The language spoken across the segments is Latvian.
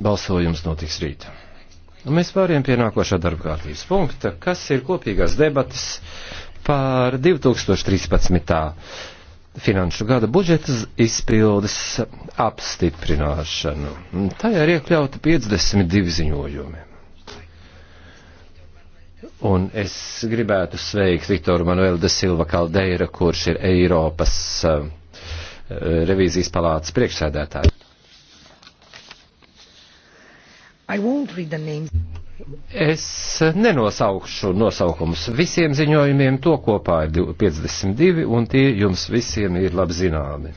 Balsojums notiks rīt. Un mēs pāriem pie nākošā darba kārtības punkta, kas ir kopīgās debatas par 2013. finanšu gada budžeta izpildes apstiprināšanu. Tajā ir iekļauti 52 ziņojumi. Un es gribētu sveikt Viktoru Manuelu de Silva Kaldeira, kurš ir Eiropas uh, revīzijas palātas priekšsēdētājs. Es nenosaukšu nosaukumus visiem ziņojumiem, to kopā ir 52, un tie jums visiem ir labi zināmi.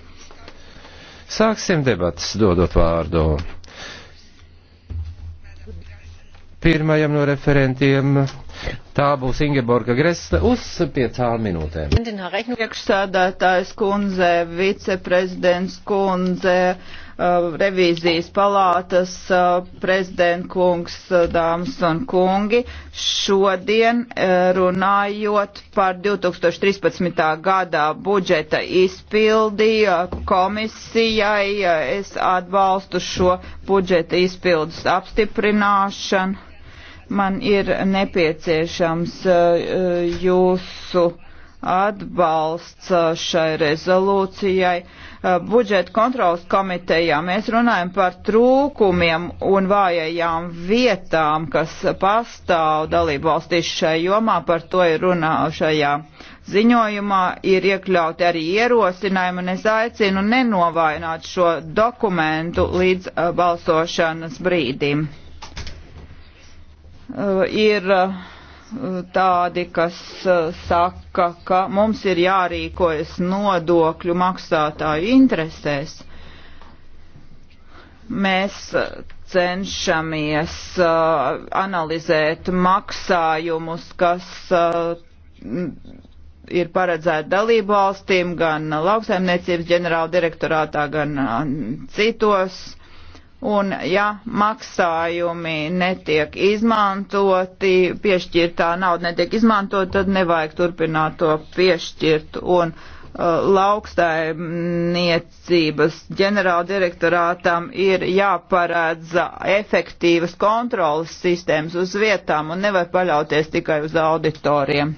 Sāksim debatas, dodot vārdu pirmajam no referentiem. Tā būs Ingeborga Gresla uz piecām minūtēm. Priekšsādātājs kundze, viceprezidents kundze Uh, revīzijas palātas uh, prezidentkungs, uh, dāmas un kungi. Šodien runājot par 2013. gadā budžeta izpildi komisijai, es atbalstu šo budžeta izpildus apstiprināšanu. Man ir nepieciešams jūsu atbalsts šai rezolūcijai. Uh, budžeta kontrolas komitejā mēs runājam par trūkumiem un vājajām vietām, kas pastāv dalību valstīs šai jomā, par to ir runā šajā ziņojumā, ir iekļauti arī ierosinājumi, un es aicinu nenovainot šo dokumentu līdz uh, balsošanas brīdim. Uh, ir uh, tādi, kas e, saka, ka mums ir jārīkojas nodokļu maksātāju interesēs. Mēs e, cenšamies e, analizēt maksājumus, kas ir paredzēti dalību valstīm, gan lauksaimniecības ģenerāla direktorātā, gan citos Un, ja maksājumi netiek izmantoti, piešķirtā nauda netiek izmantota, tad nevajag turpināt to piešķirt. Un uh, lauksaimniecības ģenerāldirektorātam ir jāparādz efektīvas kontrolas sistēmas uz vietām un nevar paļauties tikai uz auditoriem. Uh,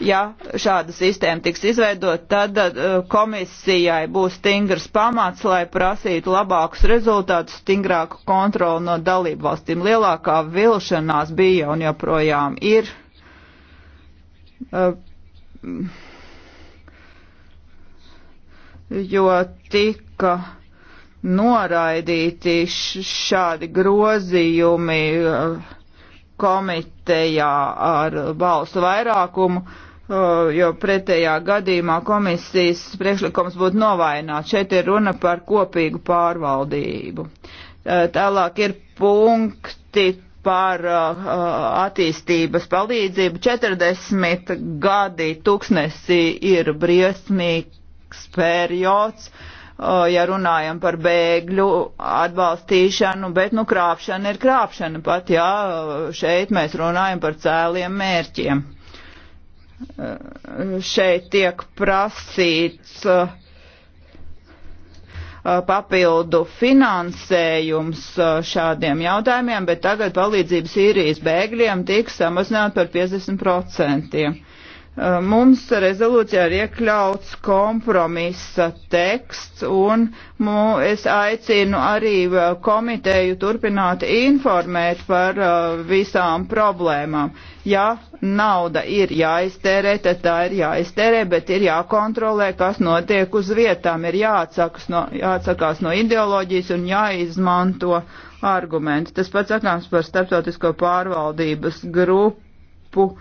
ja šāda sistēma tiks izveidot, tad uh, komisijai būs stingrs pamats, lai prasītu labākus rezultātus, stingrāku kontroli no dalību valstīm. Lielākā vilšanās bija un joprojām ir. Uh, jo tika noraidīti šādi grozījumi uh, komitejā ar balsu vairākumu, uh, jo pretējā gadījumā komisijas priekšlikums būtu novaināts. Šeit ir runa par kopīgu pārvaldību. E, tālāk ir punkti par e, e, attīstības palīdzību. 40 gadi tūkstnesī ir briesmīgs periods ja runājam par bēgļu atbalstīšanu, bet, nu, krāpšana ir krāpšana pat, jā, šeit mēs runājam par cēliem mērķiem. Eh, šeit tiek prasīts eh, eh, papildu finansējums šādiem jautājumiem, bet tagad palīdzības īrijas bēgļiem tiks samazināt par 50%. Eh, mums rezolūcijā ir iekļauts kompromisa teksts, un mū, es aicinu arī eh, komiteju turpināt informēt par uh, visām problēmām. Ja nauda ir jāiztērē, tad tā ir jāiztērē, bet ir jākontrolē, kas notiek uz vietām, ir jāatsakas no, jāatsakās no ideoloģijas un jāizmanto argumenti. Tas pats sakāms par starptautisko pārvaldības grupu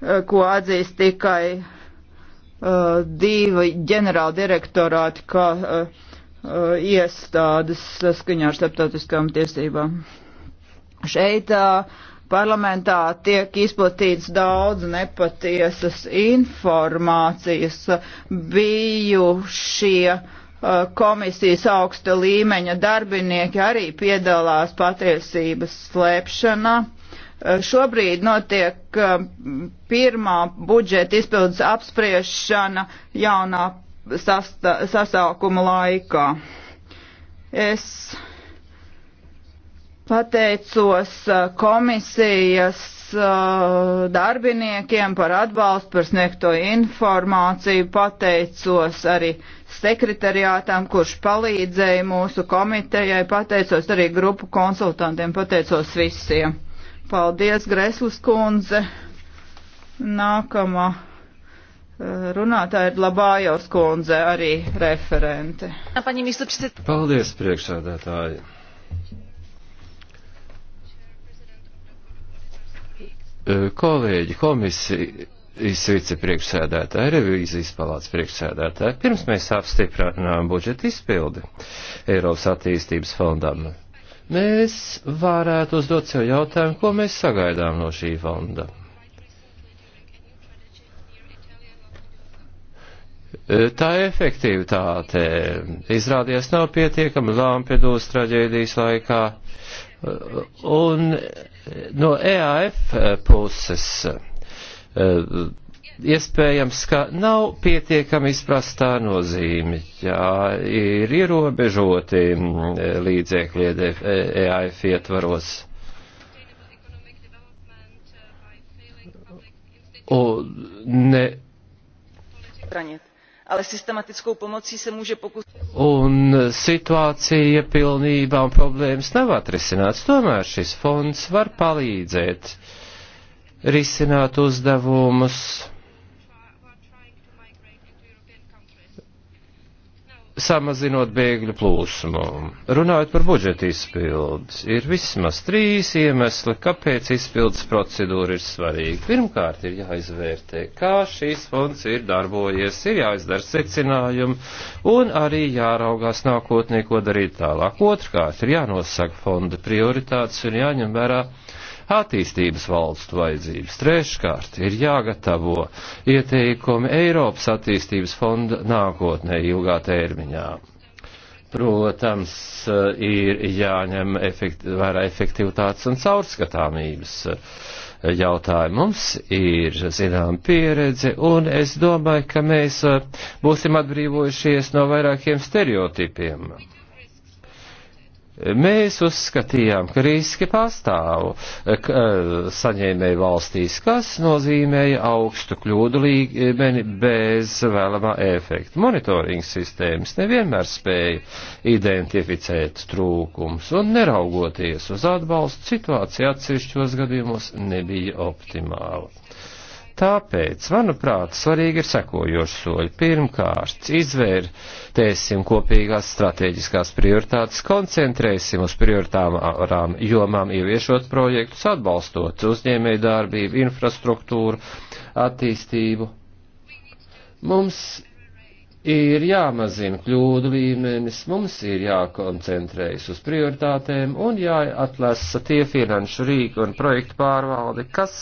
ko atzīst tikai uh, divi ģenerāla direktorāti, kā uh, uh, iestādes saskaņā ar starptautiskām tiesībām. Šeit uh, parlamentā tiek izplatīts daudz nepatiesas informācijas bijušie uh, komisijas augsta līmeņa darbinieki arī piedalās patiesības slēpšanā. Uh, Eh, šobrīd notiek eh, pirmā budžeta izpildes apspriešana jaunā sasta, sasaukuma laikā. Es pateicos eh, komisijas darbiniekiem par atbalstu, par sniegto informāciju, pateicos arī sekretariātām, kurš palīdzēja mūsu komitejai, pateicos arī grupu konsultantiem, pateicos visiem. Paldies, Greslis kundze. Nākamā eh, runātāja ir Labājos kundze, arī referente. Paldies, priekšsādātāji. E, kolēģi, komisijas vicepriekšsēdētāji, revīzijas palātas priekšsēdētāji, pirms mēs apstiprinām budžeta izpildi Eiropas attīstības fondam Mēs varētu uzdot sev jautājumu, ko mēs sagaidām no šī fonda. E, tā efektivitāte izrādījās nav pietiekama Lampedūs traģēdijas laikā. E, un no EAF puses e, iespējams, ka nav pietiekami izprastā nozīme, ja ir ierobežoti mm, līdzekļi EAF e, e ietvaros. Un ne. Praņiet ale systematickou pomocí se může pokusit. Un situācija pilnībā un problēmas nav atrisināts. Tomēr šis fonds var palīdzēt risināt uzdevumus samazinot bēgļu plūsmu. Runājot par budžeta izpildes, ir vismaz trīs iemesli, kāpēc izpildes procedūra ir svarīga. Pirmkārt, ir jāizvērtē, kā šīs fonds ir darbojies, ir jāizdara secinājumi un arī jāraugās nākotnē, ko darīt tālāk. Otrkārt, ir jānosaka fonda prioritātes un jāņem vērā attīstības valstu vajadzības. Treškārt, ir jāgatavo ieteikumi Eiropas attīstības fonda nākotnē ilgā termiņā. Protams, ir jāņem efekt, vērā efektivitātes un caurskatāmības jautājumu. Mums ir zinām pieredze, un es domāju, ka mēs būsim atbrīvojušies no vairākiem stereotipiem Mēs uzskatījām, ka riski pastāv e, saņēmēju valstīs, kas nozīmēja augstu kļūdu līmeni bez vēlamā efekta. Monitoringa sistēmas nevienmēr spēja identificēt trūkums un neraugoties uz atbalstu situācija atsevišķos gadījumos nebija optimāla. Tāpēc, manuprāt, svarīgi ir sekojoši soļi. Pirmkārt, izvērtēsim kopīgās strateģiskās prioritātes, koncentrēsim uz prioritārām jomām, ieviešot projektus, atbalstot uzņēmēju darbību, infrastruktūru, attīstību. Mums ir jāmazina kļūdu līmenis, mums ir jākoncentrējas uz prioritātēm un jāatlasa tie finanšu rīki un projektu pārvalde, kas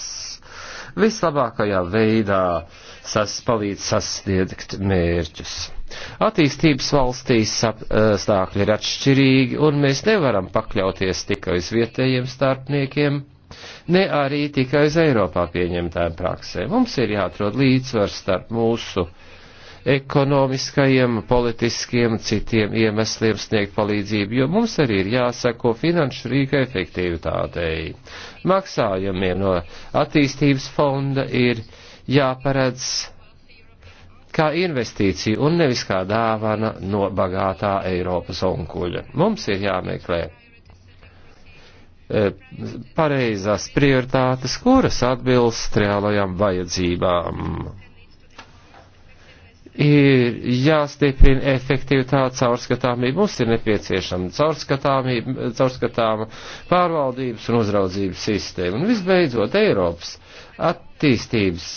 vislabākajā veidā sas, palīdz sasniegt mērķus. Attīstības valstīs eh, stākļi ir atšķirīgi, un mēs nevaram pakļauties tikai uz vietējiem starpniekiem, ne arī tikai uz Eiropā pieņemtām praksēm. Mums ir jāatrod līdzsvars starp mūsu uh, ekonomiskajiem, politiskiem, citiem iemesliem sniegt palīdzību, jo mums arī ir jāsako finanšu rīka efektivitātei. Maksājumiem no attīstības fonda ir jāparedz kā investīcija un nevis kā dāvana no bagātā Eiropas onkuļa. Mums ir jāmeklē eh, pareizās prioritātes, kuras atbilst reālajām vajadzībām ir jāstiprina efektivitāte, caurskatāmība. Mums ir nepieciešama caurskatāmība, caurskatāma pārvaldības un uzraudzības sistēma. Un visbeidzot, Eiropas attīstības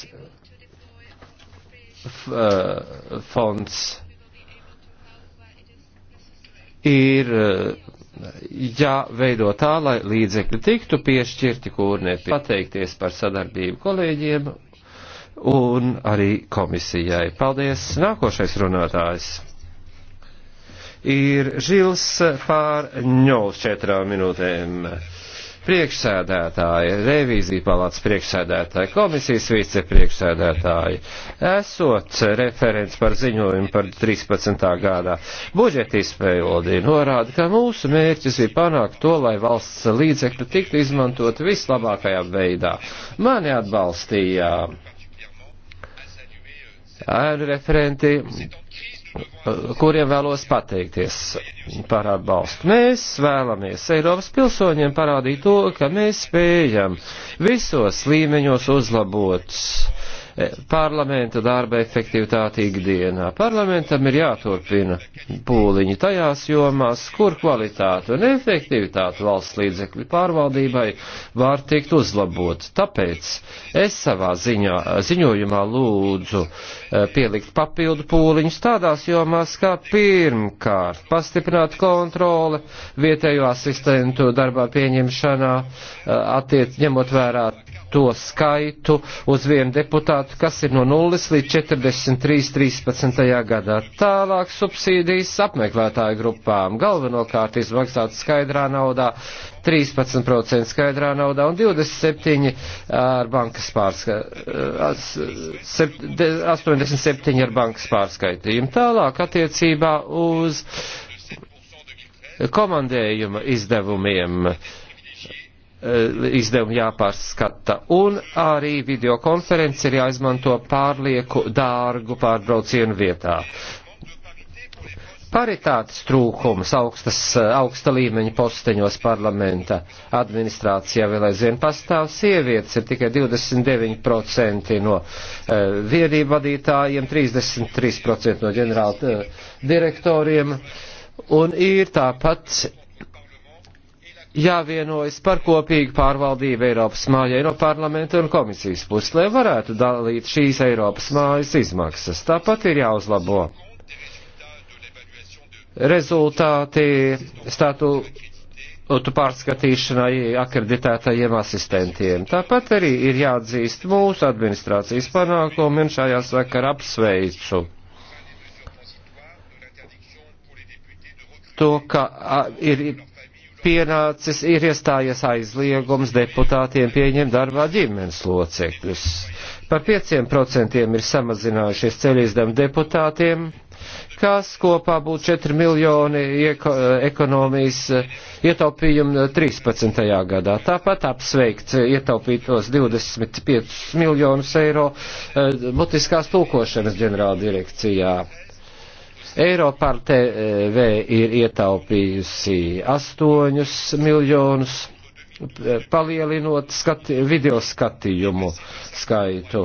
eh, fonds ir eh, jāveido tā, lai līdzekļi tiktu piešķirti kūrnē. Pateikties par sadarbību kolēģiem un arī komisijai. Paldies! Nākošais runātājs ir Žils Pārņovs četrām minūtēm. Priekšsēdētāji, revīzija palāts priekšsēdētāji, komisijas vicepriekšsēdētāji, esot referents par ziņojumu par 13. gadā budžeta izpējodī, norāda, ka mūsu mērķis ir panākt to, lai valsts līdzekļi tiktu izmantot vislabākajā veidā. Mani atbalstījām ēnu referenti, kuriem vēlos pateikties par atbalstu. Mēs vēlamies Eiropas pilsoņiem parādīt to, ka mēs spējam visos līmeņos uzlabot uh, E, parlamenta darba efektivitāti ikdienā. Parlamentam ir jāturpina pūliņi tajās jomās, kur kvalitāte un efektivitāte valsts līdzekļu pārvaldībai var tikt uzlabot. Tāpēc es savā ziņā, ziņojumā lūdzu e, pielikt papildu pūliņus tādās jomās, kā pirmkārt pastiprināt kontroli vietējo asistentu darbā pieņemšanā, e, attiec, ņemot vērā to skaitu uz vienu deputātu, kas ir no 0 līdz 43 13. gadā. Tālāk subsīdijas apmeklētāju grupām galvenokārt izmaksāt skaidrā naudā, 13% skaidrā naudā un 27 ar bankas pārskaitījumu, eh, 87 ar bankas pārskaitījumu. Tālāk attiecībā uz komandējuma izdevumiem. Uh, Eh, izdevumi jāpārskata. Un arī videokonferences ir jāizmanto pārlieku dārgu pārbraucienu vietā. Paritātes trūkums augstas, eh, augsta līmeņa posteņos parlamenta administrācijā vēl aizvien pastāv. Sievietes ir tikai 29% no uh, eh, viedību vadītājiem, 33% no ģenerāla uh, direktoriem. Un ir tāpat jāvienojas par kopīgu pārvaldību Eiropas mājai no parlamenta un komisijas puses, lai varētu dalīt šīs Eiropas mājas izmaksas. Tāpat ir jāuzlabo rezultāti statu pārskatīšanai akreditētajiem asistentiem. Tāpat arī ir jāatzīst mūsu administrācijas panākumi un šajā sakarā apsveicu. To, ka ir pienācis, ir iestājies aizliegums deputātiem pieņemt darbā ģimenes locekļus. Par 5% ir samazinājušies ceļizdam deputātiem, kas kopā būtu 4 miljoni eko, ekonomijas ietaupījumu 13. gadā. Tāpat apsveikt ietaupītos 25 miljonus eiro eh, mutiskās tulkošanas ģenerāldirekcijā. direkcijā Eiropā TV ir ietaupījusi 8 miljonus, palielinot skati, video skatījumu skaitu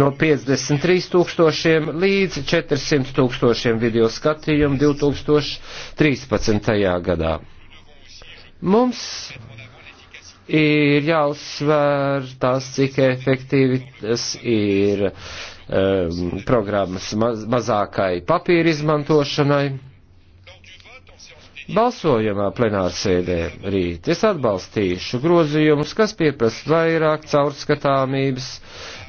no 53 tūkstošiem līdz 400 tūkstošiem video skatījumu 2013. gadā. Mums ir jāuzsver tās, cik efektīvi tas ir um, programmas maz, mazākai papīra izmantošanai. Balsojumā plenārsēdē rīt es atbalstīšu grozījumus, kas pieprasa vairāk caurskatāmības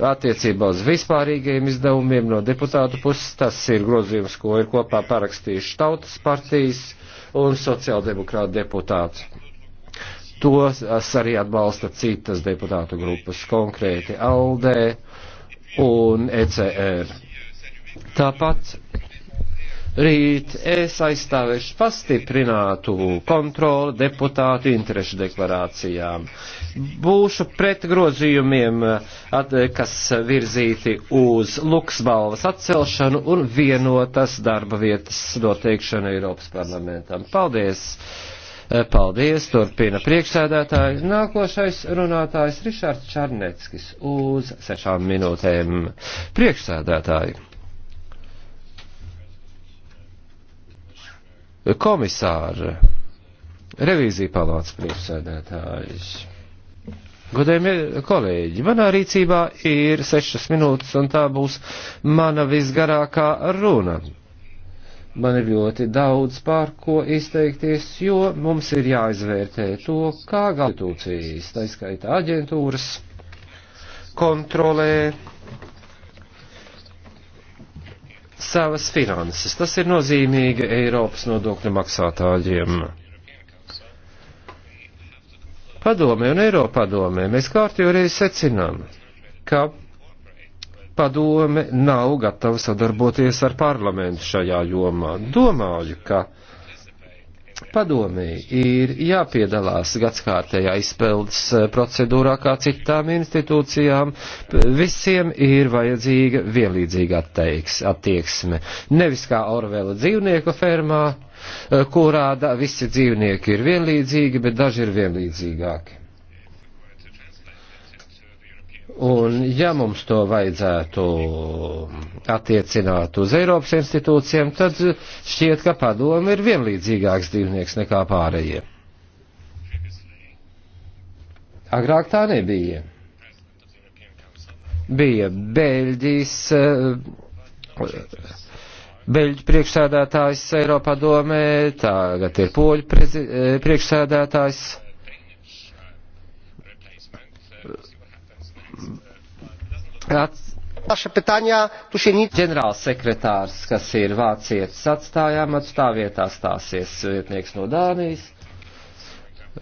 attiecībā uz vispārīgiem izdevumiem no deputātu puses. Tas ir grozījums, ko ir kopā parakstījuši Tautas partijas un sociāldemokrāta deputāts. Tos arī atbalsta citas deputātu grupas, konkrēti ALDE un ECR. Tāpat rīt es aizstāvēšu pastiprinātu kontroli deputātu interešu deklarācijām. Būšu pret grozījumiem, kas virzīti uz Luksbalvas atcelšanu un vienotas darba vietas noteikšanu Eiropas parlamentam. Paldies! Eh, paldies, turpina priekšsēdētāji. Nākošais runātājs Rišards Čarneckis uz sešām minūtēm. Priekšsēdētāji. Komisāra. Revīzija palāca priekšsēdētājs. Godējumie kolēģi, manā rīcībā ir sešas minūtes, un tā būs mana visgarākā runa man ir ļoti daudz pār ko izteikties, jo mums ir jāizvērtē to, kā galtūcijas, tā skaitā aģentūras, kontrolē savas finanses. Tas ir nozīmīgi Eiropas nodokļu maksātājiem. Padomē un Eiropadomē mēs kārtīgi reiz secinām, ka padome nav gatava sadarboties ar parlamentu šajā jomā. Domāju, ka padomē ir jāpiedalās gadskārtējā izpildes eh, procedūrā kā citām institūcijām. Visiem ir vajadzīga vienlīdzīga atteiks, attieksme. Nevis kā Orvela dzīvnieku fermā, eh, kurā da, visi dzīvnieki ir vienlīdzīgi, bet daži ir vienlīdzīgāki. Un ja mums to vajadzētu attiecināt uz Eiropas institūcijiem, tad šķiet, ka padomi ir vienlīdzīgāks dzīvnieks nekā pārējie. Agrāk tā nebija. Bija Beļģijas. Eh, Beļģu priekšsēdētājs Eiropā domē, tagad ir poļu eh, priekšsēdētājs. Ats... Ģenerālsekretārs, kas ir vācietis, atstājām atstāvietā stāsies vietnieks no Dānijas.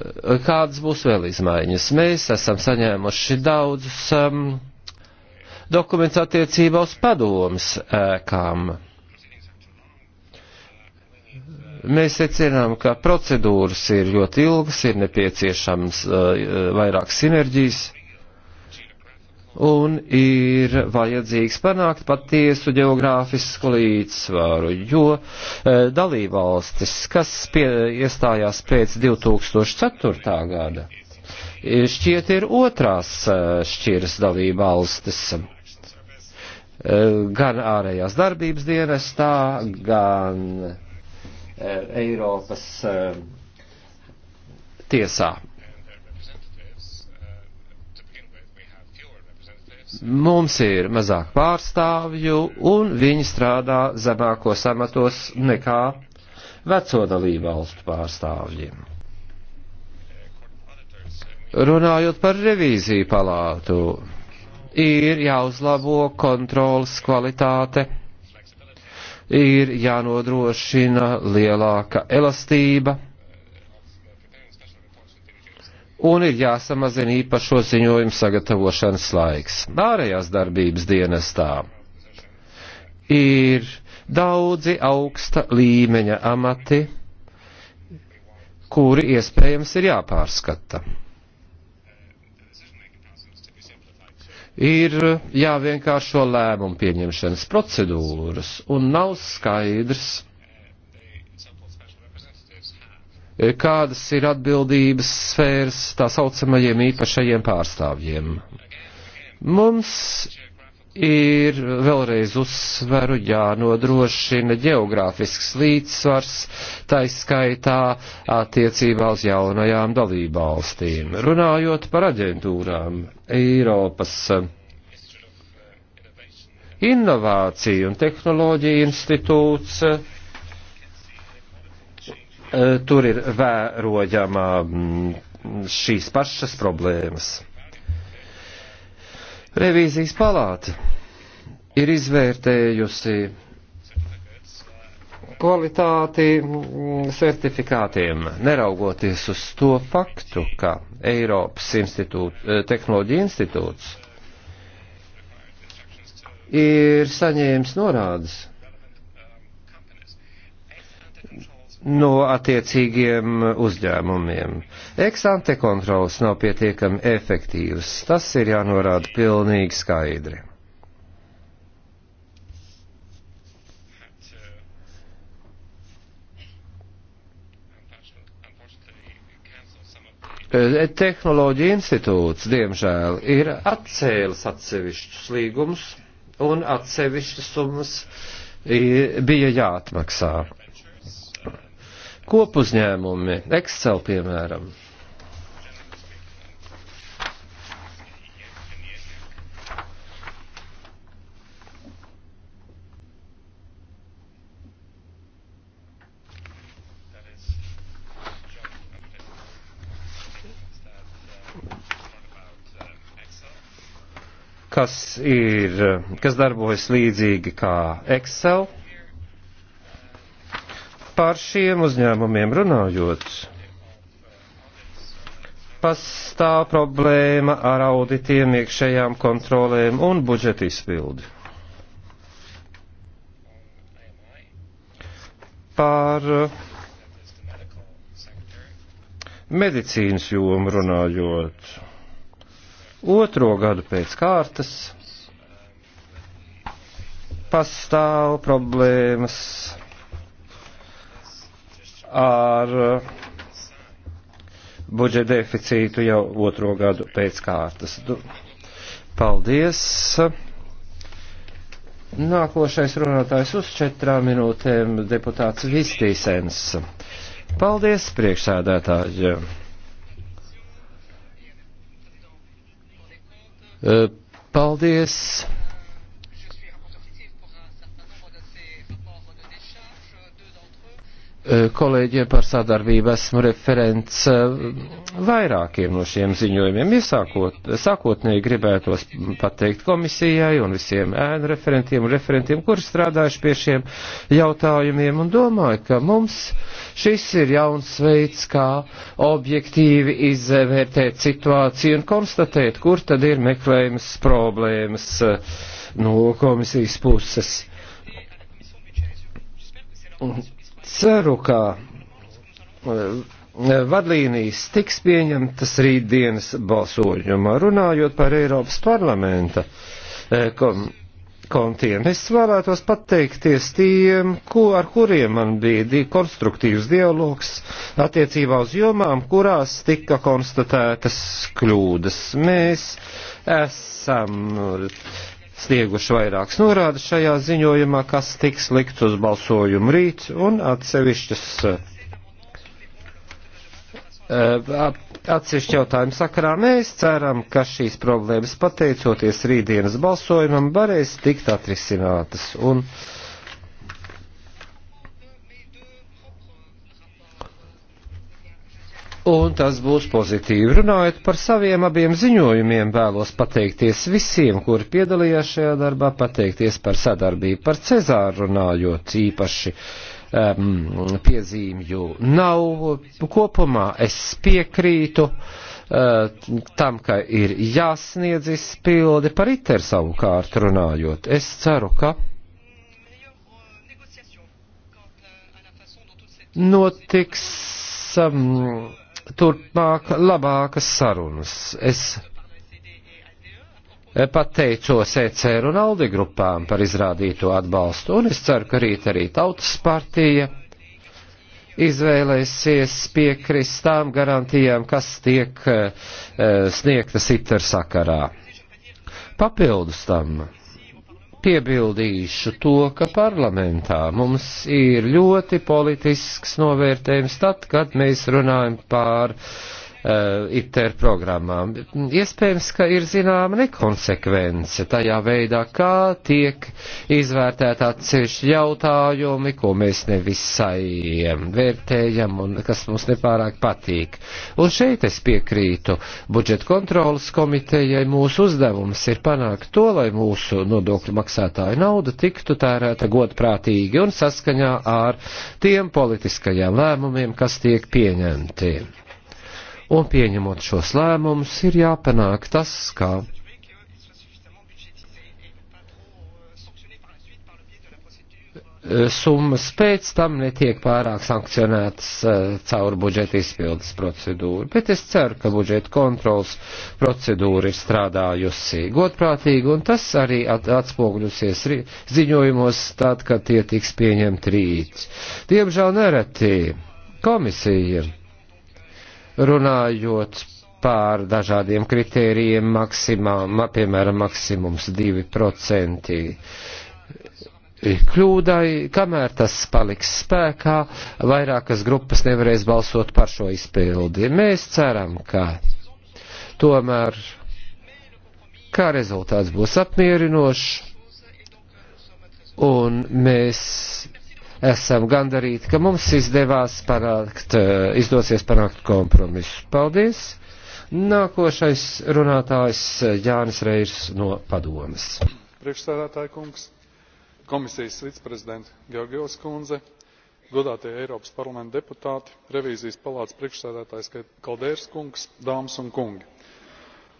Eh, kādas būs vēl izmaiņas? Mēs esam saņēmuši daudzus um, dokumentus attiecībā uz padomas ēkām. Mēs secinām, ka procedūras ir ļoti ilgas, ir nepieciešams uh, vairāk sinerģijas un ir vajadzīgs panākt patiesu geogrāfisku līdzsvaru, jo e, dalībvalstis, kas pie, iestājās pēc 2004. gada, šķiet ir otrās eh, šķiras dalībvalstis. E, gan ārējās darbības dienestā, gan e, Eiropas e, tiesā. Mums ir mazāk pārstāvju, un viņi strādā zemākos amatos nekā veco dalību valstu pārstāvjiem. Runājot par revīziju palātu, ir jāuzlabo kontrolas kvalitāte, ir jānodrošina lielāka elastība un ir jāsamazina īpašo ziņojumu sagatavošanas laiks. Ārējās darbības dienestā ir daudzi augsta līmeņa amati, kuri iespējams ir jāpārskata. Ir jāvienkāršo lēmumu pieņemšanas procedūras, un nav skaidrs, E, kādas ir atbildības sfēras tā saucamajiem īpašajiem pārstāvjiem. Mums ir vēlreiz uzsveru jānodrošina geogrāfisks līdzsvars, taiskaitā attiecībā uz jaunajām dalībvalstīm. Runājot par aģentūrām, Eiropas e, Inovāciju un tehnoloģiju institūts e, E, tur ir vērojama mm, šīs pašas problēmas. Revīzijas palāta ir izvērtējusi kvalitāti mm, certifikātiem, neraugoties uz to faktu, ka Eiropas institūt, e, tehnoloģija institūts ir saņēmis norādes no attiecīgiem uzņēmumiem. Eksante kontrols nav pietiekami efektīvs. Tas ir jānorāda pilnīgi skaidri. Eh, tehnoloģija institūts, diemžēl, ir atcēlis atsevišķus līgumus un atsevišķas summas bija jāatmaksā. Kopuzņēmumi, Excel piemēram. kas ir, kas darbojas līdzīgi kā Excel. Par šiem uzņēmumiem runājot, pastāv problēma ar auditiem, iekšējām kontrolēm un budžeta izpildi. Par uh, medicīnas jomu runājot, otro gadu pēc kārtas pastāv problēmas ar uh, budžeta deficītu jau otro gadu pēc kārtas. Paldies! Nākošais runātājs uz četrām minūtēm deputāts Vistīsens. Paldies, priekšsēdētāji. Uh, paldies Eh, kolēģiem par sadarbību esmu referents eh, vairākiem no šiem ziņojumiem. Iesākot, sākotnēji gribētos pateikt komisijai un visiem ēnu referentiem un referentiem, kuri strādājuši pie šiem jautājumiem un domāju, ka mums šis ir jauns veids, kā objektīvi izvērtēt situāciju un konstatēt, kur tad ir meklējumas problēmas eh, no komisijas puses. Un Ceru, ka eh, vadlīnijas tiks pieņemtas rītdienas balsojumā, runājot par Eiropas parlamenta eh, kom kontiem. Es vēlētos pateikties tiem, ko, ar kuriem man bija di konstruktīvs dialogs attiecībā uz jomām, kurās tika konstatētas kļūdas. Mēs esam snieguši vairākas norādes šajā ziņojumā, kas tiks likt uz balsojumu rīt un atsevišķas. Eh, atsevišķi jautājumu sakarā mēs ceram, ka šīs problēmas pateicoties rītdienas balsojumam varēs tikt atrisinātas. Un, uh, un tas būs pozitīvi. Runājot par saviem abiem ziņojumiem, vēlos pateikties visiem, kuri piedalījās šajā darbā, pateikties par sadarbību, par Cezāru runājot īpaši. Um, piezīmju nav. Kopumā es piekrītu uh, tam, ka ir jāsniedz izpildi par iter savukārt runājot. Es ceru, ka notiks um, turpmāk labākas sarunas. Es pateicos ECR un ALDE grupām par izrādīto atbalstu, un es ceru, ka rīt arī Tautas partija izvēlēsies piekrist tām garantijām, kas tiek eh, sniegtas ITER sakarā. Papildus tam Piebildīšu to, ka parlamentā mums ir ļoti politisks novērtējums tad, kad mēs runājam pār uh, Eh, ITER programmām. Iespējams, ka ir zināma nekonsekvence tajā veidā, kā tiek izvērtēta atsevišķi jautājumi, ko mēs nevisai eh, vērtējam un kas mums nepārāk patīk. Un šeit es piekrītu budžeta kontrolas komitejai. Mūsu uzdevums ir panākt to, lai mūsu nodokļu maksātāju nauda tiktu tērēta godprātīgi un saskaņā ar tiem politiskajiem lēmumiem, kas tiek pieņemti. Un pieņemot šos lēmumus, ir jāpanāk tas, kā summas pēc tam netiek pārāk sankcionētas eh, caur budžeta izpildes procedūru. Bet es ceru, ka budžeta kontrols procedūra ir strādājusi godprātīgi, un tas arī atspoguļusies ziņojumos tad, kad tie tiks pieņemti rīt. Diemžēl nereti komisija runājot pār dažādiem kritērijiem, maksimām, piemēram, maksimums 2% kļūdai, kamēr tas paliks spēkā, vairākas grupas nevarēs balsot par šo izpildi. Mēs ceram, ka tomēr, kā rezultāts būs apmierinošs, un mēs esam gandarīti, ka mums izdevās panākt, eh, izdosies panākt kompromisu. Paldies! Nākošais runātājs eh, Jānis Reirs no padomas. Priekšstādātāja kungs, komisijas viceprezidenta Georgijos kundze, godātie Eiropas parlamenta deputāti, revīzijas palātas priekšstādātājs Kaldērs kungs, dāmas un kungi.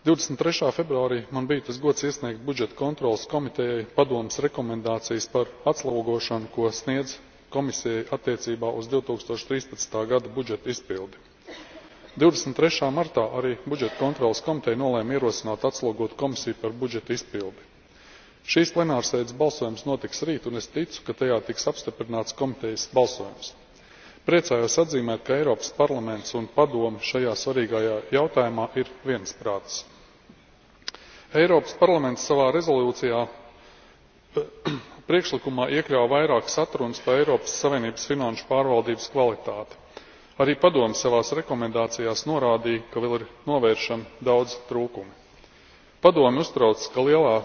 23. februārī man bija tas gods iesniegt budžeta kontrolas komitejai padomes rekomendācijas par atslogošanu, ko sniedz komisijai attiecībā uz two thousand and thirteen gada budžeta izpildi. twenty three martā arī budžeta kontroles komiteja nolēma ierosināt atslogot komisiju par budžeta izpildi. šīs plenārsēdes balsojums notiks rīt un es ticu ka tajā tiks apstiprināts komitejas balsojums. priecājos atzīmēt ka eiropas parlaments un padome šajā svarīgajā jautājumā ir viensprātis. eiropas parlaments savā rezolūcijā priekšlikumā iekļāva vairākas atrunas par eiropas savienības finanšu pārvaldības kvalitāti. arī padome savās rekomendācijās norādīja ka vēl ir novēršami daudzi trūkumi. padomi uztrauc ka lielā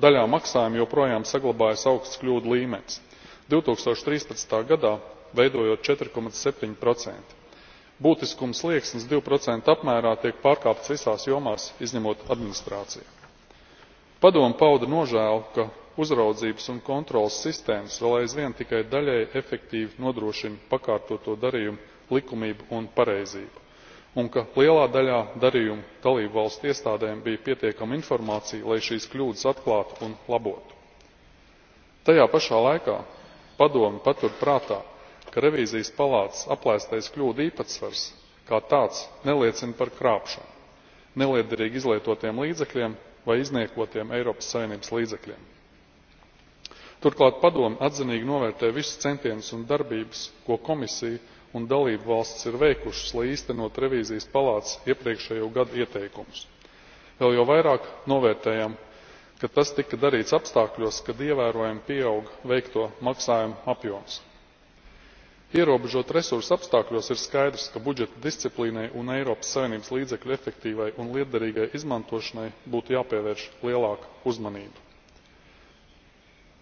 daļā maksājumu joprojām saglabājas augsts kļūdu līmenis two thousand and thirteen gadā veidojot četri septiņi būtiskuma slieksnis divi apmērā tiek pārkāpts visās jomās izņemot administrāciju. padome pauda nožēlu ka uzraudzības un kontroles sistēmas vēl aizvien tikai daļēji efektīvi nodrošina pakārtoto darījumu likumību un pareizību un ka lielā daļā darījumu dalībvalstu iestādēm bija pietiekama informācija lai šīs kļūdas atklātu un labotu. tajā pašā laikā padome patur prātā ka revīzijas palātas aplēstais kļūdu īpatsvars kā tāds neliecina par krāpšanu nelietderīgi izlietotiem līdzekļiem vai izniekotiem eiropas savienības līdzekļiem turklāt padome atzinīgi novērtē visus centienus un darbības ko komisija un dalību valstis ir veikušas lai īstenotu revīzijas palātas iepriekšējo gadu ieteikumus. vēl jo vairāk novērtējam ka tas tika darīts apstākļos kad ievērojami pieauga veikto maksājumu apjoms. ierobežotu resursu apstākļos ir skaidrs ka budžeta disciplīnai un eiropas savienības līdzekļu efektīvai un lietderīgai izmantošanai būtu jāpievērš lielāka uzmanība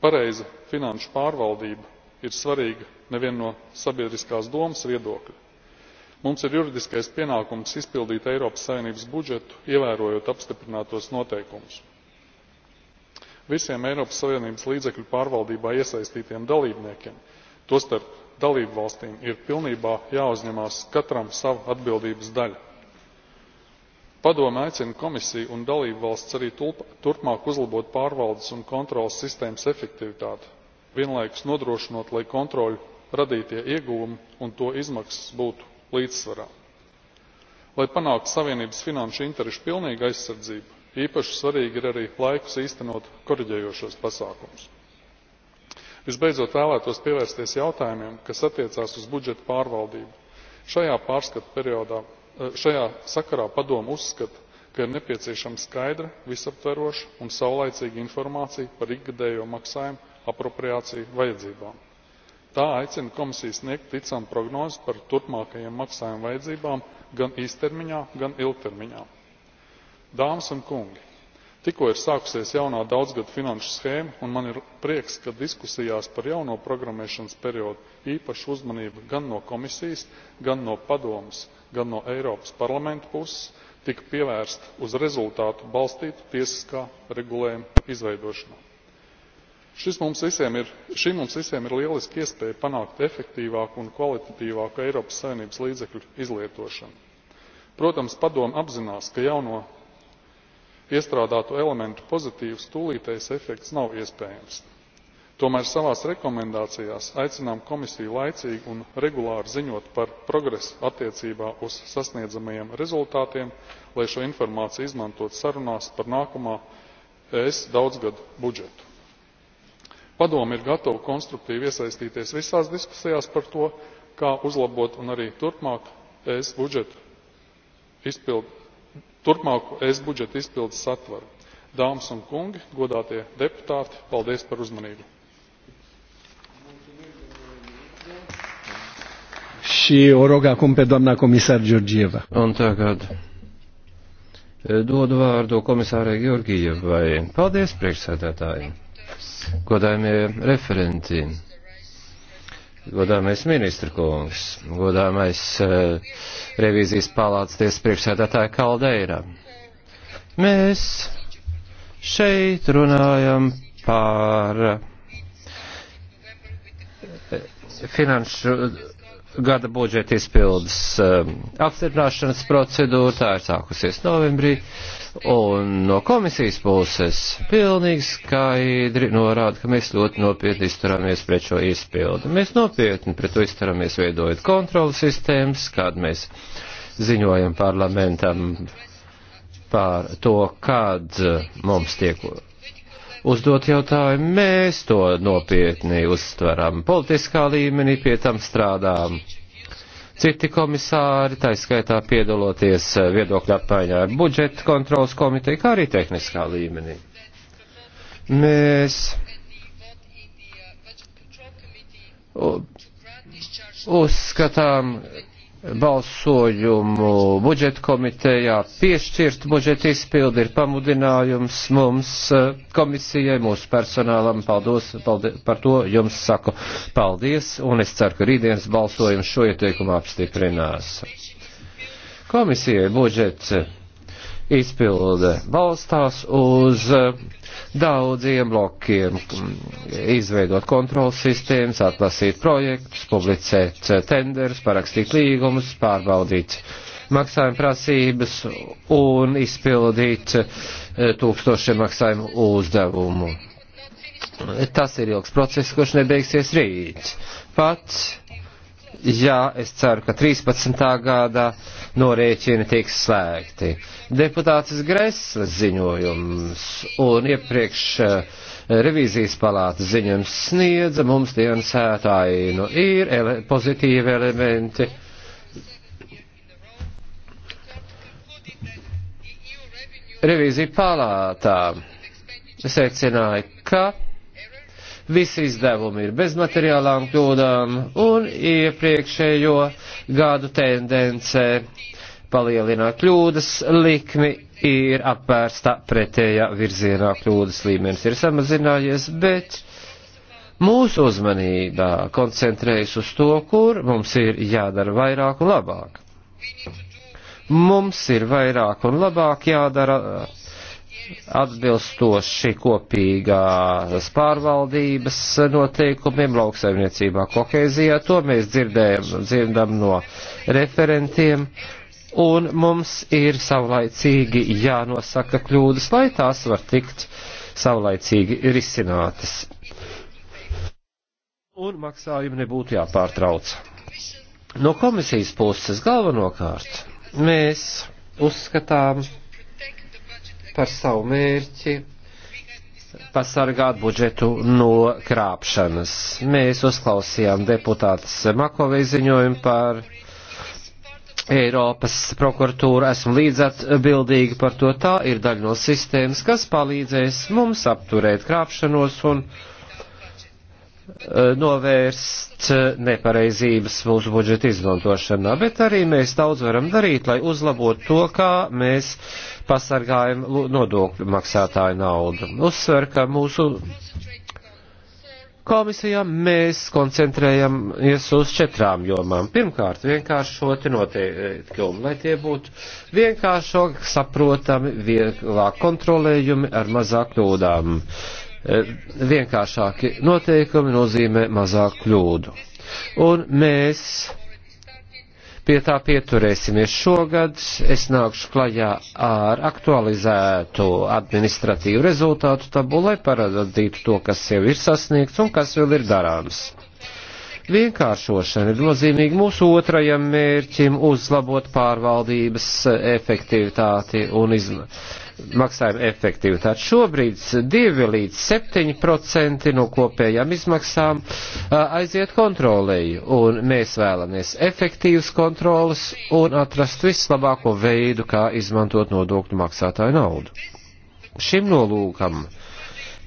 pareiza finanšu pārvaldība ir svarīga nevien no sabiedriskās domas viedokļa mums ir juridiskais pienākums izpildīt eiropas savienības budžetu ievērojot apstiprinātos noteikumus. visiem eiropas savienības līdzekļu pārvaldībā iesaistītiem dalībniekiem tostarp dalībvalstīm ir pilnībā jāuzņemas katram sava atbildības daļa padome aicina komisiju un dalībvalstis arī turpmāk uzlabot pārvaldes un kontroles sistēmas efektivitāti vienlaikus nodrošinot lai kontroļu radītie ieguvumi un to izmaksas būtu līdzsvarā. lai panāktu savienības finanšu interešu pilnīgu aizsardzību īpaši svarīgi ir arī laikus īstenot koriģējošos pasākumus. visbeidzot vēlētos pievērsties jautājumiem kas attiecās uz budžeta pārvaldību. šajā pārskata periodā šajā sakarā padome uzskata ka ir nepieciešama skaidra visaptveroša un saulaicīga informācija par ikgadējo maksājumu apropriāciju vajadzībām. tā aicina komisiju sniegt ticamu prognozi par turpmākajām maksājuma vajadzībām gan īstermiņā gan ilgtermiņā. dāmas un kungi! tikko ir sākusies jaunā daudzgadu finanšu schēma un man ir prieks ka diskusijās par jauno programmēšanas periodu īpašu uzmanību gan no komisijas gan no padomes gan no eiropas parlamenta puses tika pievērsta uz rezultātu balstītu tiesiskā regulējuma izveidošanai. šī mums visiem ir lieliska iespēja panākt efektīvāku un kvalitatīvāku eiropas savienības līdzekļu izlietošanu. protams padome apzinās ka jauno iestrādāto elementu pozitīvs tūlītējs efekts nav iespējams tomēr savās rekomendācijās aicinām komisiju laicīgi un regulāri ziņot par progresu attiecībā uz sasniedzamajiem rezultātiem lai šo informāciju izmantotu sarunās par nākamo es daudzgadu budžetu. padome ir gatava konstruktīvi iesaistīties visās diskusijās par to kā uzlabot un arī turpmāk es budžeta izpildi, turpmāku es budžeta izpildes satvaru. Dāmas un kungi, godātie deputāti, paldies par uzmanību! și o rog acum pe doamna comisar Georgieva. Un tagad. Dodu vārdu komisārai Georgijevai. Paldies, priekšsēdētāji. Godājumie referenti. Godājumais ministra kungs. Godājumais uh, revīzijas palātas tiesas priekšsēdētāja Kaldeira. Mēs šeit runājam par eh, finanšu gada budžeta izpildes um, apstiprināšanas procedūra, tā ir sākusies novembrī, un no komisijas puses pilnīgi skaidri norāda, ka mēs ļoti nopietni izturāmies pret šo izpildu. Mēs nopietni pret to izturāmies veidojot kontrolas sistēmas, kad mēs ziņojam parlamentam par to, kad uh, mums tiek uzdot jautājumu, mēs to nopietni uztveram. Politiskā līmenī pie tam strādām. Citi komisāri, tā skaitā piedaloties viedokļu apmaiņā ar budžeta kontrolas komiteju, kā arī tehniskā līmenī. Mēs uzskatām, balsojumu budžeta komitejā piešķirt budžeta izpildi ir pamudinājums mums eh, komisijai, mūsu personālam. Paldos, paldies, par to jums saku paldies, un es ceru, ka rītdienas balsojums šo ieteikumu apstiprinās. Komisijai budžets izpilde balstās uz eh, daudziem blokiem - izveidot kontrols sistēmas, atlasīt projektus, publicēt eh, tenderus, parakstīt līgumus, pārbaudīt maksājuma prasības un izpildīt eh, tūkstošiem maksājumu uzdevumu. Tas ir ilgs process, kurš nebeigsies rīt. Pats Jā, es ceru, ka 13. gadā norēķini tiks slēgti. Deputātis Gresls ziņojums un iepriekš eh, revīzijas palātas ziņojums sniedza mums dienas ētāinu. Ir ele pozitīvi elementi. Revīzija palātā secināja, ka visi izdevumi ir bez materiālām kļūdām un iepriekšējo gadu tendence palielināt kļūdas likmi ir apvērsta pretējā virzienā. Kļūdas līmenis ir samazinājies, bet mūsu uzmanība koncentrējas uz to, kur mums ir jādara vairāk un labāk. Mums ir vairāk un labāk jādara. Uh, atbilstoši kopīgās pārvaldības noteikumiem lauksaimniecībā kohēzijā. To mēs dzirdējam, dzirdam no referentiem. Un mums ir savlaicīgi jānosaka kļūdas, lai tās var tikt savlaicīgi risinātas. Un maksājumi nebūtu jāpārtrauc. No komisijas puses galvenokārt mēs uzskatām, par savu mērķi pasargāt budžetu no krāpšanas. Mēs uzklausījām deputātas Makovei ziņojumu par Eiropas prokuratūru. Esmu līdz atbildīgi par to. Tā ir daļa no sistēmas, kas palīdzēs mums apturēt krāpšanos un Eh, novērst eh, nepareizības mūsu budžeta izmantošanā, bet arī mēs daudz varam darīt, lai uzlabotu to, kā mēs pasargājam nodokļu maksātāju naudu. Uzsver, ka mūsu komisijā mēs koncentrējamies uz četrām jomām. Pirmkārt, vienkāršoti noteikumi, lai tie būtu vienkāršāk, saprotami, vieglāk kontrolējumi ar mazāk kļūdām. Uh, Eh, vienkāršāki noteikumi nozīmē mazāk kļūdu. Un mēs pie tā pieturēsimies šogad. Es nākšu klajā ar aktualizētu administratīvu rezultātu tabulu, lai parādītu to, kas jau ir sasniegts un kas vēl ir darāms. Vienkāršošana ir nozīmīga mūsu otrajam mērķim - uzlabot pārvaldības efektivitāti un izmantošanu maksājuma efektivitāti. Šobrīd 2 līdz 7% no kopējām izmaksām aiziet kontrolēju, un mēs vēlamies efektīvas kontrolas un atrast vislabāko veidu, kā izmantot nodokļu maksātāju naudu. Šim nolūkam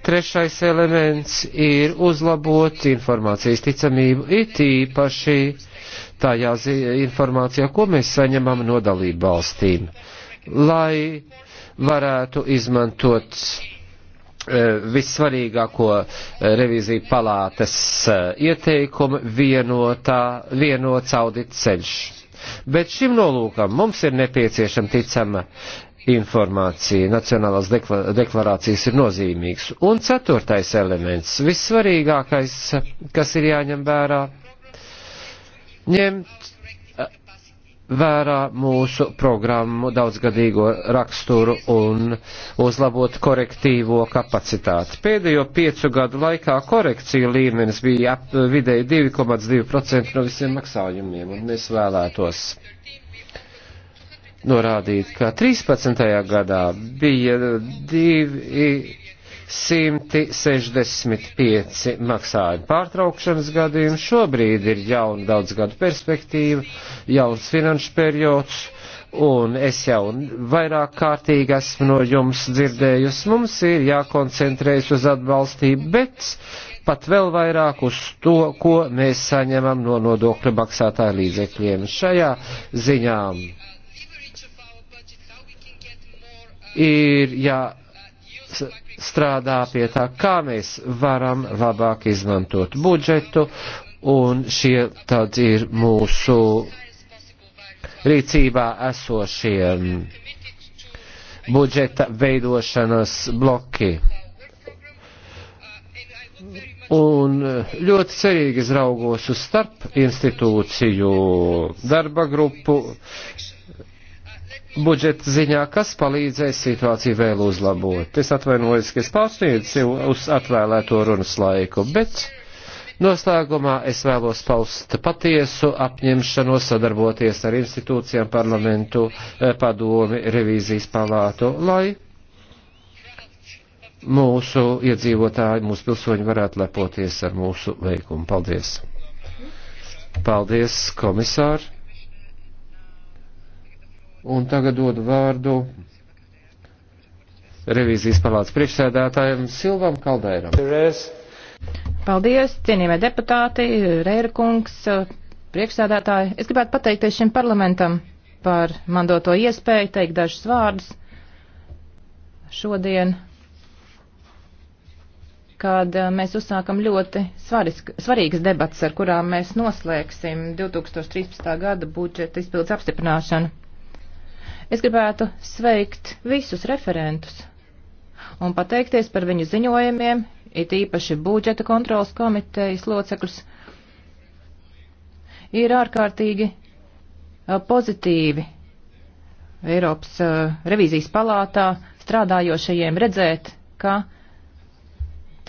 trešais elements ir uzlabot informācijas ticamību, it īpaši tajā informācijā, ko mēs saņemam no dalību valstīm, lai varētu izmantot eh, vissvarīgāko eh, revīziju palātes eh, ieteikumu vienotā, vienots audit ceļš. Bet šim nolūkam mums ir nepieciešama ticama informācija. Nacionālās dekla deklarācijas ir nozīmīgs. Un ceturtais elements, vissvarīgākais, kas ir jāņem vērā, ņemt vērā mūsu programmu daudzgadīgo raksturu un uzlabot korektīvo kapacitāti. Pēdējo piecu gadu laikā korekcija līmenis bija ap vidēji 2,2% no visiem maksājumiem, un mēs vēlētos norādīt, ka 13. gadā bija 2 165 maksājuma pārtraukšanas gadījumi. Šobrīd ir jauna daudz gadu perspektīva, jauns finanšu periods, un es jau vairāk kārtīgi esmu no jums dzirdējusi, mums ir jākoncentrējas uz atbalstību, bet pat vēl vairāk uz to, ko mēs saņemam no nodokļu maksātāju līdzekļiem. Šajā ziņā ir jā. Ja jāstrādā pie tā, kā mēs varam labāk izmantot budžetu, un šie tad ir mūsu rīcībā esošie budžeta veidošanas bloki. Un ļoti cerīgi izraugos uz starp institūciju darba grupu, budžeta ziņā, kas palīdzēs situāciju vēl uzlabot. Es atvainojos, ka es pārsniedzu jau uz atvēlēto runas laiku, bet noslēgumā es vēlos paust patiesu apņemšanos sadarboties ar institūcijām, parlamentu, eh, padomi, revīzijas palātu, lai mūsu iedzīvotāji, mūsu pilsoņi varētu lepoties ar mūsu veikumu. Paldies! Paldies, komisāri! Un tagad dodu vārdu revīzijas palātas priekšsēdētājiem Silvam Kaldēram. Paldies, cienījamie deputāti, Reira kungs, priekšsēdētāji. Es gribētu pateikties šim parlamentam par man doto iespēju teikt dažus vārdus šodien, kad eh, mēs uzsākam ļoti svarisks, svarīgas debats, ar kurām mēs noslēgsim 2013. gada budžeta izpildes apstiprināšanu. Es gribētu sveikt visus referentus un pateikties par viņu ziņojumiem, it īpaši budžeta kontrolas komitejas locekļus. Ir ārkārtīgi pozitīvi Eiropas uh, revīzijas palātā strādājošajiem redzēt, ka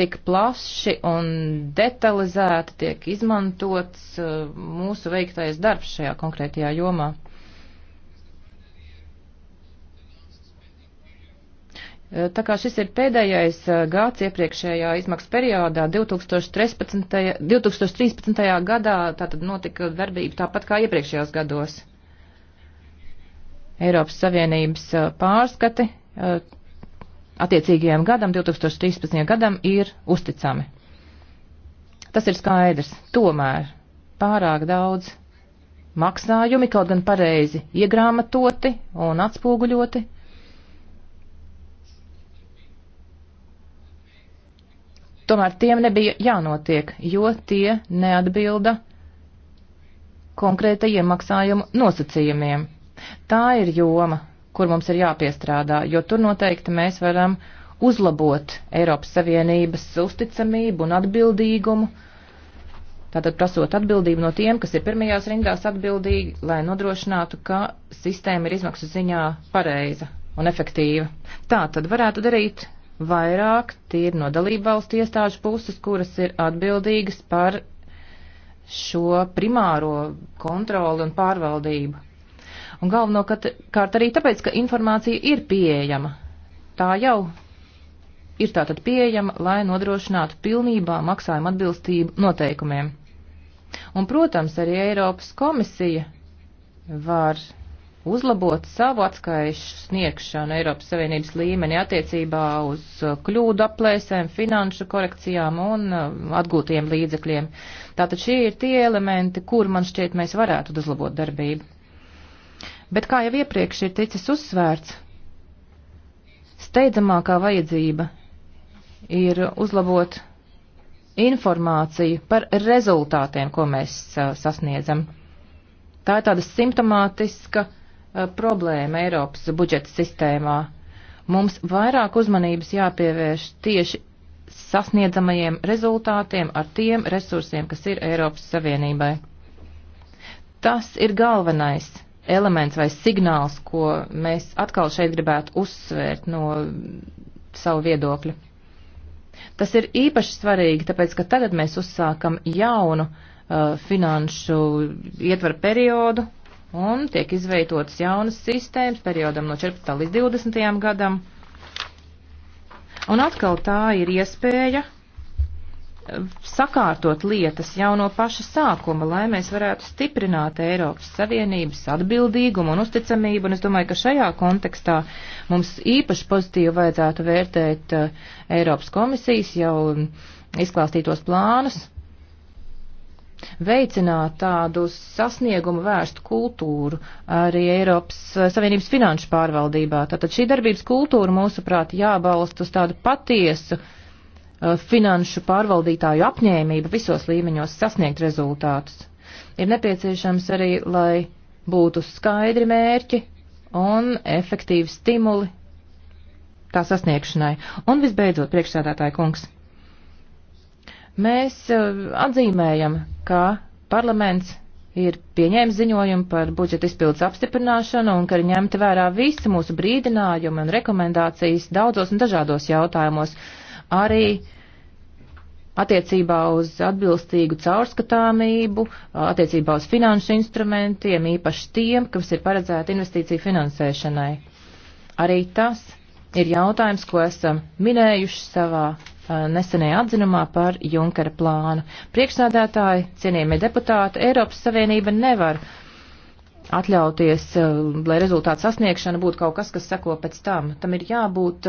tik plaši un detalizēti tiek izmantots uh, mūsu veiktais darbs šajā konkrētajā jomā. Eh, tā kā šis ir pēdējais eh, gads iepriekšējā izmaksu periodā, 2013, 2013. gadā tātad notika darbība tāpat kā iepriekšējos gados. Eiropas Savienības eh, pārskati attiecīgajam gadam, 2013. gadam, ir uzticami. Tas ir skaidrs. Tomēr pārāk daudz maksājumi, kaut gan pareizi iegrāmatoti un atspoguļoti tomēr tiem nebija jānotiek, jo tie neatbilda konkrētajiem maksājumu nosacījumiem. Tā ir joma, kur mums ir jāpiestrādā, jo tur noteikti mēs varam uzlabot Eiropas Savienības uzticamību un atbildīgumu. Tātad prasot atbildību no tiem, kas ir pirmajās rindās atbildīgi, lai nodrošinātu, ka sistēma ir izmaksu ziņā pareiza un efektīva. Tā tad varētu darīt vairāk tie ir no dalībvalstu iestāžu puses, kuras ir atbildīgas par šo primāro kontroli un pārvaldību. Un galvenokārt arī tāpēc, ka informācija ir pieejama. Tā jau ir tātad pieejama, lai nodrošinātu pilnībā maksājuma atbilstību noteikumiem. Un, protams, arī Eiropas komisija var uzlabot savu atskaišu sniegšanu Eiropas Savienības līmenī attiecībā uz uh, kļūdu aplēsēm, finanšu korekcijām un uh, atgūtiem līdzekļiem. Tātad šie ir tie elementi, kur man šķiet mēs varētu uzlabot darbību. Bet kā jau iepriekš ir ticis uzsvērts, steidzamākā vajadzība ir uzlabot informāciju par rezultātiem, ko mēs uh, sasniedzam. Tā ir tāda simptomātiska uh, Eh, problēma Eiropas budžeta sistēmā. Mums vairāk uzmanības jāpievērš tieši sasniedzamajiem rezultātiem ar tiem resursiem, kas ir Eiropas Savienībai. Tas ir galvenais elements vai signāls, ko mēs atkal šeit gribētu uzsvērt no savu viedokļu. Tas ir īpaši svarīgi, tāpēc, ka tagad mēs uzsākam jaunu uh, finanšu ietvaru periodu, un tiek izveidotas jaunas sistēmas periodam no 14. līdz 20. gadam. Un atkal tā ir iespēja eh, sakārtot lietas jau no paša sākuma, lai mēs varētu stiprināt Eiropas Savienības atbildīgumu un uzticamību. Un es domāju, ka šajā kontekstā mums īpaši pozitīvi vajadzētu vērtēt eh, Eiropas komisijas jau izklāstītos plānus veicināt tādu sasniegumu vērstu kultūru arī Eiropas Savienības finanšu pārvaldībā. Tātad šī darbības kultūra, mūsuprāt, jābalst uz tādu patiesu uh, finanšu pārvaldītāju apņēmību visos līmeņos sasniegt rezultātus. Ir nepieciešams arī, lai būtu skaidri mērķi un efektīvi stimuli tā sasniegšanai. Un visbeidzot, priekšsēdētāja kungs. Mēs uh, atzīmējam, ka parlaments ir pieņēmis ziņojumu par budžeta izpildes apstiprināšanu un ka ir ņemti vērā visi mūsu brīdinājumi un rekomendācijas daudzos un dažādos jautājumos, arī attiecībā uz atbilstīgu caurskatāmību, attiecībā uz finanšu instrumentiem, īpaši tiem, kas ir paredzēti investīciju finansēšanai. Arī tas ir jautājums, ko esam minējuši savā nesenajā atzinumā par Junkara plānu. Priekšsādātāji, cienījamie deputāti, Eiropas Savienība nevar atļauties, lai rezultātu sasniegšana būtu kaut kas, kas seko pēc tam. Tam ir jābūt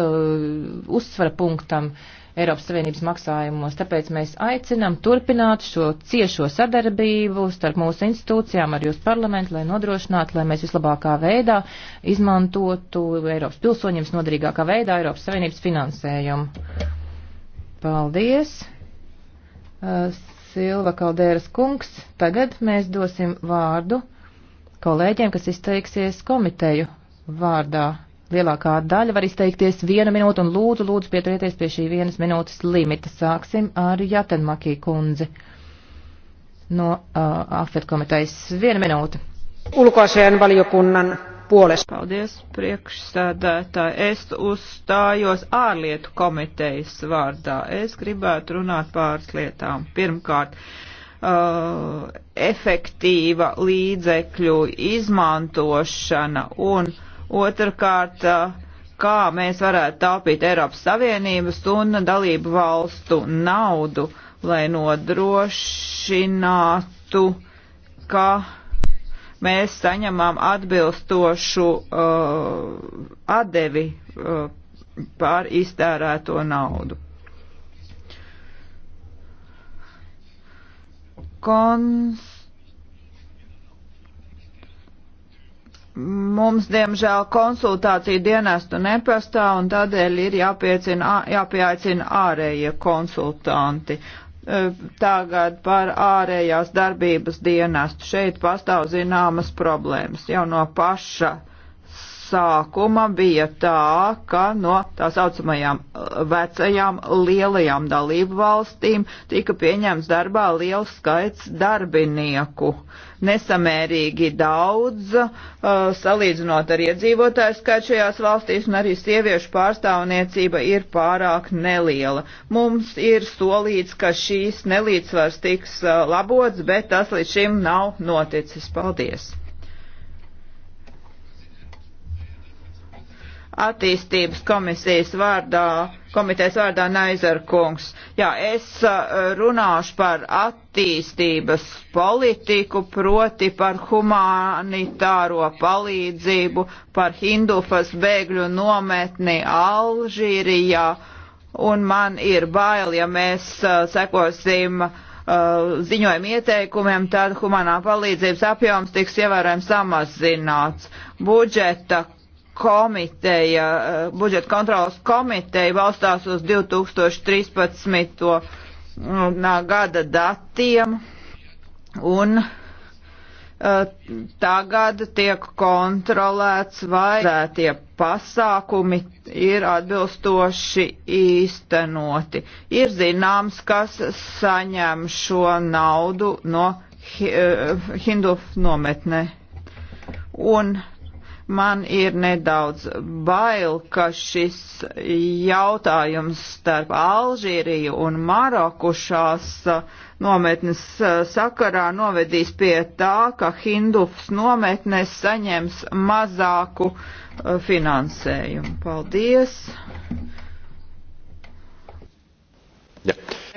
uzsvara punktam Eiropas Savienības maksājumos. Tāpēc mēs aicinam turpināt šo ciešo sadarbību starp mūsu institūcijām ar jūsu parlamentu, lai nodrošinātu, lai mēs vislabākā veidā izmantotu Eiropas pilsoņiem noderīgākā veidā Eiropas Savienības finansējumu. Paldies! Uh, Silva Kaldēras kungs, tagad mēs dosim vārdu kolēģiem, kas izteiksies komiteju vārdā. Lielākā daļa var izteikties viena minūte un lūdzu, lūdzu pieturieties pie šī vienas minūtes limita. Sāksim ar Jatenmakī kundzi no uh, AFET komitejas. Viena minūte. Ulkoasēn valiokunnan puolesta. Paldies, priekšsēdētāji. Es uzstājos ārlietu komitejas vārdā. Es gribētu runāt pāris lietām. Pirmkārt, uh, efektīva līdzekļu izmantošana un otrkārt, uh, kā mēs varētu taupīt Eiropas Savienības un dalību valstu naudu, lai nodrošinātu, ka mēs saņemam atbilstošu uh, atdevi uh, pār iztērēto naudu. Kons Mums, diemžēl, konsultāciju dienestu nepastāv un tādēļ ir jāpiecina, jāpieaicina ārējie konsultanti. Eh, tagad par ārējās darbības dienestu. Šeit pastāv zināmas problēmas. Jau no paša sākuma bija tā, ka no tā saucamajām eh, vecajām lielajām dalību valstīm tika pieņemts darbā liels skaits darbinieku. Uh, nesamērīgi daudz, uh, salīdzinot ar iedzīvotāju skaitu šajās valstīs, un arī sieviešu pārstāvniecība ir pārāk neliela. Mums ir solīts, ka šīs nelīdzsvars tiks uh, labots, bet tas līdz šim nav noticis. Paldies! attīstības komisijas vārdā, komitejas vārdā Naizarkungs. Jā, es uh, runāšu par attīstības politiku, proti par humanitāro palīdzību, par Hindufas bēgļu nometni Alžīrijā, un man ir bail, ja mēs uh, sekosim uh, ziņojuma ieteikumiem, tad humanā palīdzības apjoms tiks ievērojami samazināts. Budžeta komiteja, eh, budžeta kontrolas komiteja balstās uz 2013. Mm, gada datiem un eh, tagad tiek kontrolēts, vai tie pasākumi ir atbilstoši īstenoti. Ir zināms, kas saņem šo naudu no eh, Hindu nometnē. Un man ir nedaudz bail, ka šis jautājums starp Alžīriju un Maroku šās uh, nometnes uh, sakarā novedīs pie tā, ka Hindufs nometnes saņems mazāku uh, finansējumu. Paldies!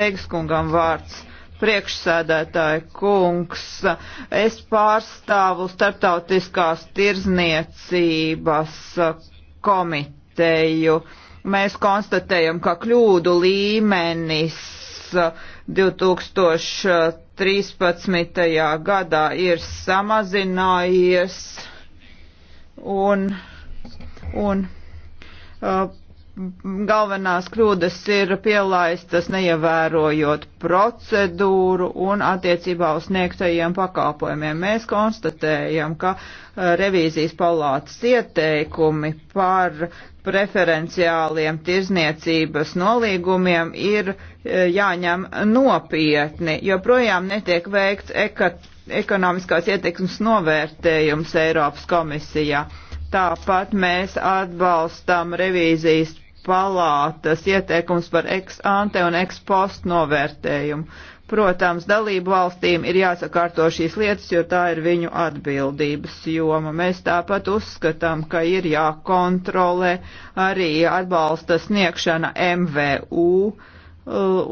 Eikskungam vārds priekšsēdētāja kungs, es pārstāvu starptautiskās tirzniecības komiteju. Mēs konstatējam, ka kļūdu līmenis 2013. gadā ir samazinājies un, un uh, galvenās kļūdas ir pielaistas neievērojot procedūru un attiecībā uz sniegtajiem pakalpojumiem. Mēs konstatējam, ka eh, revīzijas palātas ieteikumi par preferenciāliem tirzniecības nolīgumiem ir eh, jāņem nopietni, jo projām netiek veikts ekonomiskās ieteiksmes novērtējums Eiropas komisijā. Tāpat mēs atbalstam revīzijas palātas ieteikums par ex ante un ex post novērtējumu. Protams, dalību valstīm ir jāsakārto šīs lietas, jo tā ir viņu atbildības joma. Mēs tāpat uzskatām, ka ir jākontrolē arī atbalsta sniegšana MVU uh,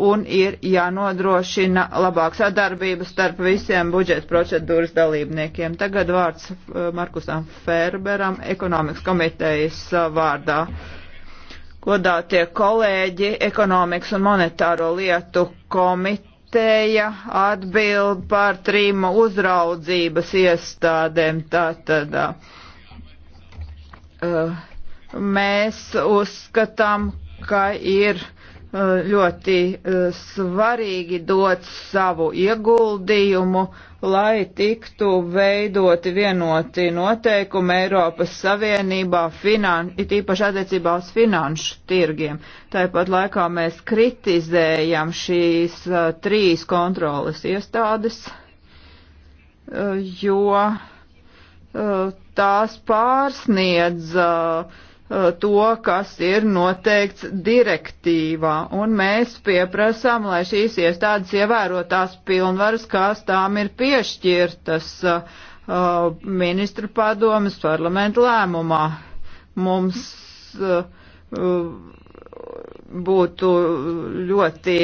un ir jānodrošina labāk sadarbības starp visiem budžeta procedūras dalībniekiem. Tagad vārds uh, Markusam Ferberam, ekonomikas komitejas uh, vārdā godātie kolēģi, ekonomikas un monetāro lietu komiteja atbild par trim uzraudzības iestādēm. Tātad uh, mēs uzskatām, ka ir ļoti eh, svarīgi dot savu ieguldījumu, lai tiktu veidoti vienoti noteikumi Eiropas Savienībā, finan, it īpaši attiecībā uz finanšu tirgiem. Tāpat laikā mēs kritizējam šīs uh, trīs kontrolas iestādes, uh, jo uh, tās pārsniedz uh, Eh, to, kas ir noteikts direktīvā, un mēs pieprasām, lai šīs iestādes ievēro tās pilnvaras, kas tām ir piešķirtas uh, eh, ministra padomas parlamenta lēmumā. Mums uh, būtu ļoti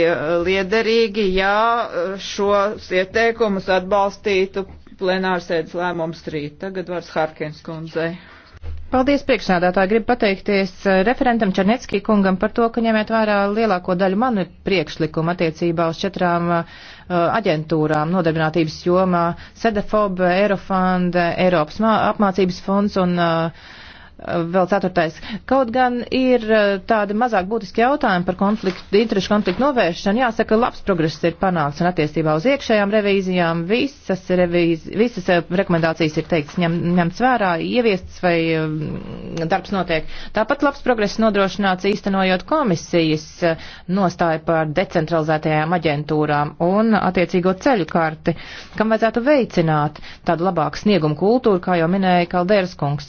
liederīgi, ja šos ieteikumus atbalstītu plenārsēdes lēmums rīt. Tagad vairs Harkins kundzei. Paldies priekšsēdētāji. Gribu pateikties eh, referentam Černetskī kungam par to, ka ņemiet vērā lielāko daļu manu priekšlikumu attiecībā uz četrām uh, aģentūrām nodarbinātības jomā - Sedefob, Eirofanda, Eiropas apmācības fonds un uh, vēl ceturtais. Kaut gan ir eh, tādi mazāk būtiski jautājumi par konfliktu, interešu konfliktu novēršanu, jāsaka, labs progress ir panākts un attiecībā uz iekšējām revīzijām visas, revīz, visas eh, rekomendācijas ir teikts ņem, ņemts vērā, ieviests vai mm, darbs notiek. Tāpat labs progress nodrošināts īstenojot komisijas eh, nostāju par decentralizētajām aģentūrām un attiecīgo ceļu karti, kam vajadzētu veicināt tādu labāku sniegumu kultūru, kā jau minēja Kalderas kungs.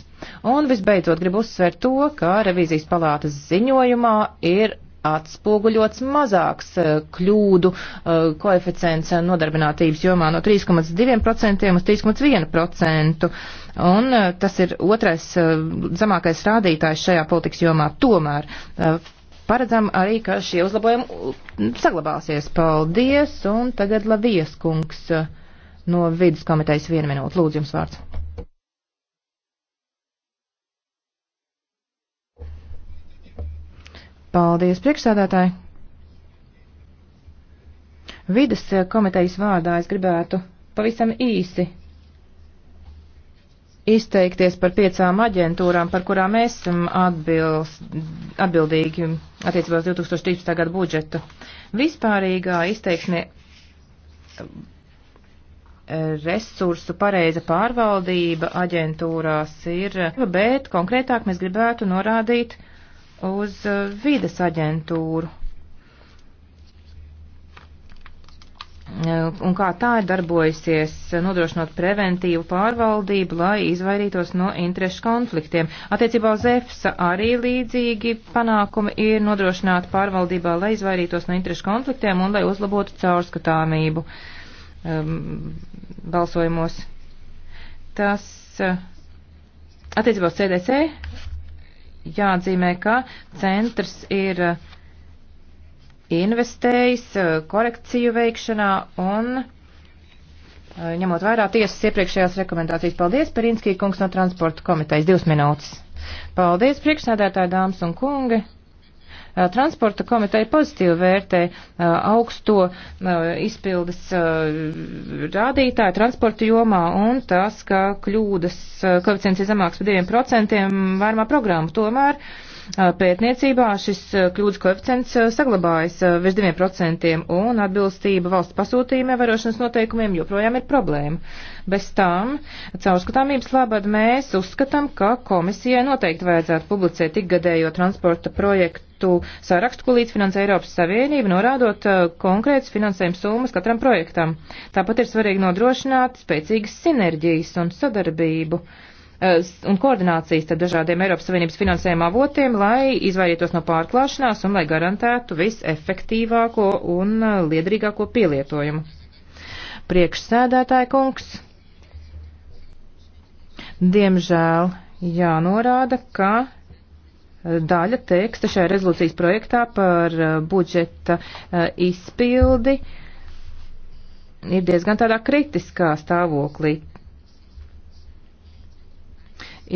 Un visbeidzot gribu uzsvērt to, ka revīzijas palātas ziņojumā ir atspoguļots mazāks eh, kļūdu eh, koeficients nodarbinātības jomā no 3,2% uz 3,1%. Un eh, tas ir otrais zemākais rādītājs šajā politikas jomā. Tomēr paredzam arī, ka šie uzlabojumi saglabāsies. Paldies! Un tagad Lavijas kungs no vidus komitejas vienu minūtu. Lūdzu jums vārds. Paldies, priekšsādātāji! Vides eh, komitejas vārdā es gribētu pavisam īsi izteikties par piecām aģentūrām, par kurām mēs esam atbilst, atbildīgi attiecībā uz 2013. gadu budžetu. Vispārīgā izteiksme eh, resursu pareiza pārvaldība aģentūrās ir, bet konkrētāk mēs gribētu norādīt uz uh, vides aģentūru. Uh, un kā tā ir darbojusies, nodrošinot preventīvu pārvaldību, lai izvairītos no interešu konfliktiem. Attiecībā uz EFSA arī līdzīgi panākumi ir nodrošināti pārvaldībā, lai izvairītos no interešu konfliktiem un lai uzlabotu caurskatāmību um, balsojumos. Tas uh, attiecībā uz CDC jāatzīmē, ka centrs ir uh, investējis uh, korekciju veikšanā un uh, ņemot vērā tiesas iepriekšējās rekomendācijas. Paldies, Perinskī kungs no transporta komitejas, divas minūtes. Paldies, priekšsēdētāji, dāmas un kungi. Eh, transporta komiteja pozitīvi vērtē eh, augsto eh, izpildes rādītāju transporta jomā un tas, ka kļūdas koeficients ir zemāks par 2% vērmā programma. Tomēr pētniecībā šis kļūdas koeficients saglabājas virs 2% un atbilstība valsts pasūtījuma ievērošanas noteikumiem joprojām ir problēma. Bez tām, caurskatāmības labad mēs uzskatām, ka komisijai noteikti vajadzētu publicēt ikgadējo transporta projektu projektu sarakstu, ko līdzfinans Eiropas Savienība, norādot uh, konkrētas finansējuma summas katram projektam. Tāpat ir svarīgi nodrošināt spēcīgas sinerģijas un sadarbību uh, un koordinācijas starp dažādiem Eiropas Savienības finansējuma avotiem, lai izvairītos no pārklāšanās un lai garantētu visefektīvāko un uh, liederīgāko pielietojumu. Priekšsēdētāja kungs. Diemžēl jānorāda, ka daļa teksta šajā rezolūcijas projektā par eh, budžeta eh, izpildi ir diezgan tādā kritiskā stāvoklī.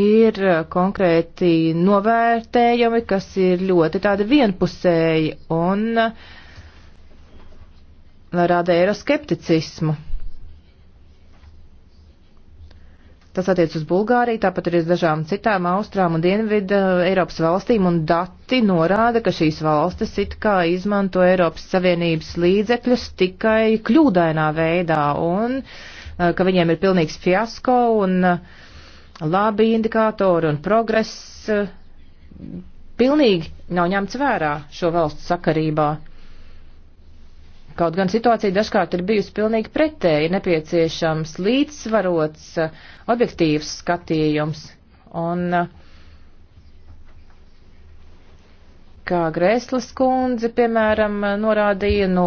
Ir eh, konkrēti novērtējumi, kas ir ļoti tādi vienpusēji un rada eiroskepticismu. Tas attiec uz Bulgāriju, tāpat arī uz dažām citām austrām un dienvidu eh, Eiropas valstīm, un dati norāda, ka šīs valstis it kā izmanto Eiropas Savienības līdzekļus tikai kļūdainā veidā, un eh, ka viņiem ir pilnīgs fiasko un eh, labi indikātori un progress pilnīgi nav ņemts vērā šo valstu sakarībā. Kaut gan situācija dažkārt ir bijusi pilnīgi pretēji, nepieciešams līdzsvarots, eh, objektīvs skatījums. Un, eh, kā Grēslas kundze, piemēram, norādīja, nu,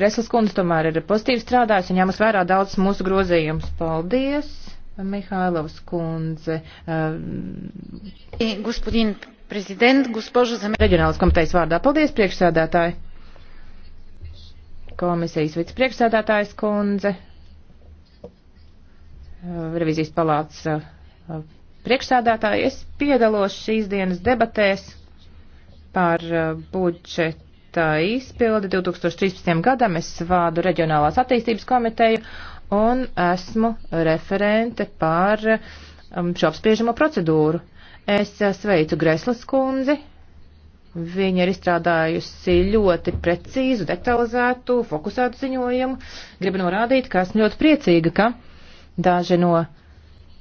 Grēslas kundze tomēr ir pozitīvi strādājusi un ņēmus vērā daudz mūsu grozījumus. Paldies, Mihailovs kundze. Uh, Reģionālas komitejas vārdā. Paldies, priekšsēdētāji komisijas vicepriekšsēdētājs kundze, eh, revizijas palāts eh, priekšsēdētāji. Es piedalos šīs dienas debatēs par eh, budžeta izpildi 2013. gadam. Es vādu reģionālās attīstības komiteju un esmu referente par um, šo apspriežamo procedūru. Es sveicu Greslas kundzi, Viņa ir izstrādājusi ļoti precīzu, detalizētu, fokusētu ziņojumu. Gribu norādīt, ka esmu ļoti priecīga, ka daži no uh,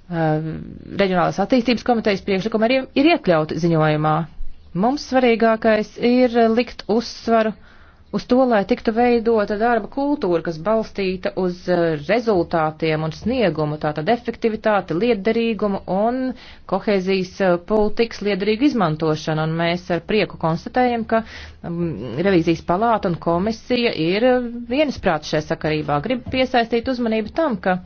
Reģionālās attīstības komitejas priekšlikumi arī ir iekļauti ziņojumā. Mums svarīgākais ir likt uzsvaru uh, uz to, lai tiktu veidota darba kultūra, kas balstīta uz uh, rezultātiem un sniegumu, tātad efektivitāti, liederīgumu un kohēzijas uh, politikas liederīgu izmantošanu. Un mēs ar prieku konstatējam, ka um, revīzijas palāta un komisija ir uh, viensprāt šajā sakarībā. Gribu piesaistīt uzmanību tam, ka.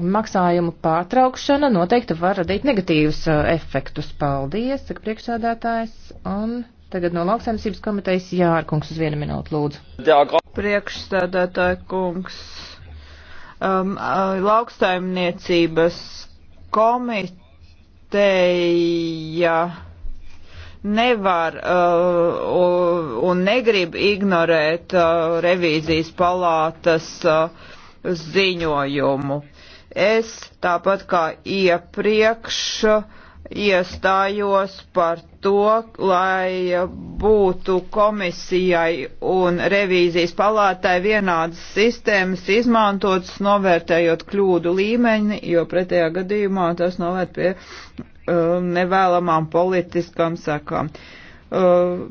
Maksājumu pārtraukšana noteikti var radīt negatīvus efektus. Paldies, saka priekšsādātājs. Un... Tagad no lauksaimniecības komitejas Jārkungs uz vienu minūtu lūdzu. Priekšstādātāja kungs, um, uh, lauksaimniecības komiteja nevar uh, un negrib ignorēt uh, revīzijas palātas uh, ziņojumu. Es tāpat kā iepriekš uh, iestājos par to, lai būtu komisijai un revīzijas palātai vienādas sistēmas izmantotas, novērtējot kļūdu līmeņi, jo pretējā gadījumā tas novērt pie uh, nevēlamām politiskām sakām. Uh,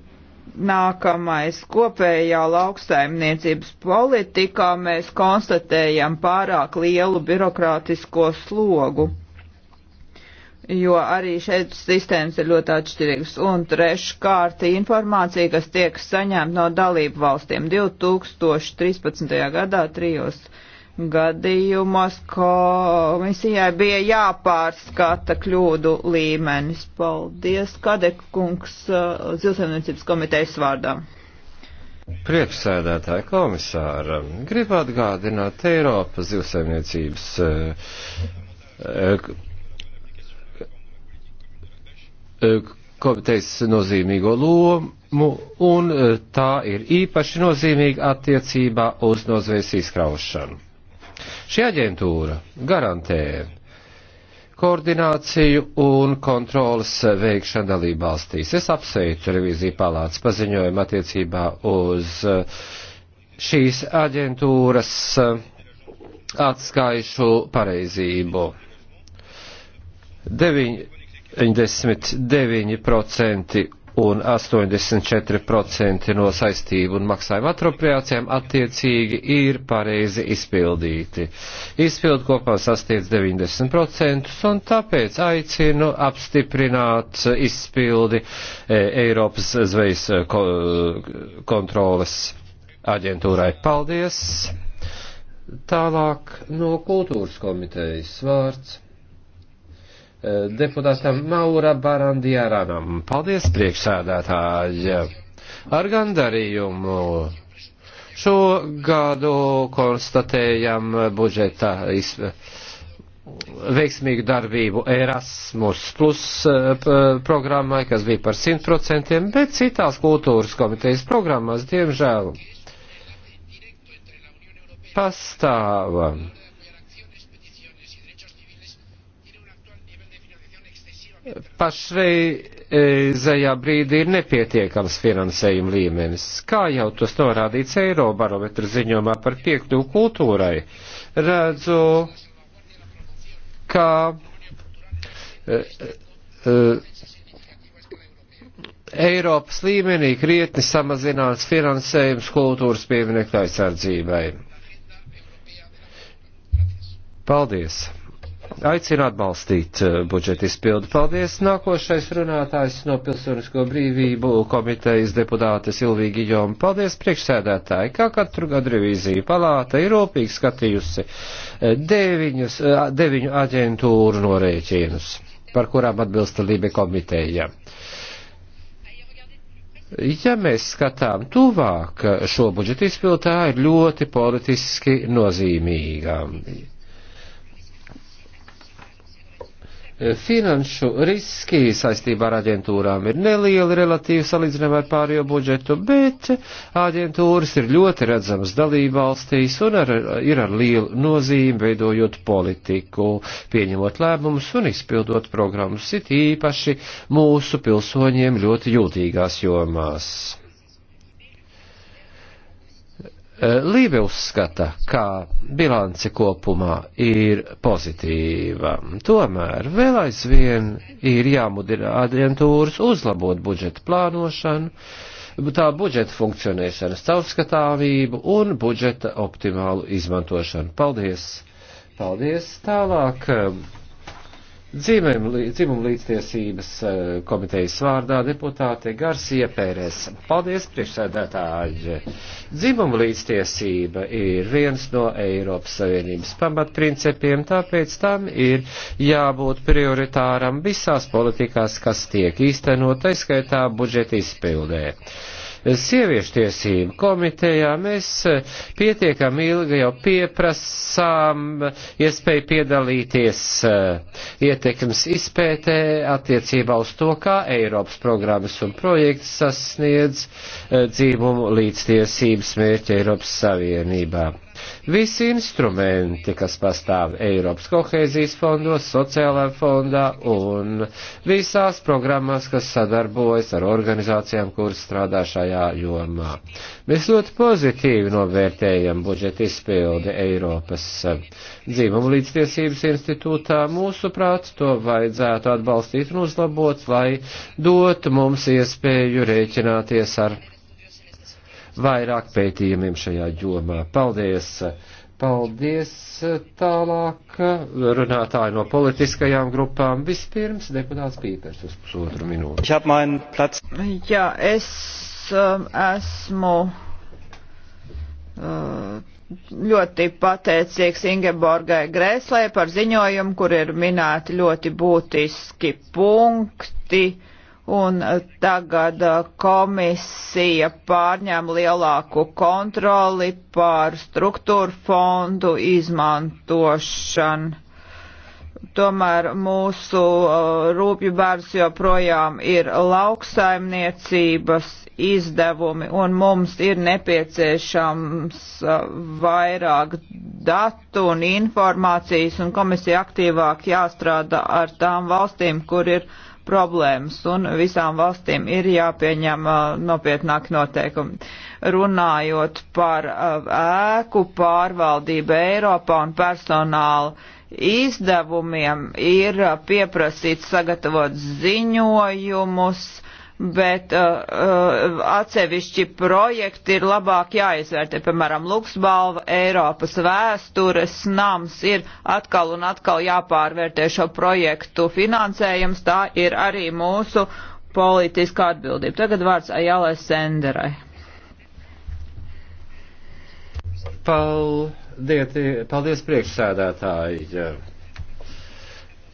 nākamais kopējā lauksaimniecības politikā mēs konstatējam pārāk lielu birokrātisko slogu jo arī šeit sistēmas ir ļoti atšķirīgas. Un treškārt informācija, kas tiek saņemta no dalību valstiem 2013. gadā trijos gadījumos komisijai bija jāpārskata kļūdu līmenis. Paldies, Kadek kungs, uh, Zilsaimniecības komitejas vārdā. Priekšsēdētāja komisāra, gribu atgādināt Eiropas zivsaimniecības uh, uh, Eh, komitejas nozīmīgo lomu, un eh, tā ir īpaši nozīmīga attiecībā uz nozvēs izkraušanu. Šī aģentūra garantē koordināciju un kontrolas veikšanu dalību valstīs. Es apsveicu revīziju palātas paziņojumu attiecībā uz eh, šīs aģentūras atskaišu pareizību. 9 99% un 84% no saistību un maksājumu atropriācijām attiecīgi ir pareizi izpildīti. Izpildu kopā sasniedz 90% un tāpēc aicinu apstiprināt izpildi e, Eiropas zvejas e, e, kontroles aģentūrai. Paldies! Tālāk no kultūras komitejas vārds deputātam Maura Barandijāranam. Paldies, priekšsēdētāji! Ar gandarījumu šo gadu konstatējam budžeta izpētību veiksmīgu darbību Erasmus plus eh, programmai, kas bija par 100%, bet citās kultūras komitejas programmās, diemžēl, pastāvam pašreizējā brīdī ir nepietiekams finansējuma līmenis. Kā jau tas norādīts Eirobarometra ziņomā par piekļuvu kultūrai, redzu, ka uh, uh, Eiropas līmenī krietni samazināts finansējums kultūras pieminiektu aizsardzībai. Paldies! aicinu atbalstīt eh, budžeta izpildu. Paldies! Nākošais runātājs no Pilsonisko brīvību komitejas deputāte Silvija Gijoma. Paldies priekšsēdētāji, kā katru gadu revīzija palāta ir rūpīgi skatījusi eh, deviņus, eh, deviņu aģentūru norēķinus, par kurām atbilsta Lībe komiteja. Ja mēs skatām tuvāk, šo budžeta izpildu tā ir ļoti politiski nozīmīga Finanšu riski saistībā ar aģentūrām ir nelieli relatīvi salīdzinām ar pārējo budžetu, bet aģentūras ir ļoti redzamas dalībvalstīs un ar, ir ar lielu nozīmi veidojot politiku, pieņemot lēmumus un izpildot programmas, it īpaši mūsu pilsoņiem ļoti jūtīgās jomās. Eh, Līve uzskata, ka bilance kopumā ir pozitīva. Tomēr vēl aizvien ir jāmudina aģentūras uzlabot budžeta plānošanu, tā budžeta funkcionēšanas caurskatāvību un budžeta optimālu izmantošanu. Paldies! Paldies! Tālāk! Eh, Dzimuma līdztiesības eh, komitejas vārdā deputāte Garcija Pērēs. Paldies, priekšsēdētāji! Dzimuma līdztiesība ir viens no Eiropas Savienības pamatprincipiem, tāpēc tam ir jābūt prioritāram visās politikās, kas tiek īstenot, taiskaitā budžeta izpildē sieviešu tiesību komitejā mēs eh, pietiekam ilgi jau pieprasām eh, iespēju piedalīties eh, ietekmes izpētē attiecībā uz to, kā Eiropas programmas un projekts sasniedz dzīvumu līdztiesības mērķi Eiropas Savienībā. Visi instrumenti, kas pastāv Eiropas kohēzijas fondos, sociālajā fondā un visās programmās, kas sadarbojas ar organizācijām, kuras strādā šajā jomā. Mēs ļoti pozitīvi novērtējam budžeta izpildi Eiropas eh, dzīvumu līdztiesības institūtā. Mūsuprāt, to vajadzētu atbalstīt un uzlabot, lai dotu mums iespēju rēķināties ar vairāk pētījumiem šajā jomā. Paldies! Paldies tālāk runātāji no politiskajām grupām. Vispirms deputāts Pīpers uz pusotru minūti. Jā, es um, esmu uh, ļoti pateicīgs Ingeborgai Grēslē par ziņojumu, kur ir minēti ļoti būtiski punkti un eh, tagad eh, komisija pārņem lielāku kontroli pār struktūru fondu izmantošanu. Tomēr mūsu eh, rūpju bērns joprojām ir lauksaimniecības izdevumi, un mums ir nepieciešams vairāk datu un informācijas, un komisija aktīvāk jāstrādā ar tām valstīm, kur ir uh, problēmas, un visām valstīm ir jāpieņem uh, nopietnāk noteikumi. Runājot par uh, ēku pārvaldību Eiropā un personālu izdevumiem, ir uh, pieprasīts sagatavot ziņojumus, bet uh, uh, atsevišķi projekti ir labāk jāizvērtē. Piemēram, Luksbalva, Eiropas vēstures nams ir atkal un atkal jāpārvērtē šo projektu finansējums. Tā ir arī mūsu politiska atbildība. Tagad vārds Ajālai Senderai. Paldies, paldies priekšsēdētāji.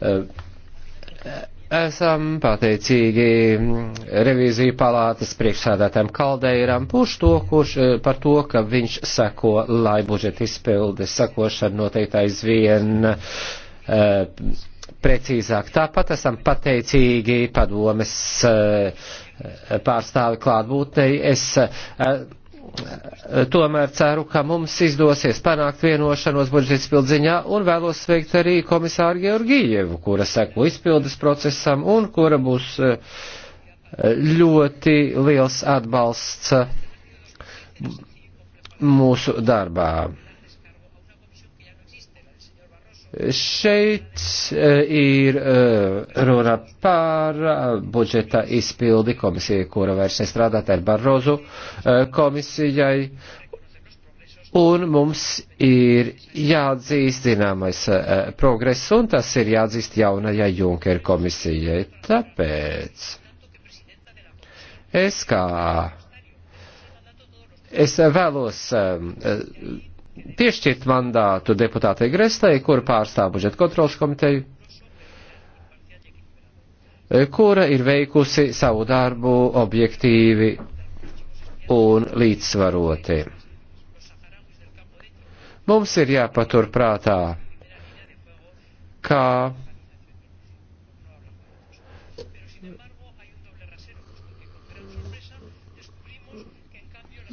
Uh, uh, Esam pateicīgi revīziju palātas priekšsādātājiem Kaldeiram puš to, kurš, eh, par to, ka viņš seko, lai budžeta izpilde sakošana noteikti aizvien uh, precīzāk. Tāpat esam pateicīgi padomes uh, pārstāvi klātbūtnei. Es uh, tomēr ceru, ka mums izdosies panākt vienošanos budžeta izpildziņā un vēlos sveikt arī komisāru Georgijievu, kura seko izpildes procesam un kura būs eh, ļoti liels atbalsts eh, mūsu darbā. Šeit eh, ir eh, runa par eh, budžeta izpildi komisijai, kura vairs nestrādā, tā ir Barrozu komisijai. Un mums ir jāatzīst zināmais progress, un tas ir jāatzīst jaunajai Junker komisijai. Tāpēc es kā es vēlos piešķirt mandātu deputātei Grestai, kur pārstāv budžeta kontrolas komiteju, kura ir veikusi savu darbu objektīvi un līdzsvaroti. Mums ir jāpatur prātā, kā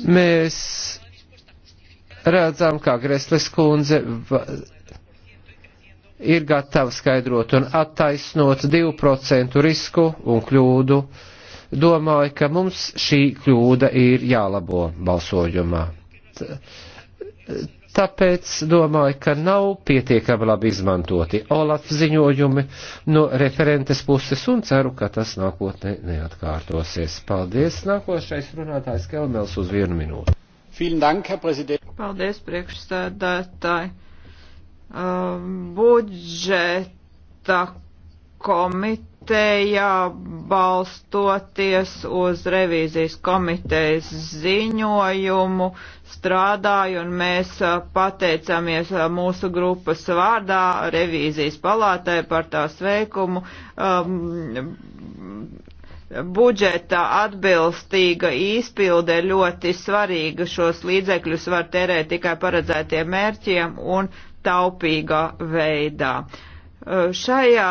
mēs redzam, kā Gresles kundze ir gatava skaidrot un attaisnot 2% risku un kļūdu. Domāju, ka mums šī kļūda ir jālabo balsojumā. Tāpēc domāju, ka nav pietiekami labi izmantoti Olaf ziņojumi no referentes puses un ceru, ka tas nākotnē neatkārtosies. Paldies! Nākošais runātājs Kelmels uz vienu minūti. Paldies, priekšsēdētāji. Um, budžeta komiteja balstoties uz revīzijas komitejas ziņojumu strādāju un mēs uh, pateicamies uh, mūsu grupas vārdā revīzijas palātai par tās veikumu. Um, budžeta atbilstīga izpilde ļoti svarīga. Šos līdzekļus var terēt tikai paredzētiem mērķiem un taupīgā veidā. Uh, Eh, šajā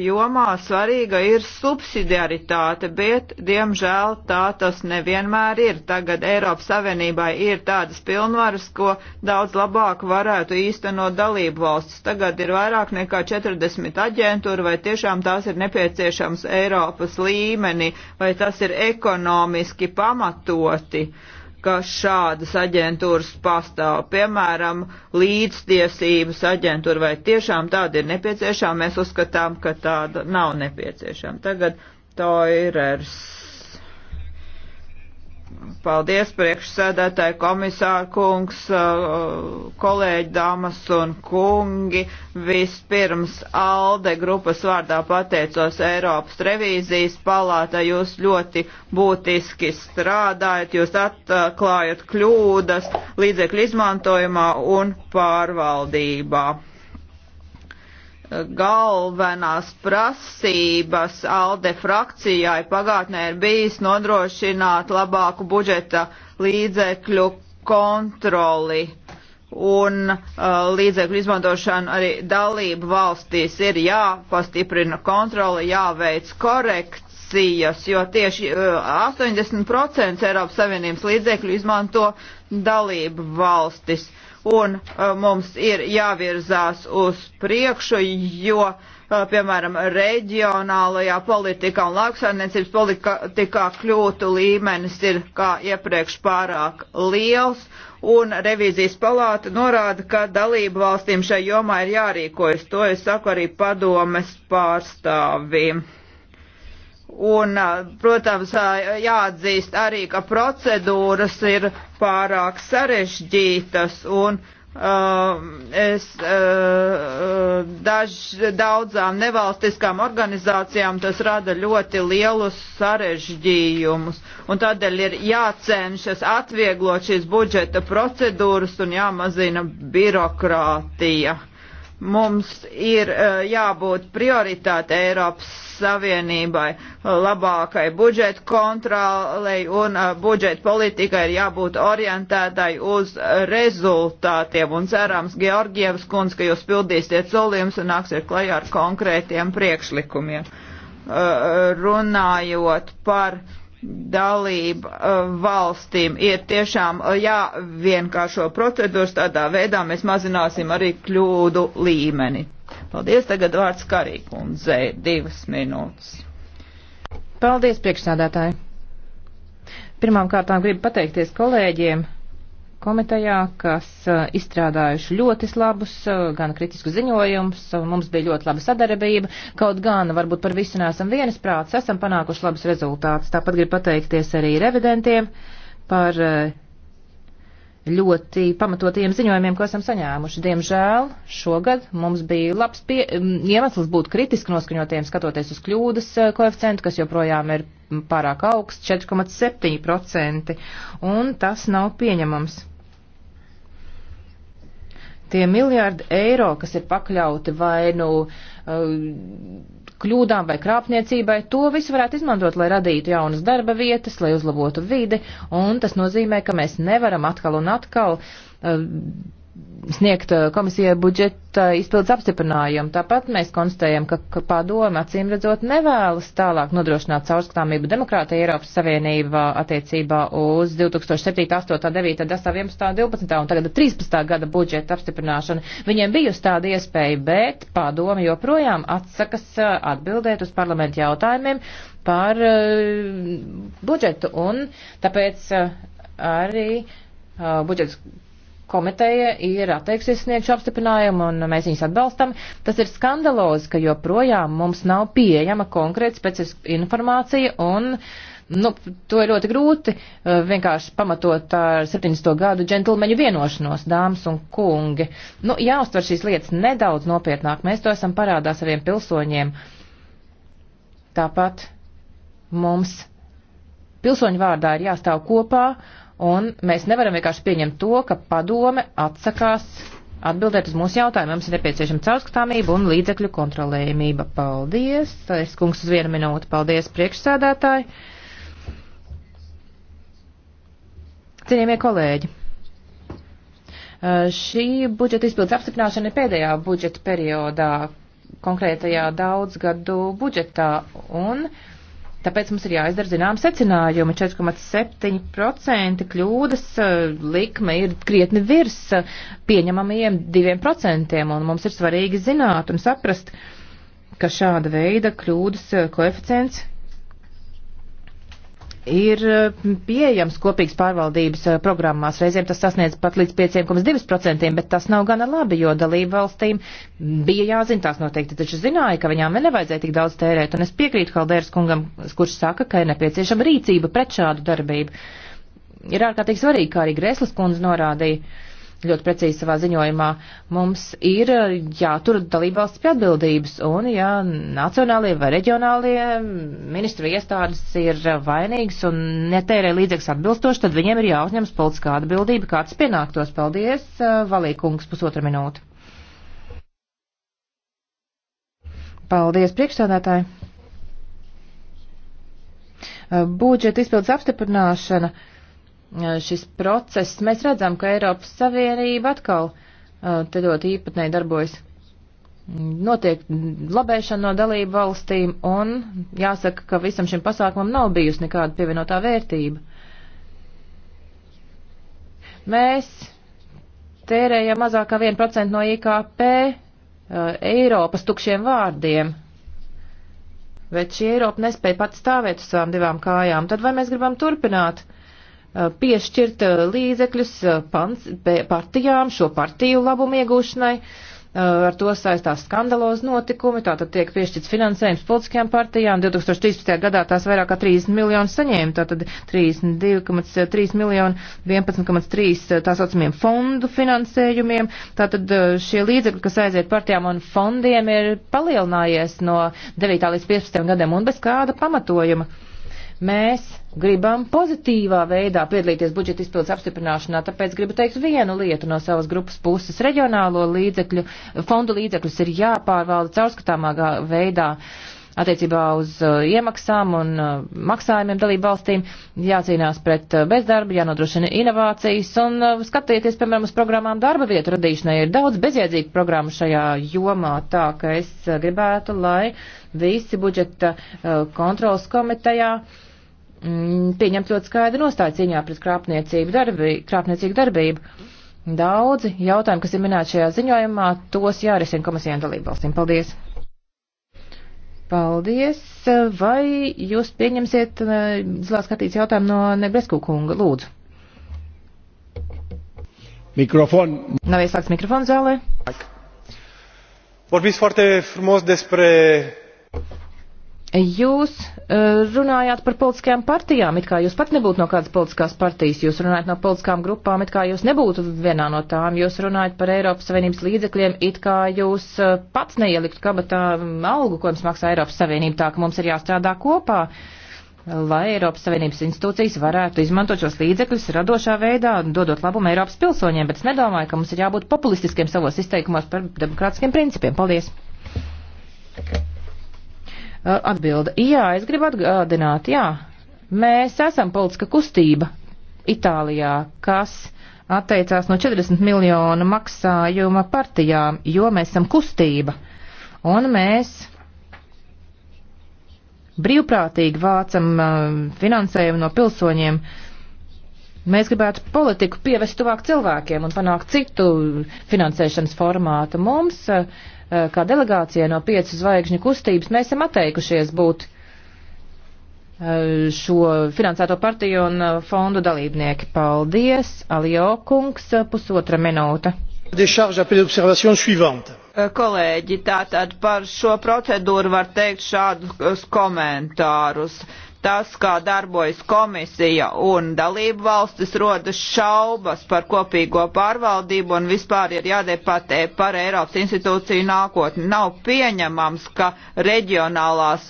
jomā svarīga ir subsidiaritāte, bet, diemžēl, tā tas nevienmēr ir. Tagad Eiropas Savienībai ir tādas pilnvaras, ko daudz labāk varētu īstenot dalību valsts. Tagad ir vairāk nekā 40 aģentūra, vai tiešām tās ir nepieciešams Eiropas līmenī, vai tas ir ekonomiski pamatoti. Uh, ka šādas aģentūras pastāv, piemēram, līdztiesības aģentūra, vai tiešām tāda ir nepieciešama, mēs uzskatām, ka tāda nav nepieciešama. Tagad to ir ers. Paldies, priekšsēdētāji, komisāra kungs, kolēģi, dāmas un kungi. Vispirms ALDE grupas vārdā pateicos Eiropas revīzijas palātā. Jūs ļoti būtiski strādājat, jūs atklājat kļūdas līdzekļu izmantojumā un pārvaldībā galvenās prasības ALDE frakcijai pagātnē ir bijis nodrošināt labāku budžeta līdzekļu kontroli un uh, līdzekļu izmantošanu arī dalību valstīs ir jāpastiprina kontroli, jāveic korekcijas, jo tieši uh, 80% Eiropas Savienības līdzekļu izmanto dalību valstis. Uh, un uh, mums ir jāvirzās uz priekšu, jo, uh, piemēram, reģionālajā politikā un lauksaimniecības politikā kļūtu līmenis ir kā iepriekš pārāk liels, un revīzijas palāta norāda, ka dalību valstīm šai jomā ir jārīkojas. To es saku arī padomes pārstāvim. Un, protams, jāatzīst arī, ka procedūras ir pārāk sarežģītas un uh, es uh, daž, daudzām nevalstiskām organizācijām tas rada ļoti lielus sarežģījumus. Un tādēļ ir jācenšas atvieglot šīs budžeta procedūras un jāmazina birokrātija. Uh, Mums ir e, jābūt prioritāte Eiropas Savienībai, labākai budžeta kontrolei un e, budžeta politikai ir jābūt orientētai uz rezultātiem. Un cerams, Georgievs kundz, ka jūs pildīsiet solījumus un nāksiet klajā ar konkrētiem priekšlikumiem. E, runājot par dalību uh, valstīm ir tiešām uh, jāvienkāršo procedūras, tādā veidā mēs mazināsim arī kļūdu līmeni. Paldies, tagad vārds Karīkundzei, divas minūtes. Paldies, priekšsādātāji. Pirmām kārtām gribu pateikties kolēģiem komitejā, kas uh, izstrādājuši ļoti labus, uh, gan kritisku ziņojumus, mums bija ļoti laba sadarbība, kaut gan varbūt par visu neesam vienas prātas, esam panākuši labus rezultātus. Tāpat gribu pateikties arī revidentiem par uh, ļoti pamatotiem ziņojumiem, ko esam saņēmuši. Diemžēl šogad mums bija labs pie, iemesls būt kritiski noskaņotiem, skatoties uz kļūdas eh, koeficientu, kas joprojām ir pārāk augsts - 4,7%, un tas nav pieņemams. Tie miljardi eiro, kas ir pakļauti vai nu. Uh, kļūdām vai krāpniecībai, to visu varētu izmantot, lai radītu jaunas darba vietas, lai uzlabotu vidi, un tas nozīmē, ka mēs nevaram atkal un atkal uh, sniegt komisijai budžeta izpildes apstiprinājumu. Tāpat mēs konstatējam, ka, ka padome acīm redzot nevēlas tālāk nodrošināt caurskatāmību demokrātija Eiropas Savienībā attiecībā uz 2007, 8, 9, 10, 11, 12 un tagad 13 gada budžeta apstiprināšanu. Viņiem bijusi tāda iespēja, bet padome joprojām atsakas atbildēt uz parlamentu jautājumiem par uh, budžetu un tāpēc uh, arī uh, budžets komiteja ir atteiksies sniegt šo apstiprinājumu un mēs viņus atbalstam. Tas ir skandalozi, ka joprojām mums nav pieejama konkrēta specifiska informācija un nu, to ir ļoti grūti eh, vienkārši pamatot ar 70. gadu džentlmeņu vienošanos, dāmas un kungi. Nu, jāuztver šīs lietas nedaudz nopietnāk. Mēs to esam parādā saviem pilsoņiem. Tāpat mums pilsoņu vārdā ir jāstāv kopā Un mēs nevaram vienkārši pieņemt to, ka padome atsakās atbildēt uz mūsu jautājumu. Mums ir nepieciešama caurskatāmība un līdzekļu kontrolējumība. Paldies. Es kungs uz vienu minūti. Paldies, priekšsēdētāji. Cienījamie kolēģi. Šī budžeta izpildes apstiprināšana ir pēdējā budžeta periodā, konkrētajā daudzgadu budžetā. Un uh, Tāpēc mums ir jāizdara zinām secinājumi. 4,7% kļūdas eh, likme ir krietni virs eh, pieņemamajiem 2%, un mums ir svarīgi zināt un saprast, ka šāda veida kļūdas eh, koeficients ir eh, pieejams kopīgas pārvaldības eh, programmās. Reizēm tas sasniedz pat līdz 5,2%, bet tas nav gana labi, jo dalību valstīm bija jāzina, tās noteikti taču zināja, ka viņām nevajadzēja tik daudz tērēt. Un es piekrītu Haldēras kungam, kurš saka, ka ir nepieciešama rīcība pret šādu darbību. Ir ārkārtīgi svarīgi, kā arī Greslas kundze norādīja ļoti precīzi savā ziņojumā, mums ir eh, jātur dalībvalsts pie atbildības, un ja nacionālie vai reģionālie mm, ministru iestādes ir vainīgas un netērē līdzekļus atbilstoši, tad viņiem ir jāuzņemas politiskā atbildība, kāds pienāktos. Paldies, eh, Valīkungs, pusotra minūte. Paldies, priekšstādātāji. Eh, Budžeta izpildes apstiprināšana Eh, šis process, mēs redzam, ka Eiropas Savienība atkal eh, te ļoti īpatnēji darbojas. Notiek labēšana no dalību valstīm, un jāsaka, ka visam šim pasākumam nav bijusi nekāda pievienotā vērtība. Mēs tērējam mazāk kā 1% no IKP eh, Eiropas tukšiem vārdiem, bet šī Eiropa nespēja pat stāvēt uz savām divām kājām. Tad vai mēs gribam turpināt uh, Eh, piešķirt eh, līdzekļus eh, partijām, šo partiju labumu iegūšanai. Ar to saistās skandalozi notikumi, tātad tiek piešķirts finansējums politiskajām partijām. 2013. gadā tās vairāk kā 30 miljonu saņēma, tātad 32,3 miljonu, 11,3 tā saucamiem fondu finansējumiem. Tātad šie līdzekļi, kas aiziet partijām un fondiem, ir palielinājies no 9. līdz 15. gadam un bez kāda pamatojuma. Mēs gribam pozitīvā veidā piedalīties budžeta izpildes apstiprināšanā, tāpēc gribu teikt vienu lietu no savas grupas puses. Reģionālo līdzekļu, eh, fondu līdzekļus ir jāpārvalda caurskatāmākā veidā attiecībā uz eh, iemaksām un eh, maksājumiem dalību valstīm, jācīnās pret bezdarbu, jānodrošina inovācijas un skatieties, piemēram, uz programmām darba vietu radīšanai. Ir daudz bezjēdzīgu programmu šajā jomā, tā ka es gribētu, lai visi budžeta kontrolas komitejā uh, Mm, pieņemt ļoti skaidru nostāju cīņā pret krāpniecību darbību, krāpniecīgu darbību. Daudzi jautājumi, kas ir minēti šajā ziņojumā, tos jārisina komisijām dalībvalstīm. Paldies! Paldies! Vai jūs pieņemsiet eh, zilā skatīts jautājumu no Nebresku kunga? Lūdzu! Mikrofon. Nav ieslēgts mikrofons zālē. Vorbiți foarte frumos despre Jūs eh, runājāt par politiskajām partijām, it kā jūs pat nebūtu no kādas politiskās partijas, jūs runājat no politiskām grupām, it kā jūs nebūtu vienā no tām, jūs runājat par Eiropas Savienības līdzekļiem, it kā jūs eh, pats neieliktu kabatā mm, algu, ko jums maksā Eiropas Savienība, tā ka mums ir jāstrādā kopā, lai Eiropas Savienības institūcijas varētu izmantot šos līdzekļus radošā veidā, dodot labumu Eiropas pilsoņiem, bet es nedomāju, ka mums ir jābūt populistiskiem savos izteikumos par demokrātiskiem principiem. Paldies! Thank you. Uh, Atbilda. Jā, es gribu atgādināt, jā, mēs esam politiska kustība Itālijā, kas atteicās no 40 miljonu maksājuma partijām, jo mēs esam kustība. Un mēs brīvprātīgi vācam uh, finansējumu no pilsoņiem uh, Mēs gribētu politiku pievest tuvāk cilvēkiem un panākt citu finansēšanas formātu. Mums, eh, eh, kā delegācija no piecu zvaigžņu kustības, mēs esam atteikušies būt eh, šo finansēto partiju un fondu dalībnieki. Paldies, Alio kungs, pusotra minūte. Kolēģi, tātad par šo procedūru var teikt šādus komentārus. Uh, tas, kā darbojas komisija un dalību valstis, rodas šaubas par kopīgo pārvaldību un vispār ir jādepatē par Eiropas institūciju nākotni. Nav pieņemams, ka reģionālās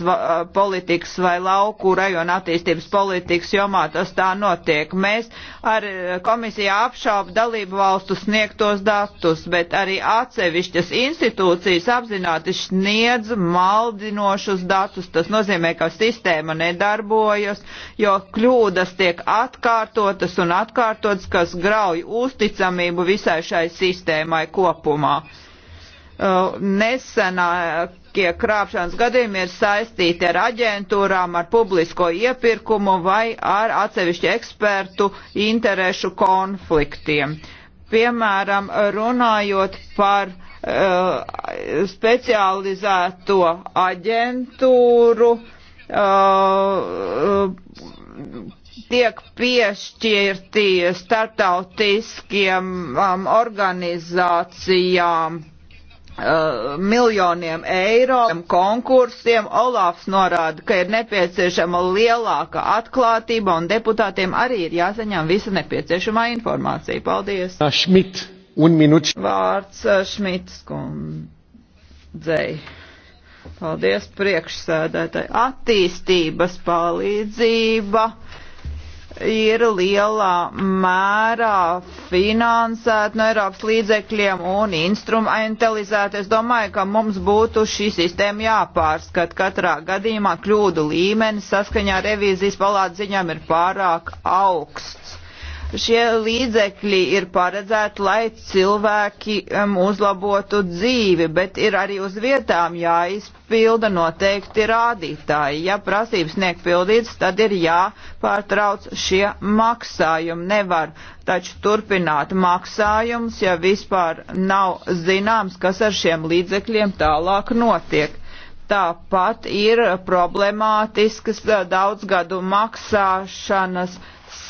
politikas vai lauku rajona attīstības politikas jomā tas tā notiek. Mēs ar komisiju apšaubu dalību valstu sniegtos datus, bet arī atsevišķas institūcijas apzināti sniedz maldinošus datus. Tas nozīmē, ka sistēma nedarbojas nedarbojas, jo kļūdas tiek atkārtotas un atkārtotas, kas grauj uzticamību visai šai sistēmai kopumā. Uh, nesenākie krāpšanas gadījumi ir saistīti ar aģentūrām, ar publisko iepirkumu vai ar atsevišķu ekspertu interešu konfliktiem. Piemēram, runājot par uh, specializēto aģentūru, uh, Uh, tiek piešķirti startautiskiem um, organizācijām uh, miljoniem eiro konkursiem. Olafs norāda, ka ir nepieciešama lielāka atklātība un deputātiem arī ir jāsaņem visa nepieciešamā informācija. Paldies! Šmit, un minūte. Vārds Šmits kundzei. Paldies priekšsēdētāji. Attīstības palīdzība ir lielā mērā finansēta no Eiropas līdzekļiem un instrumentalizēta. Es domāju, ka mums būtu šī sistēma jāpārskat. Katrā gadījumā kļūdu līmenis saskaņā revīzijas palādziņām ir pārāk augsts. Šie līdzekļi ir paredzēti, lai cilvēki um, uzlabotu dzīvi, bet ir arī uz vietām jāizpilda noteikti rādītāji. Ja prasības niek pildīts, tad ir jāpārtrauc šie maksājumi. Nevar taču turpināt maksājumus, ja vispār nav zināms, kas ar šiem līdzekļiem tālāk notiek. Tāpat ir problemātiskas eh, daudzgadu maksāšanas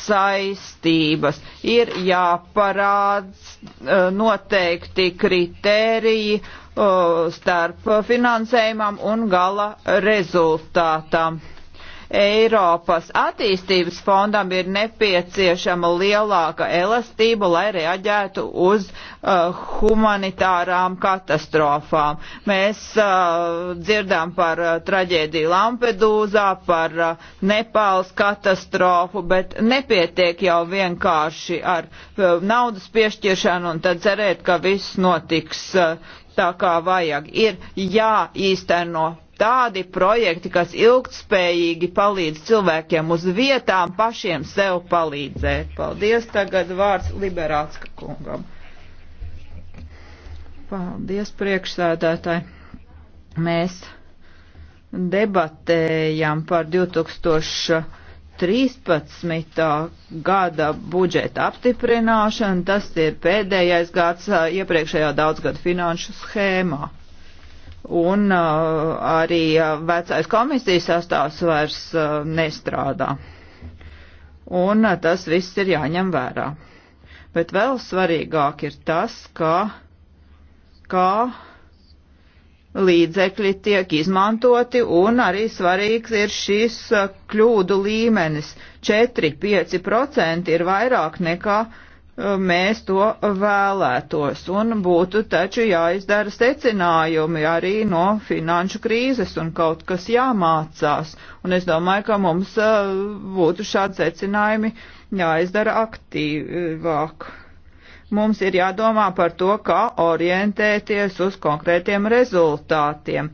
saistības. Ir jāparāds eh, noteikti kritēriji eh, starp finansējumam un gala rezultātam. Eiropas attīstības fondam ir nepieciešama lielāka elastība, lai reaģētu uz uh, humanitārām katastrofām. Mēs uh, dzirdām par uh, traģēdiju Lampedūzā, par uh, Nepāls katastrofu, bet nepietiek jau vienkārši ar uh, naudas piešķiršanu un tad cerēt, ka viss notiks. Uh, Tā kā vajag, ir jāīsteno tādi projekti, kas ilgtspējīgi palīdz cilvēkiem uz vietām pašiem sev palīdzēt. Paldies, tagad vārds Liberācka kungam. Paldies, priekšsēdētāji. Mēs debatējam par 2000. 13. gada budžeta apstiprināšana, tas ir pēdējais gads iepriekšējā daudzgada finanšu schēmā un uh, arī uh, vecais komisijas sastāvs vairs uh, nestrādā. Un uh, tas viss ir jāņem vērā. Bet vēl svarīgāk ir tas, kā, kā līdzekļi tiek izmantoti, un arī svarīgs ir šis uh, kļūdu līmenis. 4-5% ir vairāk nekā uh, mēs to vēlētos. Un būtu taču jāizdara secinājumi arī no finanšu krīzes un kaut kas jāmācās. Un es domāju, ka mums uh, būtu šādi secinājumi jāizdara aktīvāk. Mums ir jādomā par to, kā orientēties uz konkrētiem rezultātiem.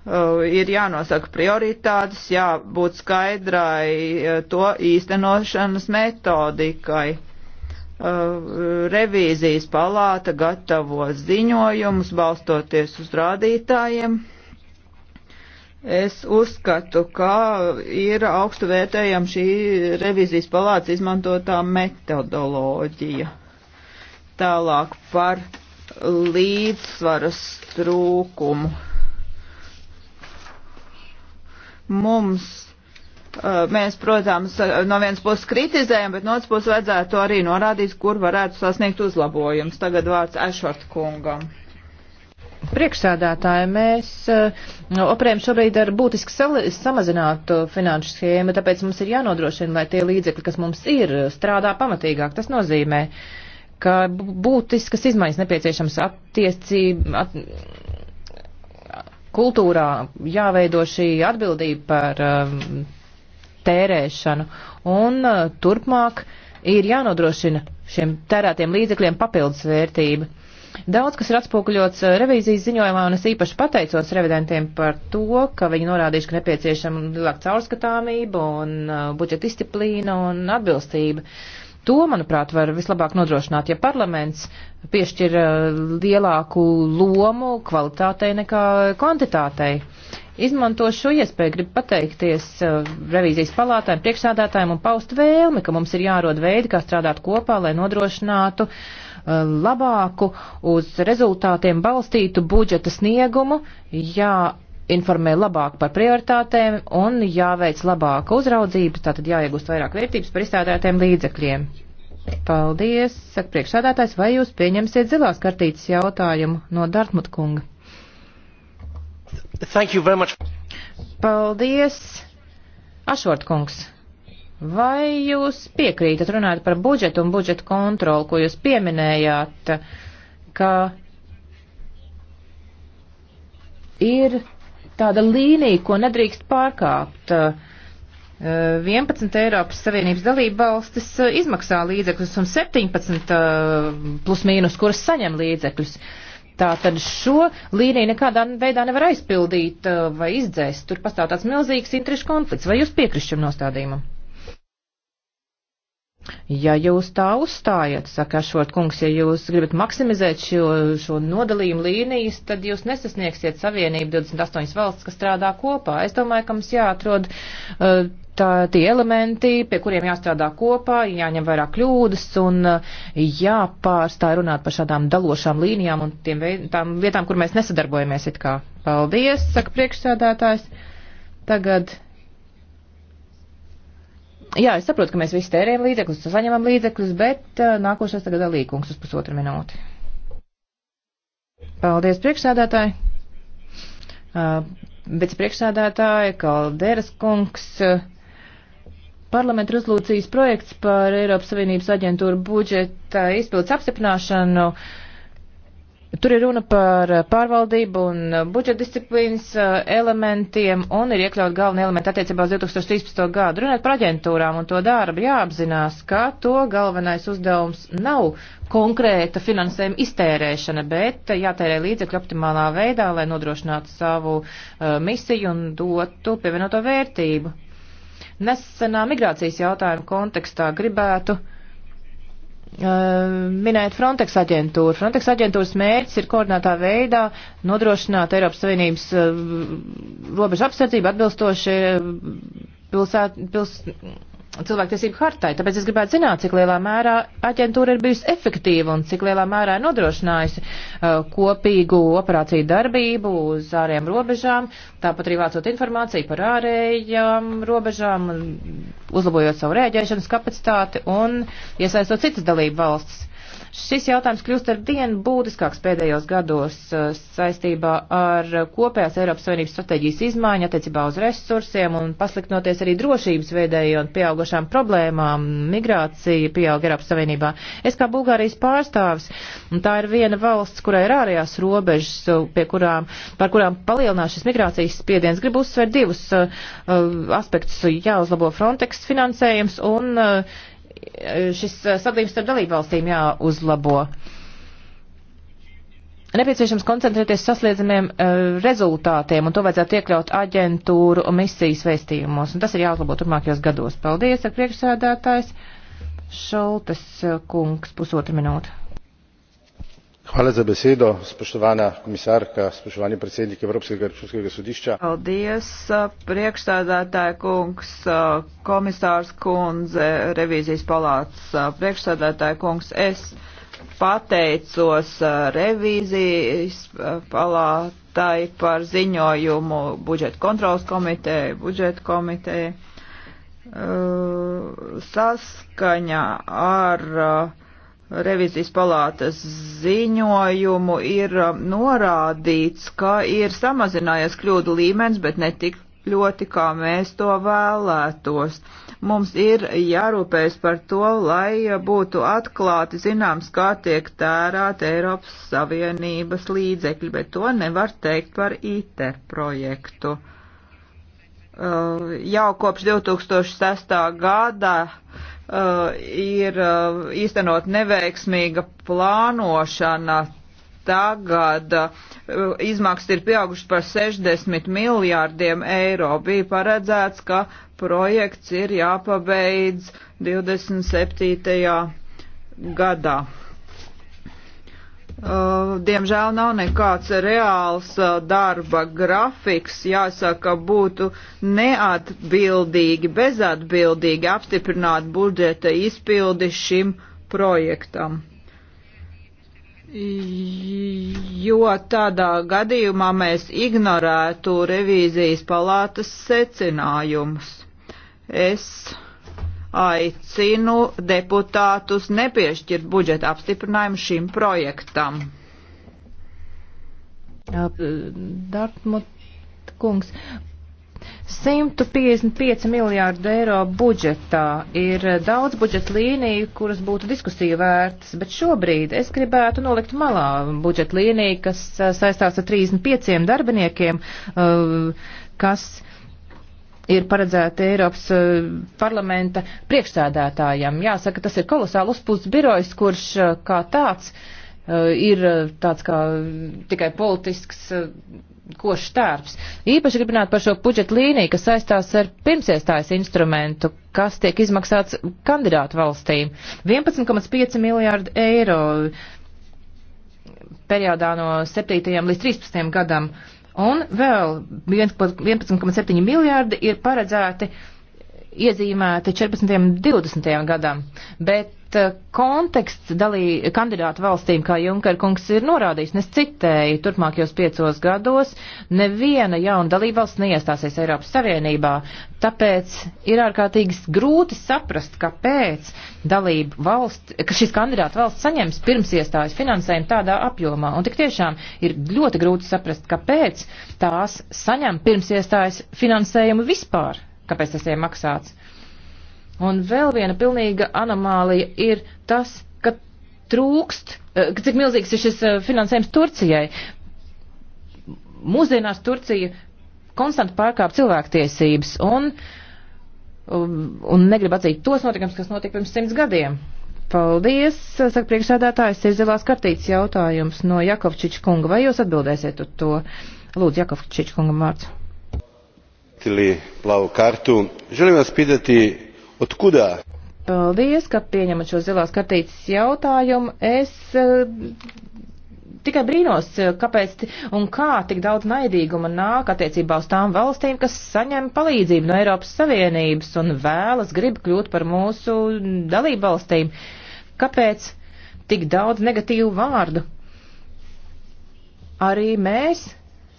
Uh, ir jānosaka prioritātes, jābūt skaidrai uh, to īstenošanas metodikai Uh, revīzijas palāta gatavo ziņojumus balstoties uz rādītājiem. Es uzskatu, ka ir augstu vērtējama šī revīzijas palāca izmantotā metodoloģija. Tālāk par līdzsvaras trūkumu. Mums Mēs, protams, no vienas puses kritizējam, bet no otras puses vajadzētu arī norādīt, kur varētu sasniegt uzlabojumus. Tagad vārds Ešvart kungam. Priekšsēdētāji, mēs operējam šobrīd ar būtiski samazinātu finanšu schēmu, tāpēc mums ir jānodrošina, lai tie līdzekļi, kas mums ir, strādā pamatīgāk. Tas nozīmē, ka būtiskas izmaiņas nepieciešams attiecība. At, kultūrā jāveido šī atbildība par um, tērēšanu. Un uh, turpmāk ir jānodrošina šiem tērētiem līdzekļiem papildus vērtība. Daudz, kas ir atspoguļots uh, revīzijas ziņojumā, un es īpaši pateicos revidentiem par to, ka viņi norādījuši, ka nepieciešama lielāka caurskatāmība un uh, budžeta disciplīna un atbilstība. To, manuprāt, var vislabāk nodrošināt, ja parlaments piešķir lielāku lomu kvalitātei nekā kvantitātei izmanto šo iespēju, gribu pateikties uh, revīzijas palātājiem, priekšsādātājiem un paust vēlmi, ka mums ir jārod veidi, kā strādāt kopā, lai nodrošinātu uh, labāku uz rezultātiem balstītu budžeta sniegumu, jā, informē labāk par prioritātēm un jāveic labāka uzraudzība, tātad jāiegūst vairāk vērtības par izstādētiem līdzekļiem. Paldies, saka priekšsādātājs, vai jūs pieņemsiet zilās kartītes jautājumu no Dartmut kunga? Thank you very much. Paldies, Ašvort kungs. Vai jūs piekrītat runāt par budžetu un budžetu kontroli, ko jūs pieminējāt, ka ir tāda līnija, ko nedrīkst pārkāpt? 11 eh, Eiropas Savienības dalība valstis eh, izmaksā līdzekļus un 17 eh, plus mīnus, kuras saņem līdzekļus. Uh, Tātad šo līniju nekādā veidā nevar aizpildīt uh, vai izdzēst. Tur pastāv tāds milzīgs interešu konflikts. Vai jūs piekrišķim nostādījumam? Ja jūs tā uzstājat, saka Šort kungs, ja jūs gribat maksimizēt šo, šo nodalījumu līnijas, tad jūs nesasniegsiet savienību 28 valsts, kas strādā kopā. Es domāju, ka mums jāatrod uh, tā, tie elementi, pie kuriem jāstrādā kopā, jāņem vairāk kļūdas un uh, jāpārstāj runāt par šādām dalošām līnijām un tiem, tām vietām, kur mēs nesadarbojamies it kā. Paldies, saka priekšsēdētājs. Tagad. Jā, es saprotu, ka mēs visi tērējam līdzekļus, saņemam līdzekļus, bet uh, nākošais tagad līkums uz pusotru minūti. Paldies, priekšsēdētāji. Uh, bet priekšsēdētāja Kalderas kungs uh, Parlamenta rezolūcijas projekts par Eiropas Savienības aģentūru budžeta izpildes apstiprināšanu. Tur ir runa par pārvaldību un budžeta disciplīnas uh, elementiem un ir iekļaut galvenie elementi attiecībā uz 2013. gadu. Runājot par aģentūrām un to darbu, jāapzinās, ka to galvenais uzdevums nav konkrēta finansējuma iztērēšana, bet jātērē līdzekļu optimālā veidā, lai nodrošinātu savu uh, misiju un dotu pievienoto vērtību. Nesenā migrācijas jautājuma kontekstā gribētu uh, minēt Frontex aģentūru. Frontex aģentūras mērķis ir koordinētā veidā nodrošināt Eiropas Savienības uh, robežu apsardzību atbilstoši uh, pilsēt, pils, cilvēktiesību hartai. Tāpēc es gribētu zināt, cik lielā mērā aģentūra ir bijusi efektīva un cik lielā mērā ir nodrošinājusi uh, kopīgu operāciju darbību uz ārējām robežām, tāpat arī vācot informāciju par ārējām robežām, uzlabojot savu rēģēšanas kapacitāti un iesaistot citas dalību valstis. Šis jautājums kļūst ar dienu būtiskāks pēdējos gados uh, saistībā ar kopējās Eiropas Savienības stratēģijas izmaiņu attiecībā uz resursiem un pasliktinoties arī drošības veidēju un pieaugušām problēmām. Migrācija pieaug Eiropas Savienībā. Es kā Bulgārijas pārstāvis, un tā ir viena valsts, kurai ir ārējās robežas, uh, pie kurām, par kurām palielinās šis migrācijas spiediens, gribu uzsvērt divus uh, uh aspektus. Jāuzlabo Frontex finansējums un uh, šis eh, sadalījums starp dalībvalstīm jāuzlabo. Nepieciešams koncentrēties sasliedzamiem eh, rezultātiem, un to vajadzētu iekļaut aģentūru un misijas veistījumos, un tas ir jāuzlabo turpmākajos gados. Paldies, ar priekšsēdētājs Šoltes eh, kungs, pusotra minūte spoštovana komisarka spoštovani predsednik evropskega računskega sodišča paldies priekšsēdētāja kungs komisārs kundze revīzijas palātas priekšsēdētāja kungs es pateicos revīzijas palātai par ziņojumu budžeta kontrolas komiteja budžeta komiteja uh, saskaņa ar uh, revizijas palātas ziņojumu ir um, norādīts, ka ir samazinājies kļūdu līmenis, bet ne tik ļoti, kā mēs to vēlētos. Mums ir jārūpējas par to, lai būtu atklāti zināms, kā tiek tērēt Eiropas Savienības līdzekļi, bet to nevar teikt par ITER projektu. Uh, jau kopš 2006. gada Uh, ir uh, īstenot neveiksmīga plānošana. Tagad uh, izmaksas ir pieaugušas par 60 miljārdiem eiro. Bija paredzēts, ka projekts ir jāpabeidz 27. gadā. Uh, diemžēl nav nekāds reāls uh, darba grafiks. Jāsaka, būtu neatbildīgi, bezatbildīgi apstiprināt budžeta izpildi šim projektam. Jo tādā gadījumā mēs ignorētu revīzijas palātas secinājumus. Es aicinu deputātus nepiešķirt budžeta apstiprinājumu šim projektam. Dartmut kungs, 155 miljārdu eiro budžetā ir daudz budžeta līniju, kuras būtu diskusiju vērtas, bet šobrīd es gribētu nolikt malā budžeta līniju, kas saistās ar 35 darbiniekiem, uh, kas ir paredzēta Eiropas eh, parlamenta priekšsēdētājam. Jāsaka, tas ir kolosāli uzpūsts birojs, kurš eh, kā tāds eh, ir tāds kā tikai politisks košs tērps. Īpaši gribinātu par šo budžeta līniju, kas saistās ar pirmsiestājas instrumentu, kas tiek izmaksāts kandidātu valstīm. 11,5 miljārdu eiro periodā no 7. līdz 13. gadam. Uh, Un vēl 11,7 miljārdi ir paredzēti uh, iezīmēti 14. un 20. gadam, bet eh, konteksts dalī kandidātu valstīm, kā Junker kungs ir norādījis, nes citēji, turpmākajos piecos gados neviena jauna dalībvalsts neiestāsies Eiropas Savienībā, tāpēc ir ārkārtīgi grūti saprast, kāpēc dalību valsts, ka šis kandidātu valsts saņems pirms iestājas finansējumu tādā apjomā, un tik tiešām ir ļoti grūti saprast, kāpēc tās saņem pirms iestājas finansējumu vispār kāpēc tas tiek maksāts. Un vēl viena pilnīga anomālija ir tas, ka trūkst, eh, cik milzīgs ir šis eh, finansējums Turcijai. Mūsdienās Turcija konstant pārkāp cilvēktiesības un, um, un negrib atzīt tos notikums, kas notika pirms simts gadiem. Paldies, saka priekšsēdētājs, ir zilās kartītes jautājums no Jakovčiča kunga. Vai jūs atbildēsiet uz to? Lūdzu, Jakovčiča kunga vārds prihvatili plavu kartu. Želim vas pitati od kuda Paldies, ka pieņemat šo zilās kartītes jautājumu. Es eh, tikai brīnos, eh, kāpēc un kā tik daudz naidīguma nāk attiecībā uz tām valstīm, kas saņem palīdzību no Eiropas Savienības un vēlas grib kļūt par mūsu dalību valstīm. Kāpēc tik daudz negatīvu vārdu? Arī mēs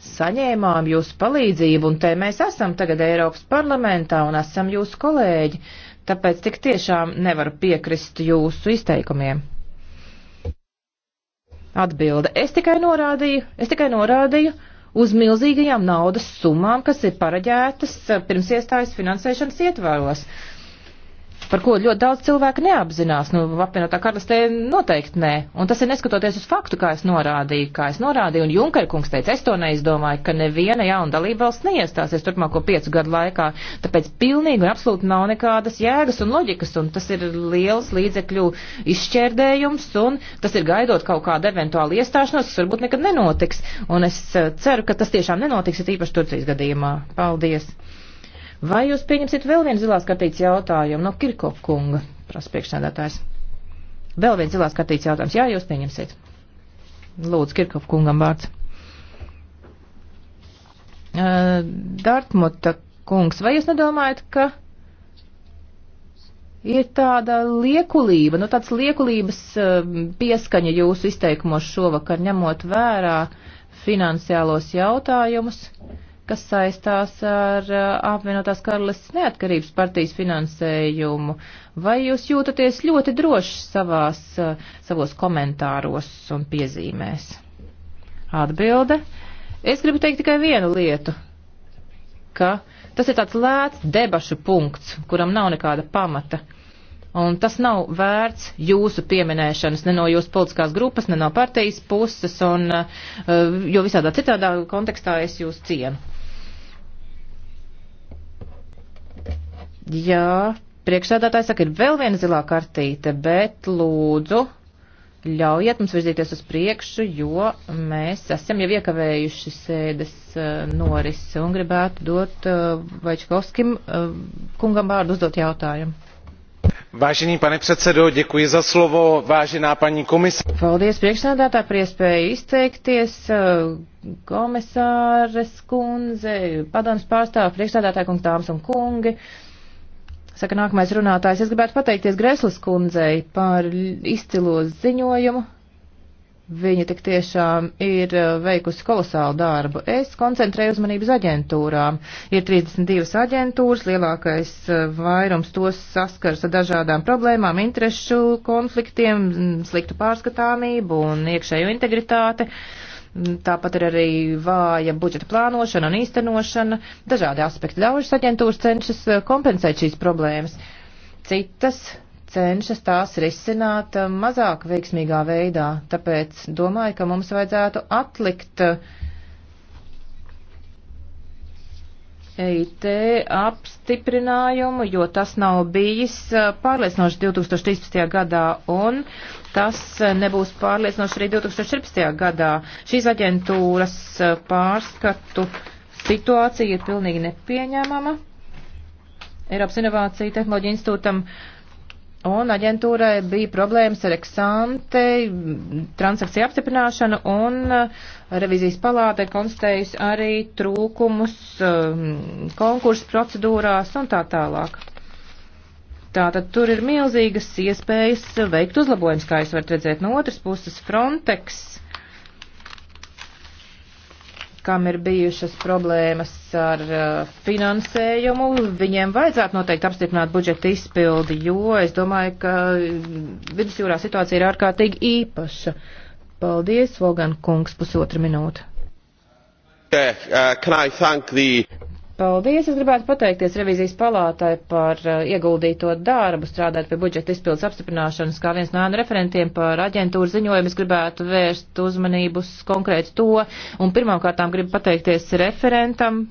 saņēmām jūsu palīdzību, un te mēs esam tagad Eiropas parlamentā un esam jūsu kolēģi, tāpēc tik tiešām nevaru piekrist jūsu izteikumiem. Atbilde. Es tikai norādīju, es tikai norādīju uz milzīgajām naudas summām, kas ir pareģētas eh, pirms iestājas finansēšanas ietvaros. Uh, par ko ļoti daudz cilvēku neapzinās. Nu, apvienotā karalistē noteikti nē. Un tas ir neskatoties uz faktu, kā es norādīju, kā es norādīju, un Junker kungs teica, es to neizdomāju, ka neviena jauna dalība valsts neiestāsies turpmāko piecu gadu laikā. Tāpēc pilnīgi un absolūti nav nekādas jēgas un loģikas, un tas ir liels līdzekļu izšķērdējums, un tas ir gaidot kaut kādu eventuālu iestāšanos, kas varbūt nekad nenotiks. Un es eh, ceru, ka tas tiešām nenotiks, ir īpaši Turcijas gadījumā. Paldies! Vai jūs pieņemsiet vēl vienu zilās kartītes jautājumu no Kirkop kunga, prasa priekšsēdētājs? Vēl viens zilās kartītes jautājums. Jā, jūs pieņemsiet. Lūdzu, Kirkop kungam vārds. Uh, Dartmuta kungs, vai jūs nedomājat, ka ir tāda liekulība, nu tāds liekulības uh, pieskaņa jūsu izteikumos šovakar, ņemot vērā finansiālos jautājumus? Uh, kas saistās ar uh, apvienotās karalists neatkarības partijas finansējumu. Vai jūs jūtaties ļoti droši savās, uh, savos komentāros un piezīmēs? Atbilde. Es gribu teikt tikai vienu lietu, ka tas ir tāds lēts debašu punkts, kuram nav nekāda pamata. Un tas nav vērts jūsu pieminēšanas, ne no jūsu politiskās grupas, ne no partijas puses, un, uh, jo visādā citādā kontekstā es jūs cienu. Jā, priekšsēdētāji saka, ir vēl viena zilā kartīte, bet lūdzu ļaujiet mums virzīties uz priekšu, jo mēs esam jau iekavējuši sēdes uh, norisi un gribētu dot uh, Vaļčkovskim uh, kungam vārdu uzdot jautājumu. Vážený pane předsedo, děkuji za slovo, vážená paní komisāra. Paldies priekšsēdētā par iespēju izteikties. Komisāres kundze, padoms pārstāv, priekšsēdētā kungs, dāmas un kungi. Uh, Saka nākamais runātājs, es gribētu pateikties Greslas kundzei par izcilo ziņojumu. Viņa tik tiešām ir uh, veikusi kolosālu darbu. Es koncentrēju uzmanības aģentūrām. Ir 32 aģentūras, lielākais uh, vairums tos saskars ar dažādām problēmām, interešu konfliktiem, sliktu pārskatāmību un iekšējo integritāti. Uh, Tāpat ir arī vāja budžeta plānošana un īstenošana. Dažādi aspekti ļaujas aģentūras cenšas eh, kompensēt šīs problēmas. Citas cenšas tās risināt eh, mazāk veiksmīgā veidā. Tāpēc domāju, ka mums vajadzētu atlikt EIT eh, e apstiprinājumu, jo tas nav bijis pārliecinoši 2013. gadā. Un tas eh, nebūs pārliecinoši arī 2014. gadā. Šīs aģentūras eh, pārskatu situācija ir pilnīgi nepieņēmama. Eiropas Inovācija tehnoloģija institūtam un aģentūrai bija problēmas ar eksante, transakciju apstiprināšanu un eh, revizijas palāte konstatējusi arī trūkumus konkursu procedūrās un tā tālāk. Tātad tur ir milzīgas iespējas veikt uzlabojums, kā jūs varat redzēt no otras puses Frontex, kam ir bijušas problēmas ar uh, finansējumu, viņiem vajadzētu noteikti apstiprināt budžeta izpildi, jo es domāju, ka mm, vidusjūrā situācija ir ārkārtīgi īpaša. Paldies, Volgan kungs, pusotra minūte. Yeah, uh, Paldies! Es gribētu pateikties revizijas palātai par uh, ieguldīto darbu, strādāt pie budžeta izpildes apstiprināšanas, kā viens no ēnu referentiem par aģentūru ziņojumu. Es gribētu vērst uzmanību uz konkrēti to, un pirmkārtām gribu pateikties referentam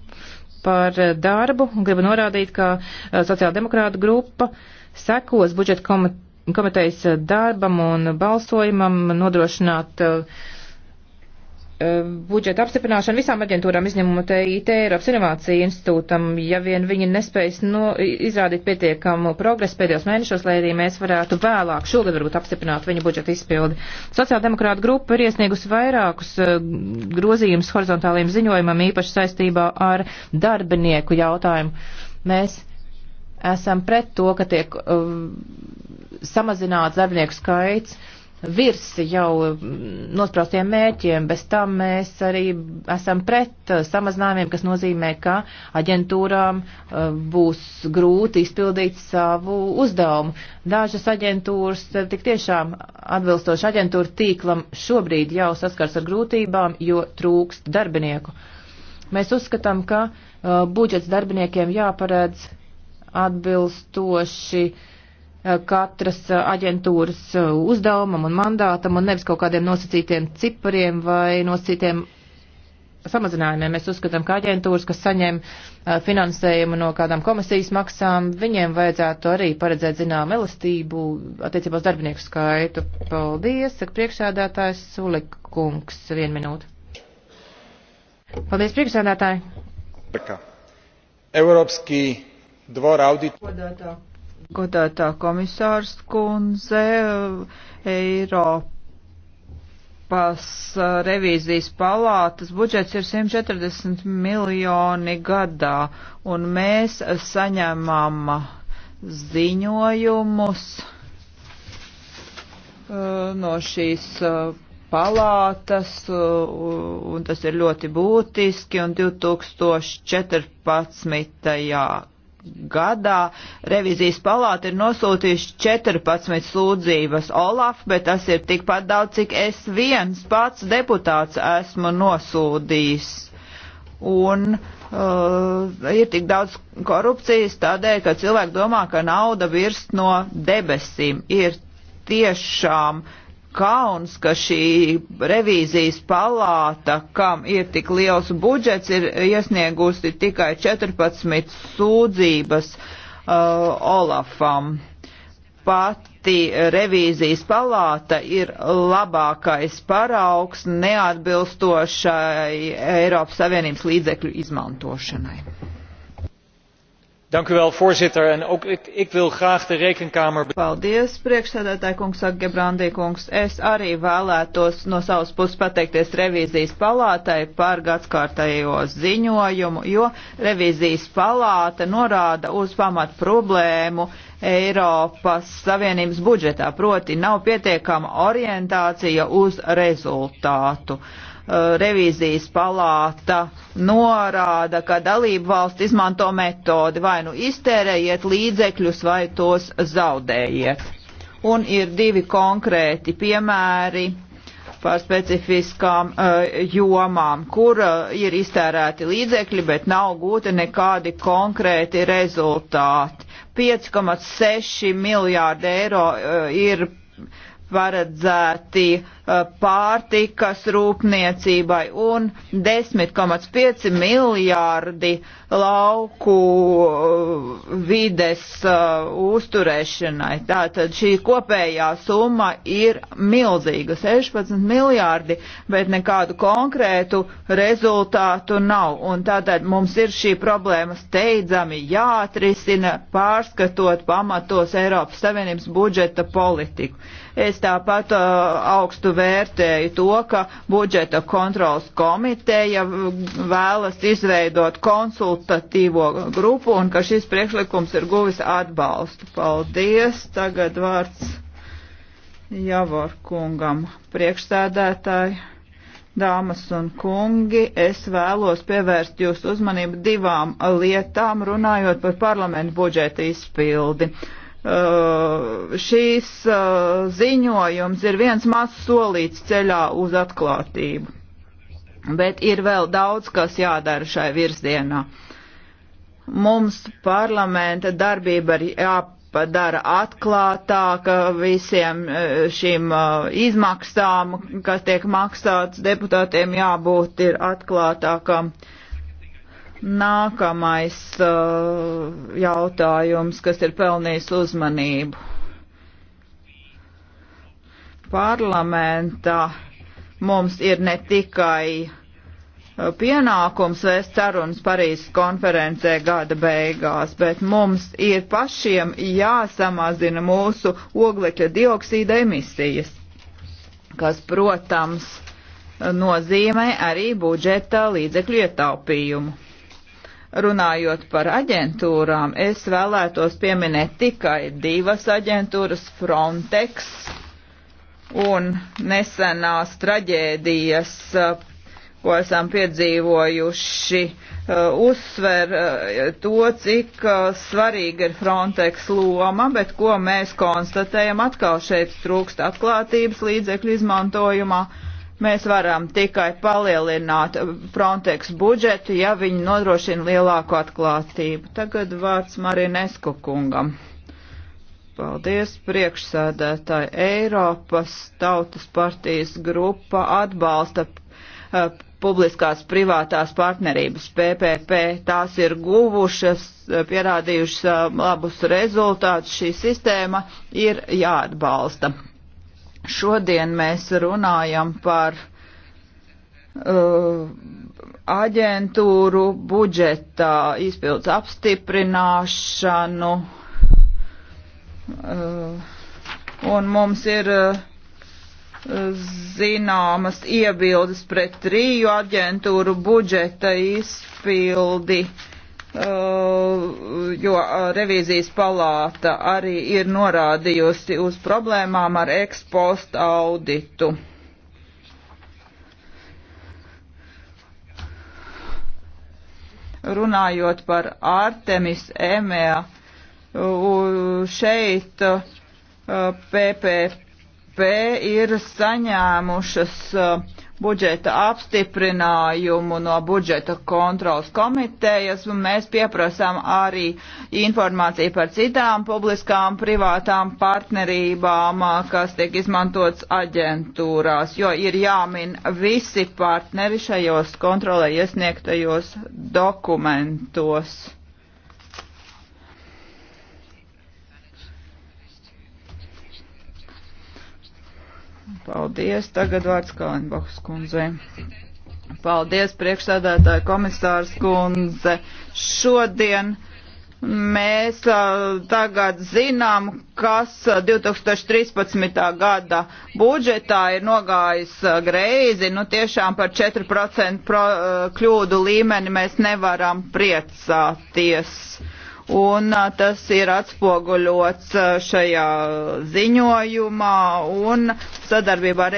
par uh, darbu, un gribu norādīt, ka uh, sociāldemokrāta grupa sekos budžeta komitejas darbam un balsojumam nodrošināt uh, Um, budžeta apstiprināšanu visām aģentūrām izņemot eh, IT Eiropas Inovācija institūtam, ja vien viņi nespējas no, izrādīt pietiekamu progresu pēdējos mēnešos, lai arī mēs varētu vēlāk šogad varbūt apstiprināt viņu budžeta izpildi. Sociāldemokrāta grupa ir iesniegusi vairākus eh, grozījumus horizontāliem ziņojumam, īpaši saistībā ar darbinieku jautājumu. Mēs esam pret to, ka tiek uh, samazināts darbinieku skaits. Uh, virs jau mm, nospraustiem mērķiem, bez tam mēs arī esam pret eh, samazinājumiem, kas nozīmē, ka aģentūrām eh, būs grūti izpildīt savu uzdevumu. Dažas aģentūras, eh, tik tiešām atbilstoši aģentūra tīklam, šobrīd jau saskars ar grūtībām, jo trūkst darbinieku. Mēs uzskatām, ka budžets darbiniekiem jāparedz atbilstoši uh, Eh, katras eh, aģentūras eh, uzdevumam un mandātam un nevis kaut kādiem nosacītiem cipariem vai nosacītiem samazinājumiem. Mēs uzskatām, ka aģentūras, kas saņem finansējumu no kādām komisijas maksām, viņiem vajadzētu arī paredzēt zinām elastību attiecībā uz darbinieku skaitu. Paldies, saka priekšsēdētājs Sulik kungs, vienu minūtu. Paldies, priekšsēdētāji. Eiropski dvora audit. Kodētā. Godātā komisārs kundze, Eiropas uh, revīzijas palātas budžets ir 140 miljoni gadā, un mēs saņemam ziņojumus uh, no šīs uh, palātas, un tas ir ļoti būtiski, un 2014 gadā revizijas palāta ir nosūtījuši 14 sūdzības Olaf, bet tas ir tikpat daudz, cik es viens pats deputāts esmu nosūdījis. Un uh, ir tik daudz korupcijas tādēļ, ka cilvēki domā, ka nauda virst no debesīm. Ir tiešām kauns, ka šī revīzijas palāta, kam ir tik liels budžets, ir iesniegusi tikai 14 sūdzības uh, Olafam. Pati revīzijas palāta ir labākais paraugs neatbilstošai Eiropas Savienības līdzekļu izmantošanai voorzitter ook ik wil graag de rekenkamer. paldies priekšsēdētāja kungs gebrandī kungs es arī vēlētos no savas puses pateikties revīzijas palātai par gadskārtējo ziņojumu jo revīzijas palāta norāda uz pamat problēmu Eiropas Savienības budžetā proti nav pietiekama orientācija uz rezultātu. Uh, Eh, revīzijas palāta norāda, ka dalību valsts izmanto metodi vai nu iztērējiet līdzekļus vai tos zaudējiet. Un ir divi konkrēti piemēri par specifiskām uh, jomām, kur uh, ir iztērēti līdzekļi, bet nav gūti nekādi konkrēti rezultāti. 5,6 miljārdi eiro uh, ir paredzēti uh, pārtikas rūpniecībai un 10,5 miljārdi lauku uh, vides uh, uzturēšanai. Tātad šī kopējā summa ir milzīga - 16 miljārdi, bet nekādu konkrētu rezultātu nav. Un tātad mums ir šī problēma steidzami jāatrisina, pārskatot pamatos Eiropas Savienības budžeta politiku. Es tāpat augstu vērtēju to, ka budžeta kontrols komiteja vēlas izveidot konsultatīvo grupu un ka šis priekšlikums ir guvis atbalstu. Paldies! Tagad vārds Javor kungam priekšsēdētāji. Dāmas un kungi, es vēlos pievērst jūsu uzmanību divām lietām, runājot par parlamentu budžeta izpildi. Uh, šīs uh, ziņojums ir viens mazs solīts ceļā uz atklātību. Bet ir vēl daudz, kas jādara šai virzienā. Mums parlamenta darbība ir jāpadara atklātāka visiem uh, šīm uh, izmaksām, kas tiek maksāts deputātiem, jābūt ir atklātākam. Uh, Nākamais uh, jautājums, kas ir pelnījis uzmanību. Parlamentā mums ir ne tikai uh, pienākums vēst sarunas Parīzes konferencē gada beigās, bet mums ir pašiem jāsamazina mūsu oglekļa dioksīda emisijas, kas, protams, nozīmē arī budžeta līdzekļu ietaupījumu. Runājot par aģentūrām, es vēlētos pieminēt tikai divas aģentūras - Frontex un nesenās traģēdijas, ko esam piedzīvojuši, eh, uzsver eh, to, cik eh, svarīga ir Frontex loma, bet ko mēs konstatējam atkal šeit trūkst atklātības līdzekļu izmantojumā Mēs varam tikai palielināt Frontex budžetu, ja viņi nodrošina lielāku atklātību. Tagad vārds Marinesku kungam. Paldies, priekšsēdētāji. Eiropas Tautas partijas grupa atbalsta uh, publiskās privātās partnerības PPP. Tās ir guvušas, pierādījušas eh, labus rezultātus. Šī sistēma ir jāatbalsta Šodien mēs runājam par uh, aģentūru budžeta izpildus apstiprināšanu, uh, un mums ir uh, zināmas iebildes pret triju aģentūru budžeta izpildi. Uh, Uh, jo uh, revīzijas palāta arī ir norādījusi uz problēmām ar ekspost auditu. Runājot par Artemis Emea, uh, šeit PPP ir saņēmušas uh, budžeta apstiprinājumu no budžeta kontrolas komitejas, un mēs pieprasām arī informāciju par citām publiskām privātām partnerībām, kas tiek izmantots aģentūrās, jo ir jāmin visi partneri šajos kontrolē iesniegtajos dokumentos. Paldies. Tagad vārds Kālinbachas kundzei. Paldies, priekšsēdētāja komisārs kundze. Šodien mēs uh, tagad zinām, kas 2013. gada budžetā ir nogājis greizi. Nu, tiešām par 4% pro, uh, kļūdu līmeni mēs nevaram priecāties. Uh, un tas ir atspoguļots šajā ziņojumā, un sadarbībā ar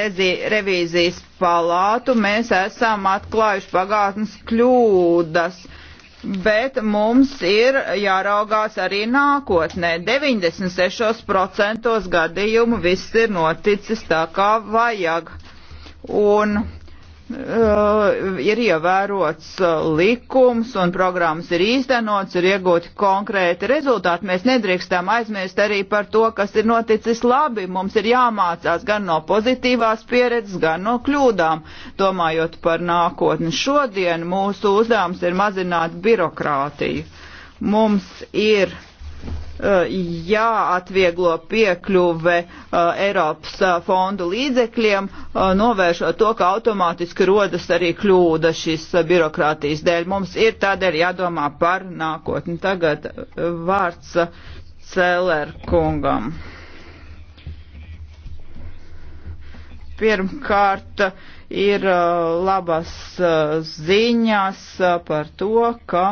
revīzijas palātu mēs esam atklājuši pagātnes kļūdas. Bet mums ir jāraugās arī nākotnē. 96% gadījumu viss ir noticis tā, kā vajag. Un Uh, ir ievērots uh, likums un programmas ir īstenots, ir iegūti konkrēti rezultāti. Mēs nedrīkstam aizmirst arī par to, kas ir noticis labi. Mums ir jāmācās gan no pozitīvās pieredzes, gan no kļūdām, domājot par nākotni. Šodien mūsu uzdevums ir mazināt birokrātiju. Mums ir Uh, jāatvieglo piekļuve uh, Eiropas uh, fondu līdzekļiem, novēršot to, ka automātiski rodas arī kļūda šis birokrātijas dēļ. Mums ir tādēļ jādomā par nākotni. Tagad vārds Celerkungam. Pirmkārt, ir labas ziņas par to, ka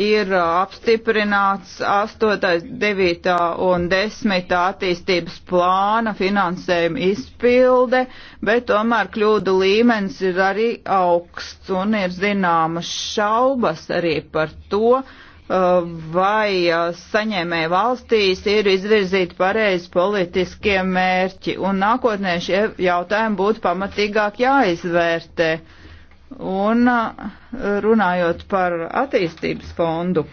ir uh, apstiprināts 8, 9 un 10 attīstības plāna finansējuma izpilde, bet tomēr kļūdu līmenis ir arī augsts un ir zināmas šaubas arī par to, uh, vai uh, saņēmēja valstīs ir izvirzīti pareizi politiskie mērķi, un nākotnē šie jautājumi būtu pamatīgāk jāizvērtē. Un runājot par attīstības fondu.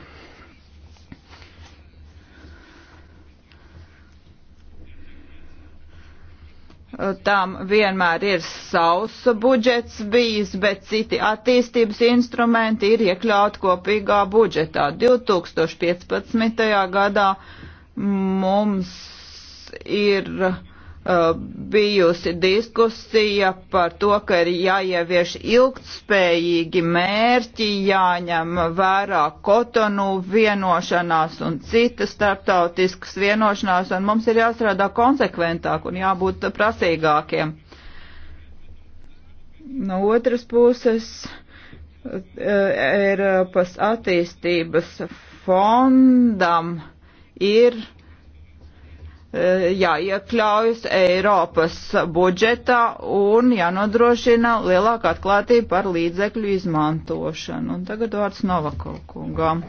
Tām vienmēr ir savs budžets bijis, bet citi attīstības instrumenti ir iekļauti kopīgā budžetā. 2015. gadā mums ir Uh, bijusi diskusija par to, ka ir jāievieš ilgtspējīgi mērķi, jāņem vērā kotonu vienošanās un citas starptautiskas vienošanās, un mums ir jāstrādā konsekventāk un jābūt prasīgākiem. No otras puses, uh, Eiropas attīstības fondam ir Eh, jāiekļaujas Eiropas budžetā un jānodrošina lielāka atklātība par līdzekļu izmantošanu. Un tagad vārds Novakovkungam.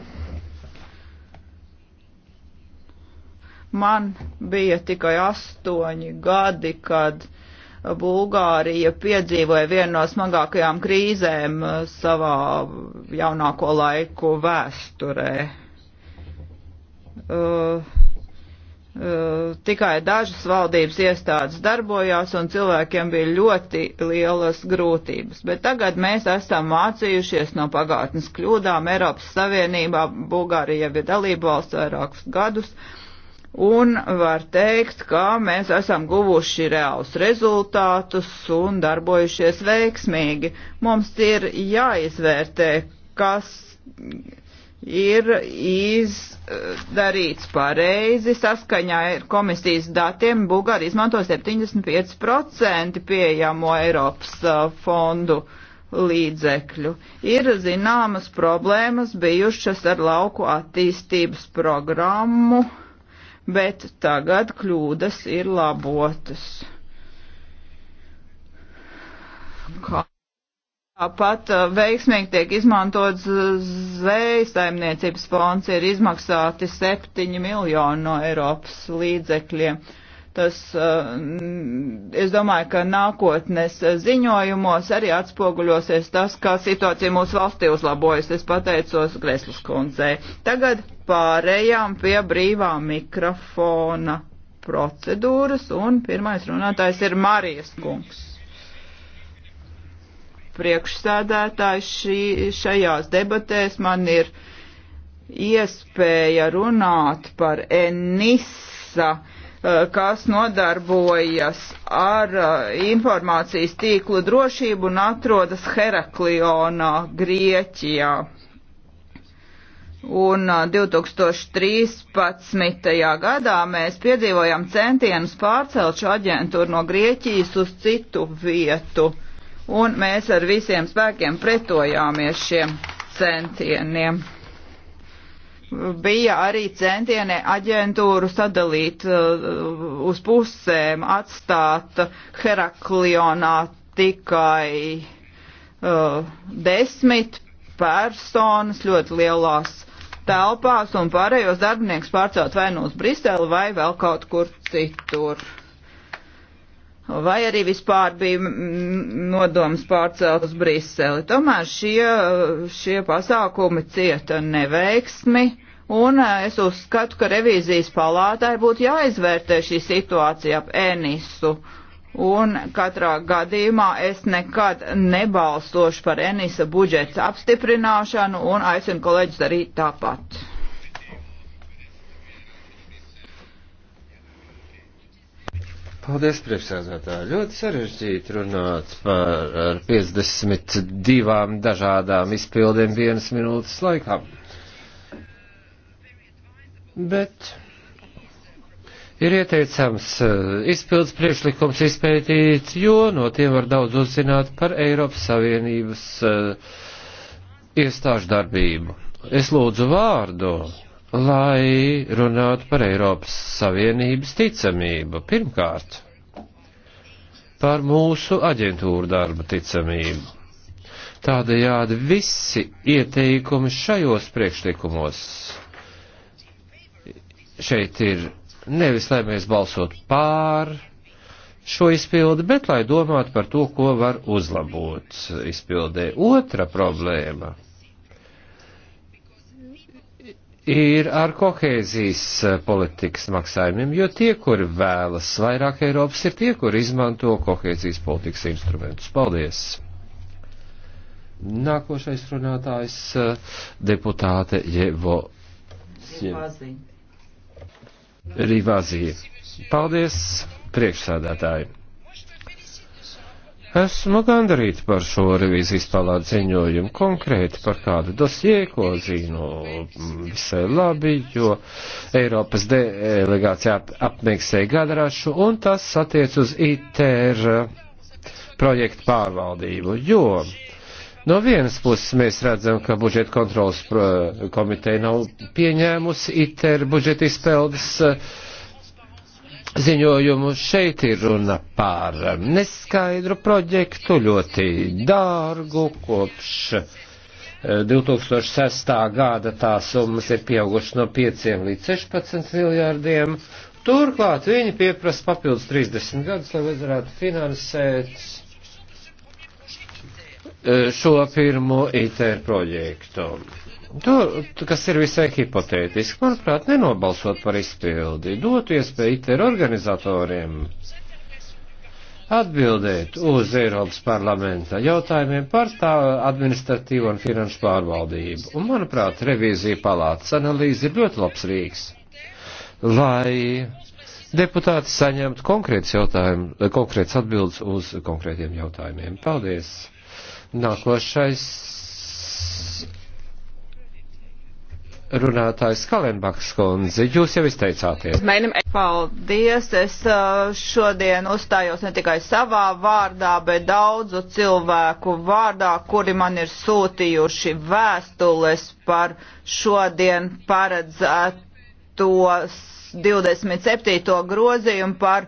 Man bija tikai astoņi gadi, kad Bulgārija piedzīvoja vienu no smagākajām krīzēm eh, savā jaunāko laiku vēsturē. Uh, Uh, tikai dažas valdības iestādes darbojās un cilvēkiem bija ļoti lielas grūtības. Bet tagad mēs esam mācījušies no pagātnes kļūdām. Eiropas Savienībā Bulgārija jau ir dalība valsts vairākus gadus. Un var teikt, ka mēs esam guvuši reālus rezultātus un darbojušies veiksmīgi. Mums ir jāizvērtē, kas ir izdarīts pareizi. Saskaņā ar komisijas datiem Bulgārija izmanto 75% pieejamo Eiropas uh, fondu līdzekļu. Ir zināmas problēmas bijušas ar lauku attīstības programmu, bet tagad kļūdas ir labotas. Kā? Tāpat uh, veiksmīgi tiek izmantots uh, zvejas saimniecības fonds, ir izmaksāti 7 miljoni no Eiropas līdzekļiem. Tas, uh, es domāju, ka nākotnes ziņojumos arī atspoguļosies tas, kā situācija mūsu valstī uzlabojas. Es pateicos Greslas kundzei. Tagad pārējām pie brīvā mikrofona procedūras, un pirmais runātājs ir Marijas kungs priekšsēdētāji, šī, šajās debatēs man ir iespēja runāt par Enisa, eh, kas nodarbojas ar eh, informācijas tīklu drošību un atrodas Heraklionā, Grieķijā. Un 2013. Eh, gadā mēs piedzīvojam centienus pārcelt šo aģentūru no Grieķijas uz citu vietu. Uh, un mēs ar visiem spēkiem pretojāmies šiem centieniem. Bija arī centieni aģentūru sadalīt uh, uz pusēm, atstāt Heraklionā tikai uh, desmit personas ļoti lielās telpās un pārējos darbinieks pārcelt vai nu uz Briseli vai vēl kaut kur citur vai arī vispār bija nodoms pārcelt uz Briseli. Tomēr šie, šie pasākumi cieta neveiksmi, un e, es uzskatu, ka revīzijas palātai būtu jāizvērtē šī situācija ap Enisu. Un katrā gadījumā es nekad nebalstošu par Enisa budžeta apstiprināšanu un aicinu kolēģis darīt tāpat. Paldies, priekšsēdētāji. Ļoti sarežģīti runāt par 52 dažādām izpildēm vienas minūtes laikā. Bet ir ieteicams eh, izpildes priekšlikums izpētīt, jo no tiem var daudz uzzināt par Eiropas Savienības eh, iestāžu darbību. Es lūdzu vārdu lai runātu par Eiropas Savienības ticamību. Pirmkārt, par mūsu aģentūru darba ticamību. Tādējādi visi ieteikumi šajos priekšlikumos šeit ir nevis, lai mēs balsot pār šo izpildi, bet lai domātu par to, ko var uzlabot izpildē. Otra problēma ir ar kohēzijas eh, politikas maksājumiem, jo tie, kuri vēlas vairāk Eiropas, ir tie, kuri izmanto kohēzijas politikas instrumentus. Paldies! Nākošais runātājs eh, deputāte Jevo Rivāzija. Paldies, priekšsādātāji! Esmu gandarīts par šo revīzijas palādu ziņojumu, konkrēti par kādu dosie, ko zinu visai labi, jo Eiropas delegācija apmēksēja gadarašu, un tas attiec uz ITER projektu pārvaldību, jo no vienas puses mēs redzam, ka budžeta kontrolas komiteja nav pieņēmusi ITER budžeta izpeldes uh, ziņojumu šeit ir runa par neskaidru projektu, ļoti dārgu, kopš 2006. Eh, gada tā summas ir pieaugušas no 5 līdz 16 miljārdiem. Turklāt viņi pieprasa papildus 30 gadus, lai varētu finansēt eh, šo pirmo ITR projektu. Tur, kas ir visai hipotētiski, manuprāt, nenobalsot par izpildi, dotu iespēju ITER organizatoriem atbildēt uz Eiropas parlamenta jautājumiem par tā administratīvo un finanšu pārvaldību. Un, manuprāt, revīzija palātas analīze ir ļoti labs rīks, lai deputāti saņemtu konkrēts jautājums, konkrēts atbildes uz konkrētiem jautājumiem. Paldies! Nākošais runātājs Kalenbaks kundze, jūs jau izteicāties. Paldies, es šodien uzstājos ne tikai savā vārdā, bet daudzu cilvēku vārdā, kuri man ir sūtījuši vēstules par šodien paredzētos 27. grozījumu par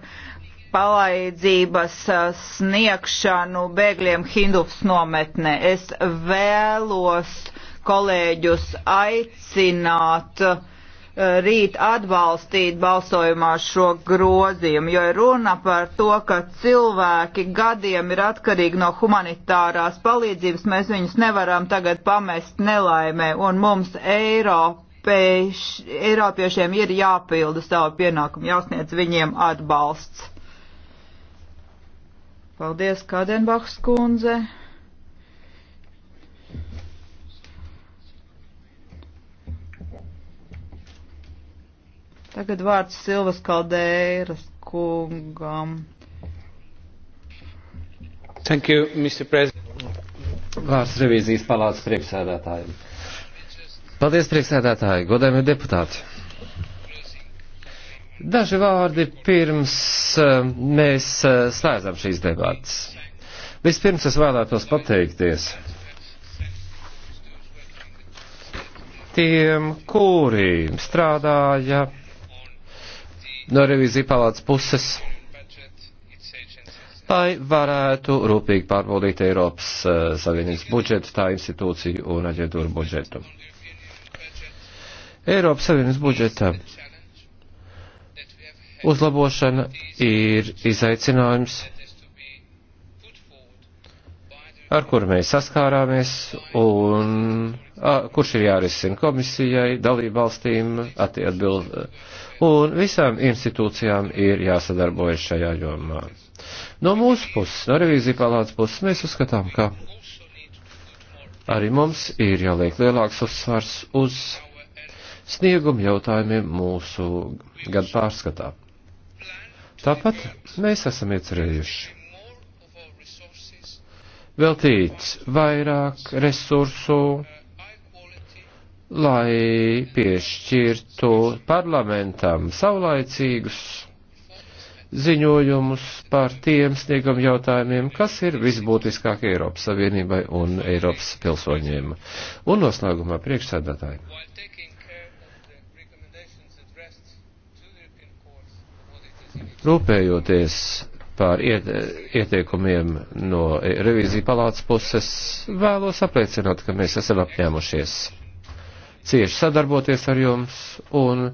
palīdzības sniegšanu bēgļiem Hindufs nometnē. Es vēlos kolēģus aicināt uh, rīt atbalstīt balsojumā šo grozījumu, jo ir runa par to, ka cilvēki gadiem ir atkarīgi no humanitārās palīdzības, mēs viņus nevaram tagad pamest nelaimē, un mums Eiropēš, Eiropiešiem ir jāpilda savu pienākumu, jāsniedz viņiem atbalsts. Paldies, Kādenbachs kundze. Tagad vārds Silvas Kaldēras kungam. Thank you, Mr. President. Vārds revīzijas palātas priekšsēdētājiem. Paldies, priekšsēdētāji, godējumi deputāti. Daži vārdi pirms eh, mēs eh, slēdzam šīs debātas. Vispirms es vēlētos pateikties tiem, kuri strādāja no revīzija palātas puses, lai varētu rūpīgi pārbaudīt Eiropas eh, Savienības budžetu, tā institūciju un aģentūru budžetu. Eiropas Savienības budžeta uzlabošana ir izaicinājums, ar kuru mēs saskārāmies un a, kurš ir jārisina komisijai, dalību valstīm, attiecībā un visām institūcijām ir jāsadarbojas šajā jomā. No mūsu puses, no revīzija palātas puses, mēs uzskatām, ka arī mums ir jāliek lielāks uzsvars uz sniegumu jautājumiem mūsu gadu pārskatā. Tāpat mēs esam iecerējuši veltīt vairāk resursu lai piešķirtu parlamentam saulaicīgus ziņojumus par tiem sniegam jautājumiem, kas ir visbūtiskākie Eiropas Savienībai un Eiropas pilsoņiem. Un noslēgumā priekšsēdētāji. Rūpējoties par iet, ieteikumiem no revīzija palātas puses, vēlos apliecināt, ka mēs esam apņēmušies cieši sadarboties ar jums un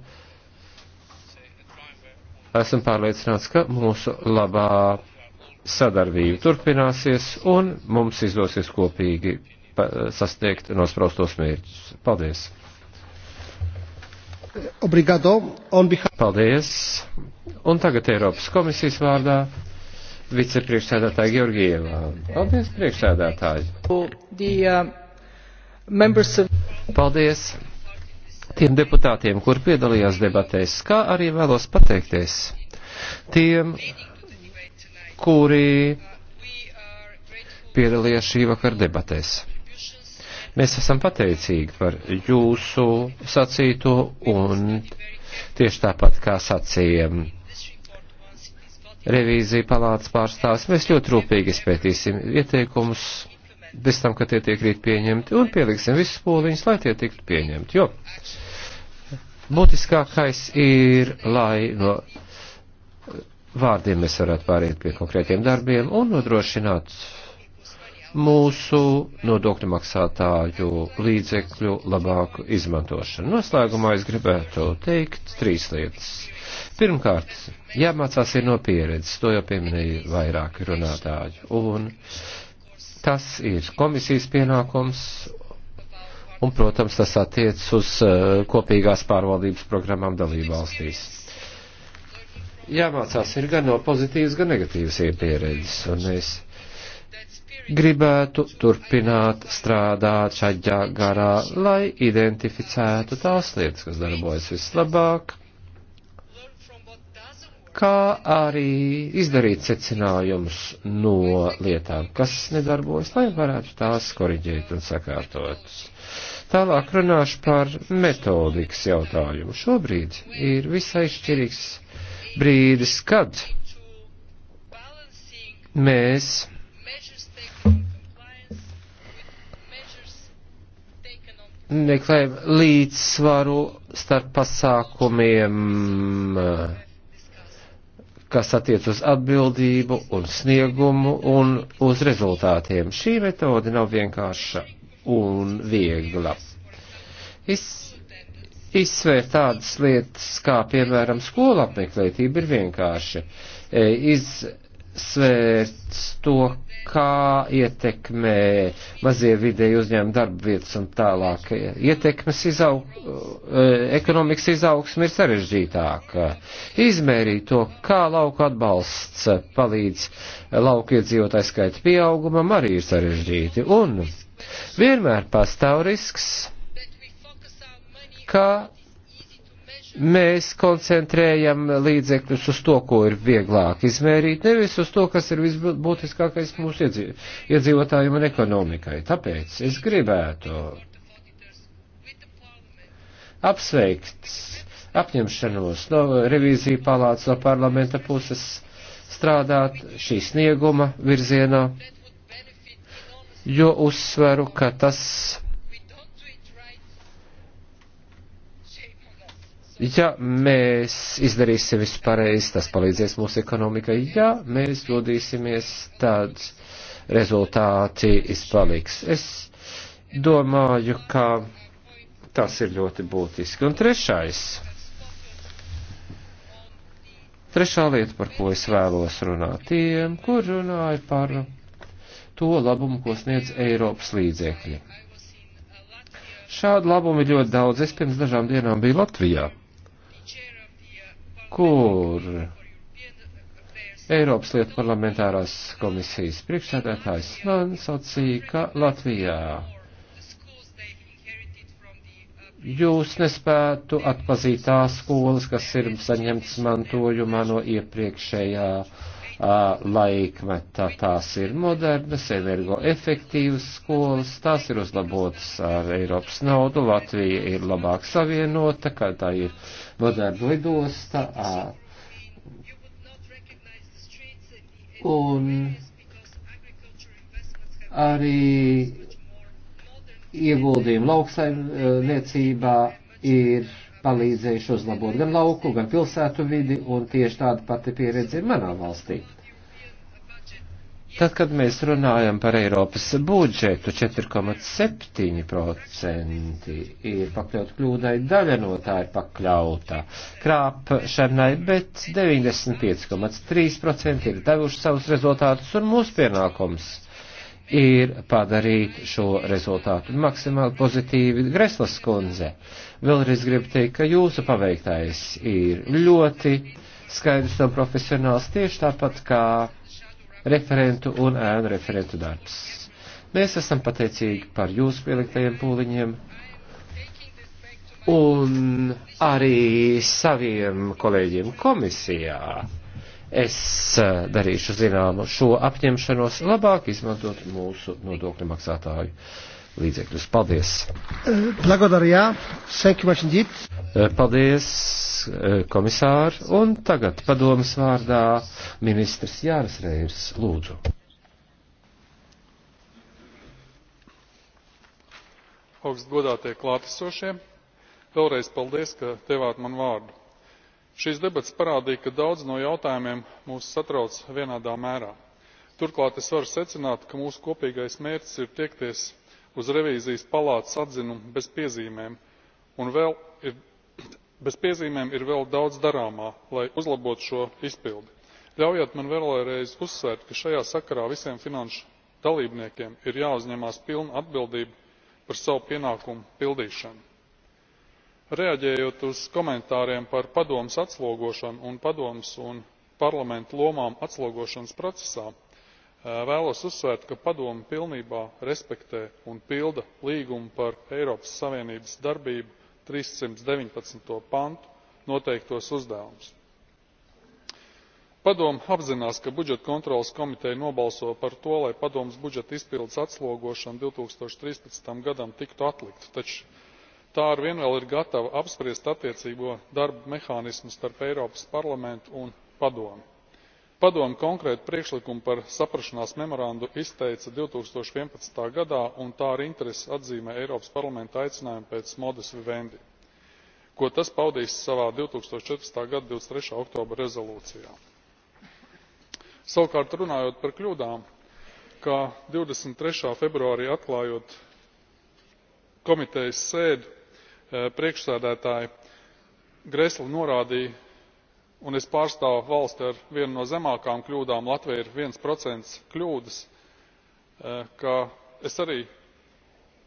esmu pārliecināts, ka mūsu labā sadarbība turpināsies un mums izdosies kopīgi sasniegt nospraustos mērķus. Paldies! Obrigado. Paldies! Un tagad Eiropas komisijas vārdā vicepriekšsēdētāja Georgievā. Paldies, priekšsēdētāji! The, uh... Paldies tiem deputātiem, kur piedalījās debatēs, kā arī vēlos pateikties tiem, kuri piedalījās šī vakar debatēs. Mēs esam pateicīgi par jūsu sacīto un tieši tāpat kā sacījām revīzija palātas pārstāvis, mēs ļoti rūpīgi izpētīsim ieteikumus bez tam, ka tie tiek rīt pieņemti, un pieliksim visus pūliņus, lai tie tiktu pieņemti, jo būtiskākais ir, lai no vārdiem mēs varētu pāriet pie konkrētiem darbiem un nodrošināt mūsu nodokļu maksātāju līdzekļu labāku izmantošanu. Noslēgumā es gribētu teikt trīs lietas. Pirmkārt, jāmācās ir no pieredzes, to jau pieminēja vairāki runātāji. Un Tas ir komisijas pienākums, un, protams, tas attiec uz eh, kopīgās pārvaldības programmām dalībvalstīs. Jāmācās ir gan no pozitīvas, gan negatīvas pieredzes, un mēs gribētu turpināt strādāt šaģā garā, lai identificētu tās lietas, kas darbojas vislabāk kā arī izdarīt secinājumus no lietām, kas nedarbojas, lai varētu tās koriģēt un sakārtot. Tālāk runāšu par metodikas jautājumu. Šobrīd ir visai šķirīgs brīdis, kad mēs meklējam līdzsvaru starp pasākumiem kas attiec uz atbildību un sniegumu un uz rezultātiem. Šī metode nav vienkārša un viegla. Iz, izsvērt tādas lietas, kā piemēram skola apmeklētība ir vienkārši. E, izsvērt to, kā ietekmē mazie vidēji uzņēmumi darba vietas un tālāk. Ietekmes izaug, e, ekonomikas izaugsme ir sarežģītāka. Izmērīt to, kā lauku atbalsts palīdz lauku iedzīvotāju skaita pieaugumam, arī ir sarežģīti. Un vienmēr pastāv risks, ka mēs koncentrējam līdzekļus uz to, ko ir vieglāk izmērīt, nevis uz to, kas ir visbūtiskākais mūsu iedzīvotājiem un ekonomikai. Tāpēc es gribētu apsveikt apņemšanos no revīzija palāca no parlamenta puses strādāt šī snieguma virzienā, jo uzsveru, ka tas Ja mēs izdarīsim visu pareizi, tas palīdzēs mūsu ekonomikai. Ja mēs dodīsimies, tad rezultāti izpaliks. Es domāju, ka tas ir ļoti būtiski. Un trešais. Trešā lieta, par ko es vēlos runāt, tiem, kur runāju par to labumu, ko sniedz Eiropas līdzekļi. Šādu labumu ir ļoti daudz. Es pirms dažām dienām biju Latvijā kur Eiropas lietu parlamentārās komisijas priekšsēdētājs man sacīja, ka Latvijā jūs nespētu atpazīt tās skolas, kas ir saņemts mantojumā no iepriekšējā uh, laikmetā tās ir modernas, energoefektīvas skolas, tās ir uzlabotas ar Eiropas naudu, Latvija ir labāk savienota, kā tā ir moderna lidosta. Un arī ieguldījumi lauksaimniecībā ir palīdzējuši uzlabot gan lauku, gan pilsētu vidi, un tieši tāda pati pieredze ir manā valstī. Tad, kad mēs runājam par Eiropas budžetu, 4,7% ir pakļaut kļūdai, daļa no tā ir pakļauta krāpšanai, bet 95,3% ir devuši savus rezultātus un mūsu pienākums ir padarīt šo rezultātu maksimāli pozitīvi. Greslas kundze, vēlreiz gribu teikt, ka jūsu paveiktais ir ļoti skaidrs un profesionāls tieši tāpat kā referentu un ēnu referentu darbs. Mēs esam pateicīgi par jūsu pieliktajiem pūliņiem un arī saviem kolēģiem komisijā es eh, darīšu zināmu šo apņemšanos labāk izmantot mūsu nodokļu maksātāju līdzekļus. Paldies! Eh, paldies, eh, komisāri! Un tagad padomas vārdā ministrs Jānis Reirs lūdzu. augstgodātie klātesošie vēlreiz paldies ka devāt man vārdu šīs debates parādīja ka daudzi no jautājumiem mūs satrauc vienādā mērā. turklāt es varu secināt ka mūsu kopīgais mērķis ir tiekties uz revīzijas palātas atzinumu bez piezīmēm un vēl ir bez piezīmēm ir vēl daudz darāmā lai uzlabotu šo izpildi. ļaujiet man vēlreiz uzsvērt ka šajā sakarā visiem finanšu dalībniekiem ir jāuzņemas pilna atbildība par savu pienākumu pildīšanu reaģējot uz komentāriem par padomes atslogošanu un padomes un parlamenta lomām atslogošanas procesā eh, vēlos uzsvērt ka padome pilnībā respektē un pilda līguma par eiropas savienības darbību trīs simt deviņpadsmit pantu noteiktos uzdevumus. padome apzinās ka budžeta kontroles komiteja nobalso par to lai padomes budžeta izpildes atslogošana two thousand and thirteen gadam tiktu atlikta taču tā arvien vēl ir gatava apspriest attiecīgo darba mehānismu starp eiropas parlamentu un padomi. padome konkrētu priekšlikumu par saprašanās memorandu izteica two thousand and eleven gadā un tā ar interesi atzīmē eiropas parlamenta aicinājumu pēc modus vivendi ko tas paudīs savā two thousand and fourteen gada. twenty three oktobra rezolūcijā. savukārt runājot par kļūdām kā twenty three februārī atklājot komitejas sēdi Eh, priekšsēdētāja gräsle norādīja un es pārstāvu valsti ar vienu no zemākām kļūdām latvija ir viens procents kļūdas eh, ka es arī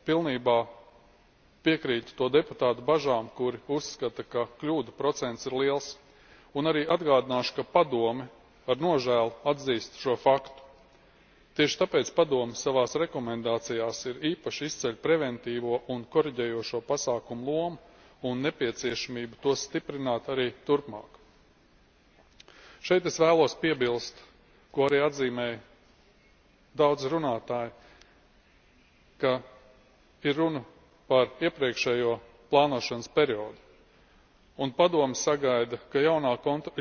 pilnībā piekrītu to deputātu bažām kuri uzskata ka kļūdu procents ir liels un arī atgādināšu ka padome ar nožēlu atzīst šo faktu tieši tāpēc padome savā rekomendācijās īpaši izceļ preventīvo un korģējošo pasākumu lomu un nepieciešamību tos stiprināt arī turpmāk. šeit es vēlos piebilst ko arī atzīmēja daudzi runātāji ka ir runa par iepriekšējo plānošanas periodu un padome sagaida ka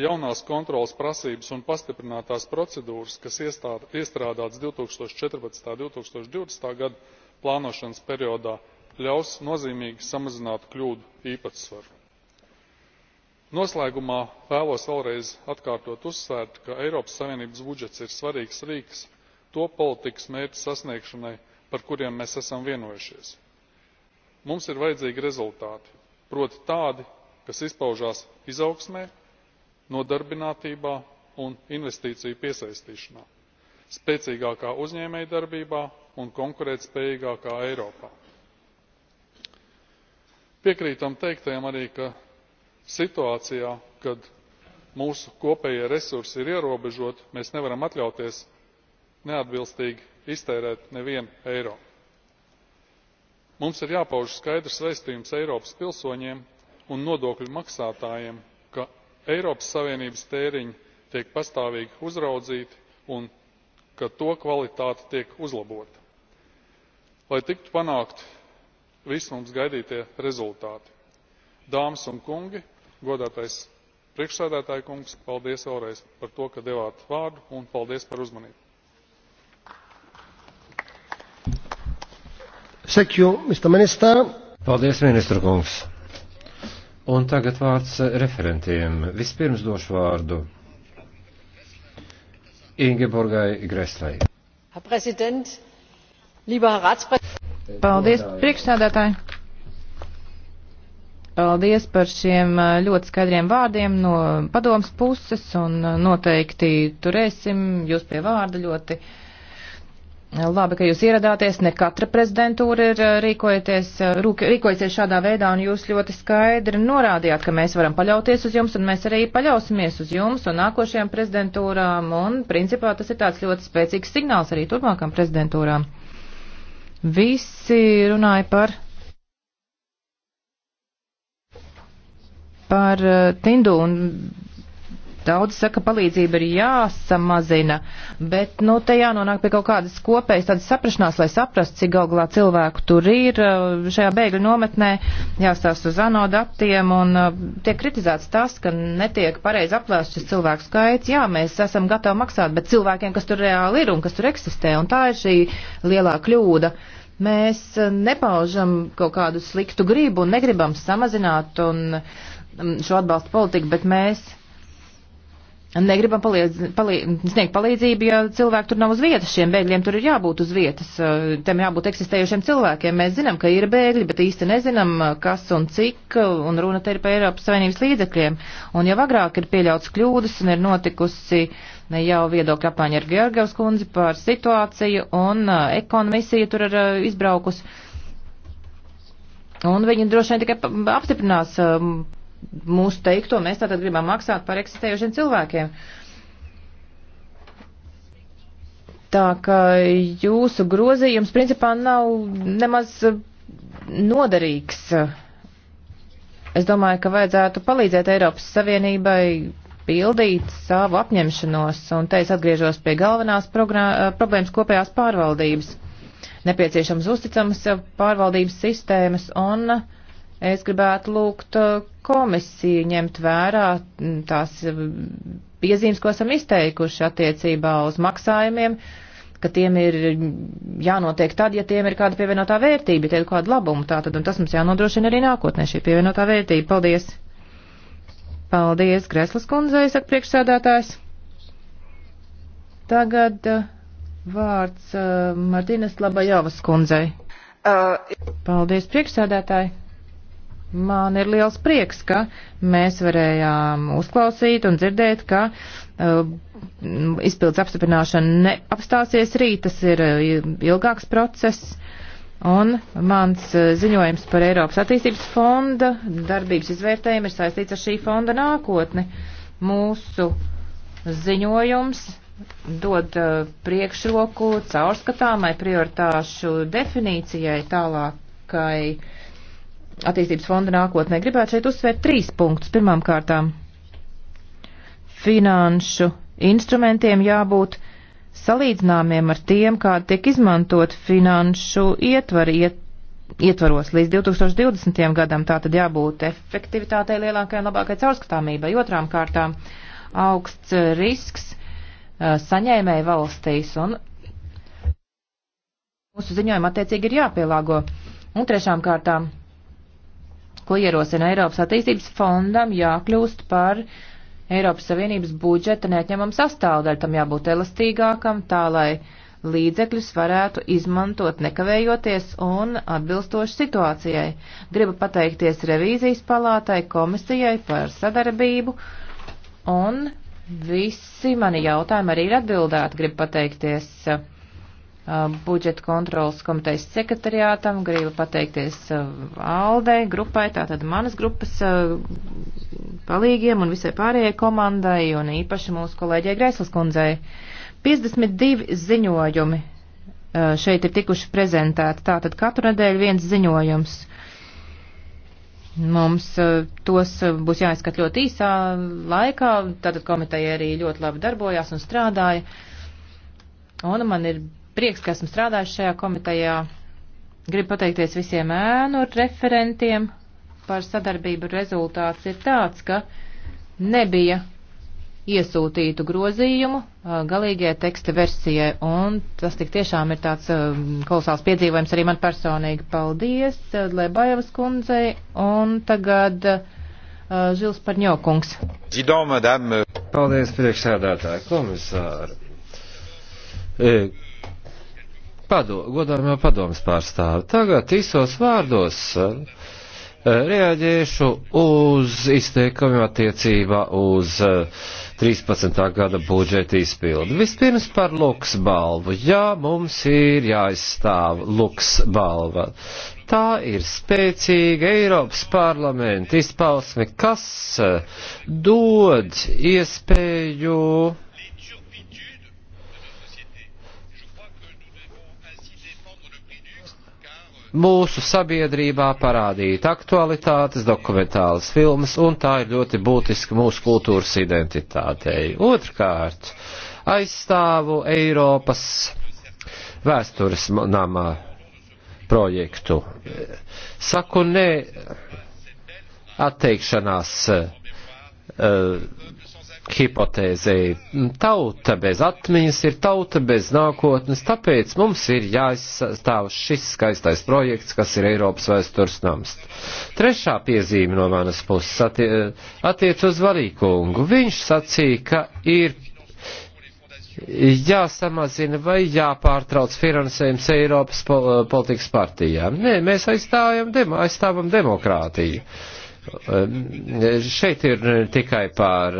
jaunās kontroles prasības un pastiprinātās procedūras kas iestrādātas two thousand and fourteen two thousand and twenty gada plānošanas periodā ļaus nozīmīgi samazināt kļūdu īpatsvaru. noslēgumā vēlos vēlreiz atkārtot uzsvērt ka eiropas savienības budžets ir svarīgs rīks to politikas mērķu sasniegšanai par kuriem mēs esam vienojušies. mums ir vajadzīgi rezultāti proti tādi kas izpaužās izaugsmē nodarbinātībā un investīciju piesaistīšanā spēcīgākā uzņēmējdarbībā un konkurētspējīgākā eiropā. piekrītam teiktajam arī ka situācijā kad mūsu kopējie resursi ir ierobežoti mēs nevaram atļauties neatbilstīgi iztērēt nevienu eiro. mums ir jāpauž skaidrs vēstījums eiropas pilsoņiem un nodokļu maksātājiem ka eiropas savienības tēriņi tiek pastāvīgi uzraudzīti un ka to kvalitāte tiek uzlabota lai tiktu panākti visi mums gaidītie rezultāti. dāmas un kungi godātais priekšsēdētāja kungs paldies vēlreiz par to ka devāt vārdu un paldies par uzmanību. You, paldies ministra kungs. Un tagad vārds referentiem. Vispirms došu vārdu Ingeborgai Greslai. Paldies, priekšsādātāji! Paldies par šiem ļoti skaidriem vārdiem no padomas puses un noteikti turēsim jūs pie vārda ļoti uh, Labi, ka jūs ieradāties, ne katra prezidentūra ir rīkojoties, rīkojoties šādā veidā, un jūs ļoti skaidri norādījāt, ka mēs varam paļauties uz jums, un mēs arī paļausimies uz jums un nākošajām prezidentūrām, un principā tas ir tāds ļoti spēcīgs signāls arī turpmākām prezidentūrām. Visi runāja par. par Tindu un Daudz saka, palīdzība ir jāsamazina, bet, nu, te jānonāk pie kaut kādas kopējas tādas saprašanās, lai saprastu, cik galā cilvēku tur ir uh, šajā bēgļu nometnē, jāstāst uz ANO datiem un uh, tiek kritizēts tas, ka netiek pareizi aplēsts šis cilvēku skaits. Jā, mēs esam gatavi maksāt, bet cilvēkiem, kas tur reāli ir un kas tur eksistē, un tā ir šī lielā kļūda mēs uh, nepaužam kaut kādu sliktu gribu un negribam samazināt un um, šo atbalstu politiku, bet mēs Negribam paliedz, paliedz, sniegt palīdzību, ja cilvēki tur nav uz vietas. Šiem bēgļiem tur ir jābūt uz vietas. Eh, Tam jābūt eksistējušiem cilvēkiem. Mēs zinām, ka ir bēgļi, bet īsti nezinām, eh, kas un cik, un runa te ir par Eiropas Savienības līdzekļiem. Un jau agrāk ir pieļauts kļūdas un ir notikusi ne jau viedokļa apmaiņa ar Georgievs kundzi par situāciju, un eh, ekonomisija tur ir izbraukusi. Un viņi droši vien tikai apstiprinās mūsu teikto mēs tātad gribam maksāt par eksistējušiem cilvēkiem. Tā ka jūsu grozījums principā nav nemaz noderīgs. Es domāju, ka vajadzētu palīdzēt Eiropas Savienībai pildīt savu apņemšanos, un te es atgriežos pie galvenās problēmas kopējās pārvaldības. Nepieciešams uzticamas pārvaldības sistēmas, un es gribētu lūgt komisiju ņemt vērā tās piezīmes, ko esam izteikuši attiecībā uz maksājumiem, ka tiem ir jānotiek tad, ja tiem ir kāda pievienotā vērtība, ja tie ir kāda labuma tātad, un tas mums jānodrošina arī nākotnē šī pievienotā vērtība. Paldies! Paldies, Greslas kundzei, saka priekšsēdētājs. Tagad uh, vārds uh, Martīnas Labajovas kundzei. Uh, Paldies, priekšsēdētāji! Man ir liels prieks, ka mēs varējām uzklausīt un dzirdēt, ka uh, izpildes apstiprināšana neapstāsies rīt, tas ir uh, ilgāks process. Un mans uh, ziņojums par Eiropas attīstības fonda darbības izvērtējumu ir saistīts ar šī fonda nākotni. Mūsu ziņojums dod uh, priekšroku caurskatāmai prioritāšu definīcijai tālākai attīstības fonda nākotnē. Gribētu šeit uzsvērt trīs punktus. Pirmām kārtām finanšu instrumentiem jābūt salīdzināmiem ar tiem, kādi tiek izmantot finanšu ietvaru iet, ietvaros līdz 2020. gadam. Tā tad jābūt efektivitātei lielākai un labākai caurskatāmībai. Otrām kārtām augsts risks saņēmēja valstīs un mūsu ziņojuma attiecīgi ir jāpielāgo. Un trešām kārtām ko ierosina Eiropas attīstības fondam jākļūst par Eiropas Savienības budžeta neatņemam sastāvdaļu. Tam jābūt elastīgākam, tā lai līdzekļus varētu izmantot nekavējoties un atbilstoši situācijai. Gribu pateikties revīzijas palātai, komisijai par sadarbību un visi mani jautājumi arī ir atbildēti. Gribu pateikties uh, Uh, budžeta kontrolas komitejas sekretariātam, gribu pateikties uh, Aldei, grupai, tātad manas grupas uh, palīgiem un visai pārējai komandai un īpaši mūsu kolēģei Greislas kundzei. 52 ziņojumi šeit ir tikuši prezentēti, tātad katru nedēļu viens ziņojums. Mums tos būs jāizskat ļoti īsā laikā, tātad komiteja arī ļoti labi darbojās un strādāja. Un man ir prieks, ka esmu strādājis šajā komitejā. Gribu pateikties visiem ēnu referentiem par sadarbību. Rezultāts ir tāds, ka nebija iesūtītu grozījumu galīgajai teksta versijai, un tas tik tiešām ir tāds kolosāls piedzīvojums arī man personīgi. Paldies Lebajavas kundzei, un tagad Žils Parņokungs. Paldies priekšsēdētāji komisāri pado, godājumā padomas pārstāvi. Tagad īsos vārdos eh, reaģēšu uz izteikumiem attiecībā uz 13. Eh, gada budžeta izpildu. Vispirms par Luks balvu. Jā, mums ir jāizstāv Luks balva. Tā ir spēcīga Eiropas parlamenta izpausme, kas eh, dod iespēju mūsu sabiedrībā parādīt aktualitātes, dokumentālas filmas, un tā ir ļoti būtiska mūsu kultūras identitātei. Otrkārt, aizstāvu Eiropas vēstures namā projektu. Saku ne atteikšanās. Uh, hipotēzei. Tauta bez atmiņas ir tauta bez nākotnes, tāpēc mums ir jāizstāv šis skaistais projekts, kas ir Eiropas vēstures nams. Trešā piezīme no manas puses attie, attiec uz Varīkungu. Viņš sacīja, ka ir jāsamazina vai jāpārtrauc finansējums Eiropas politikas partijām. Nē, mēs aizstāvam, demo, aizstāvam demokrātiju. Šeit ir tikai par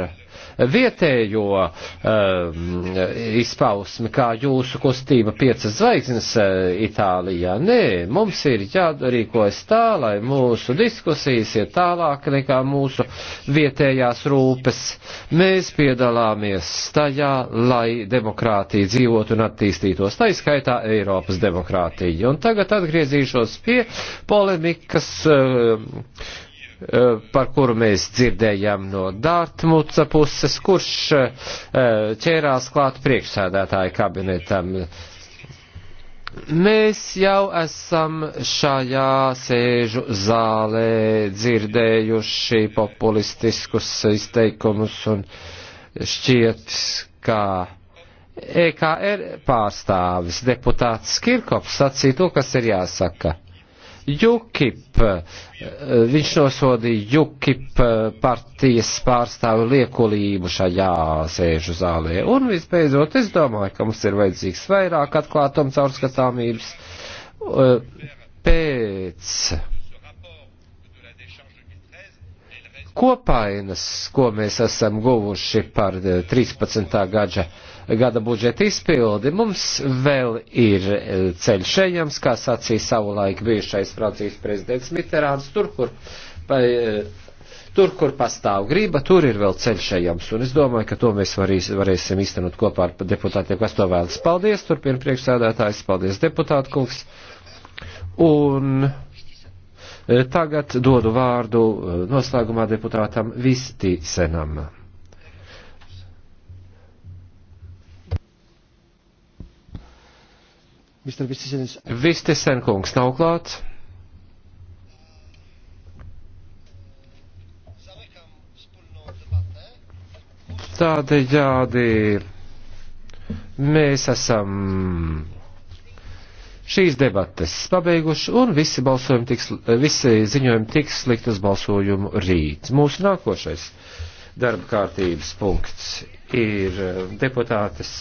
vietējo um, izpausmi, kā jūsu kustība piecas zvaigznes eh, Itālijā. Nē, mums ir jārīkojas tā, lai mūsu diskusijas ir tālāk nekā mūsu vietējās rūpes. Mēs piedalāmies tajā, lai demokrātija dzīvotu un attīstītos, tā izskaitā Eiropas demokrātija. Un tagad atgriezīšos pie polemikas. Um, Eh, par kuru mēs dzirdējām no Dārtmuca puses, kurš eh, ķērās klāt priekšsēdētāju kabinetam. Mēs jau esam šajā sēžu zālē dzirdējuši populistiskus izteikumus un šķiet, kā EKR pārstāvis deputāts Kirkops sacīja to, kas ir jāsaka. UKIP, viņš nosodīja UKIP partijas pārstāvu liekulību šajā sēžu zālē. Un visbeidzot, es domāju, ka mums ir vajadzīgs vairāk atklātums caurskatāmības e, pēc kopainas, ko mēs esam guvuši par 13. gadža gada budžeta izpildi. Mums vēl ir e, ceļš ejams, kā sacīja savulaik bijušais Francijas prezidents Mitterāns, tur, kur, pa, e, tur, kur pastāv grība, tur ir vēl ceļš ejams. Un es domāju, ka to mēs varīs, varēsim īstenot kopā ar deputātiem, kas to vēlas. Paldies, turpina priekšsēdētājs, paldies deputātu kungs. Un e, tagad dodu vārdu noslēgumā deputātam Vistisenam. Vistesen kungs nav klāts. Tādējādi mēs esam šīs debates pabeiguši un visi, tiks, visi ziņojumi tiks likt uz balsojumu rīt. Mūsu nākošais darba kārtības punkts ir deputātes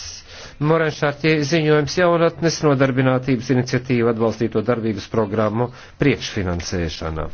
Morenšārķie ziņojums jaunatnes nodarbinātības iniciatīva atbalstīto darbības programmu priekšfinansēšanā.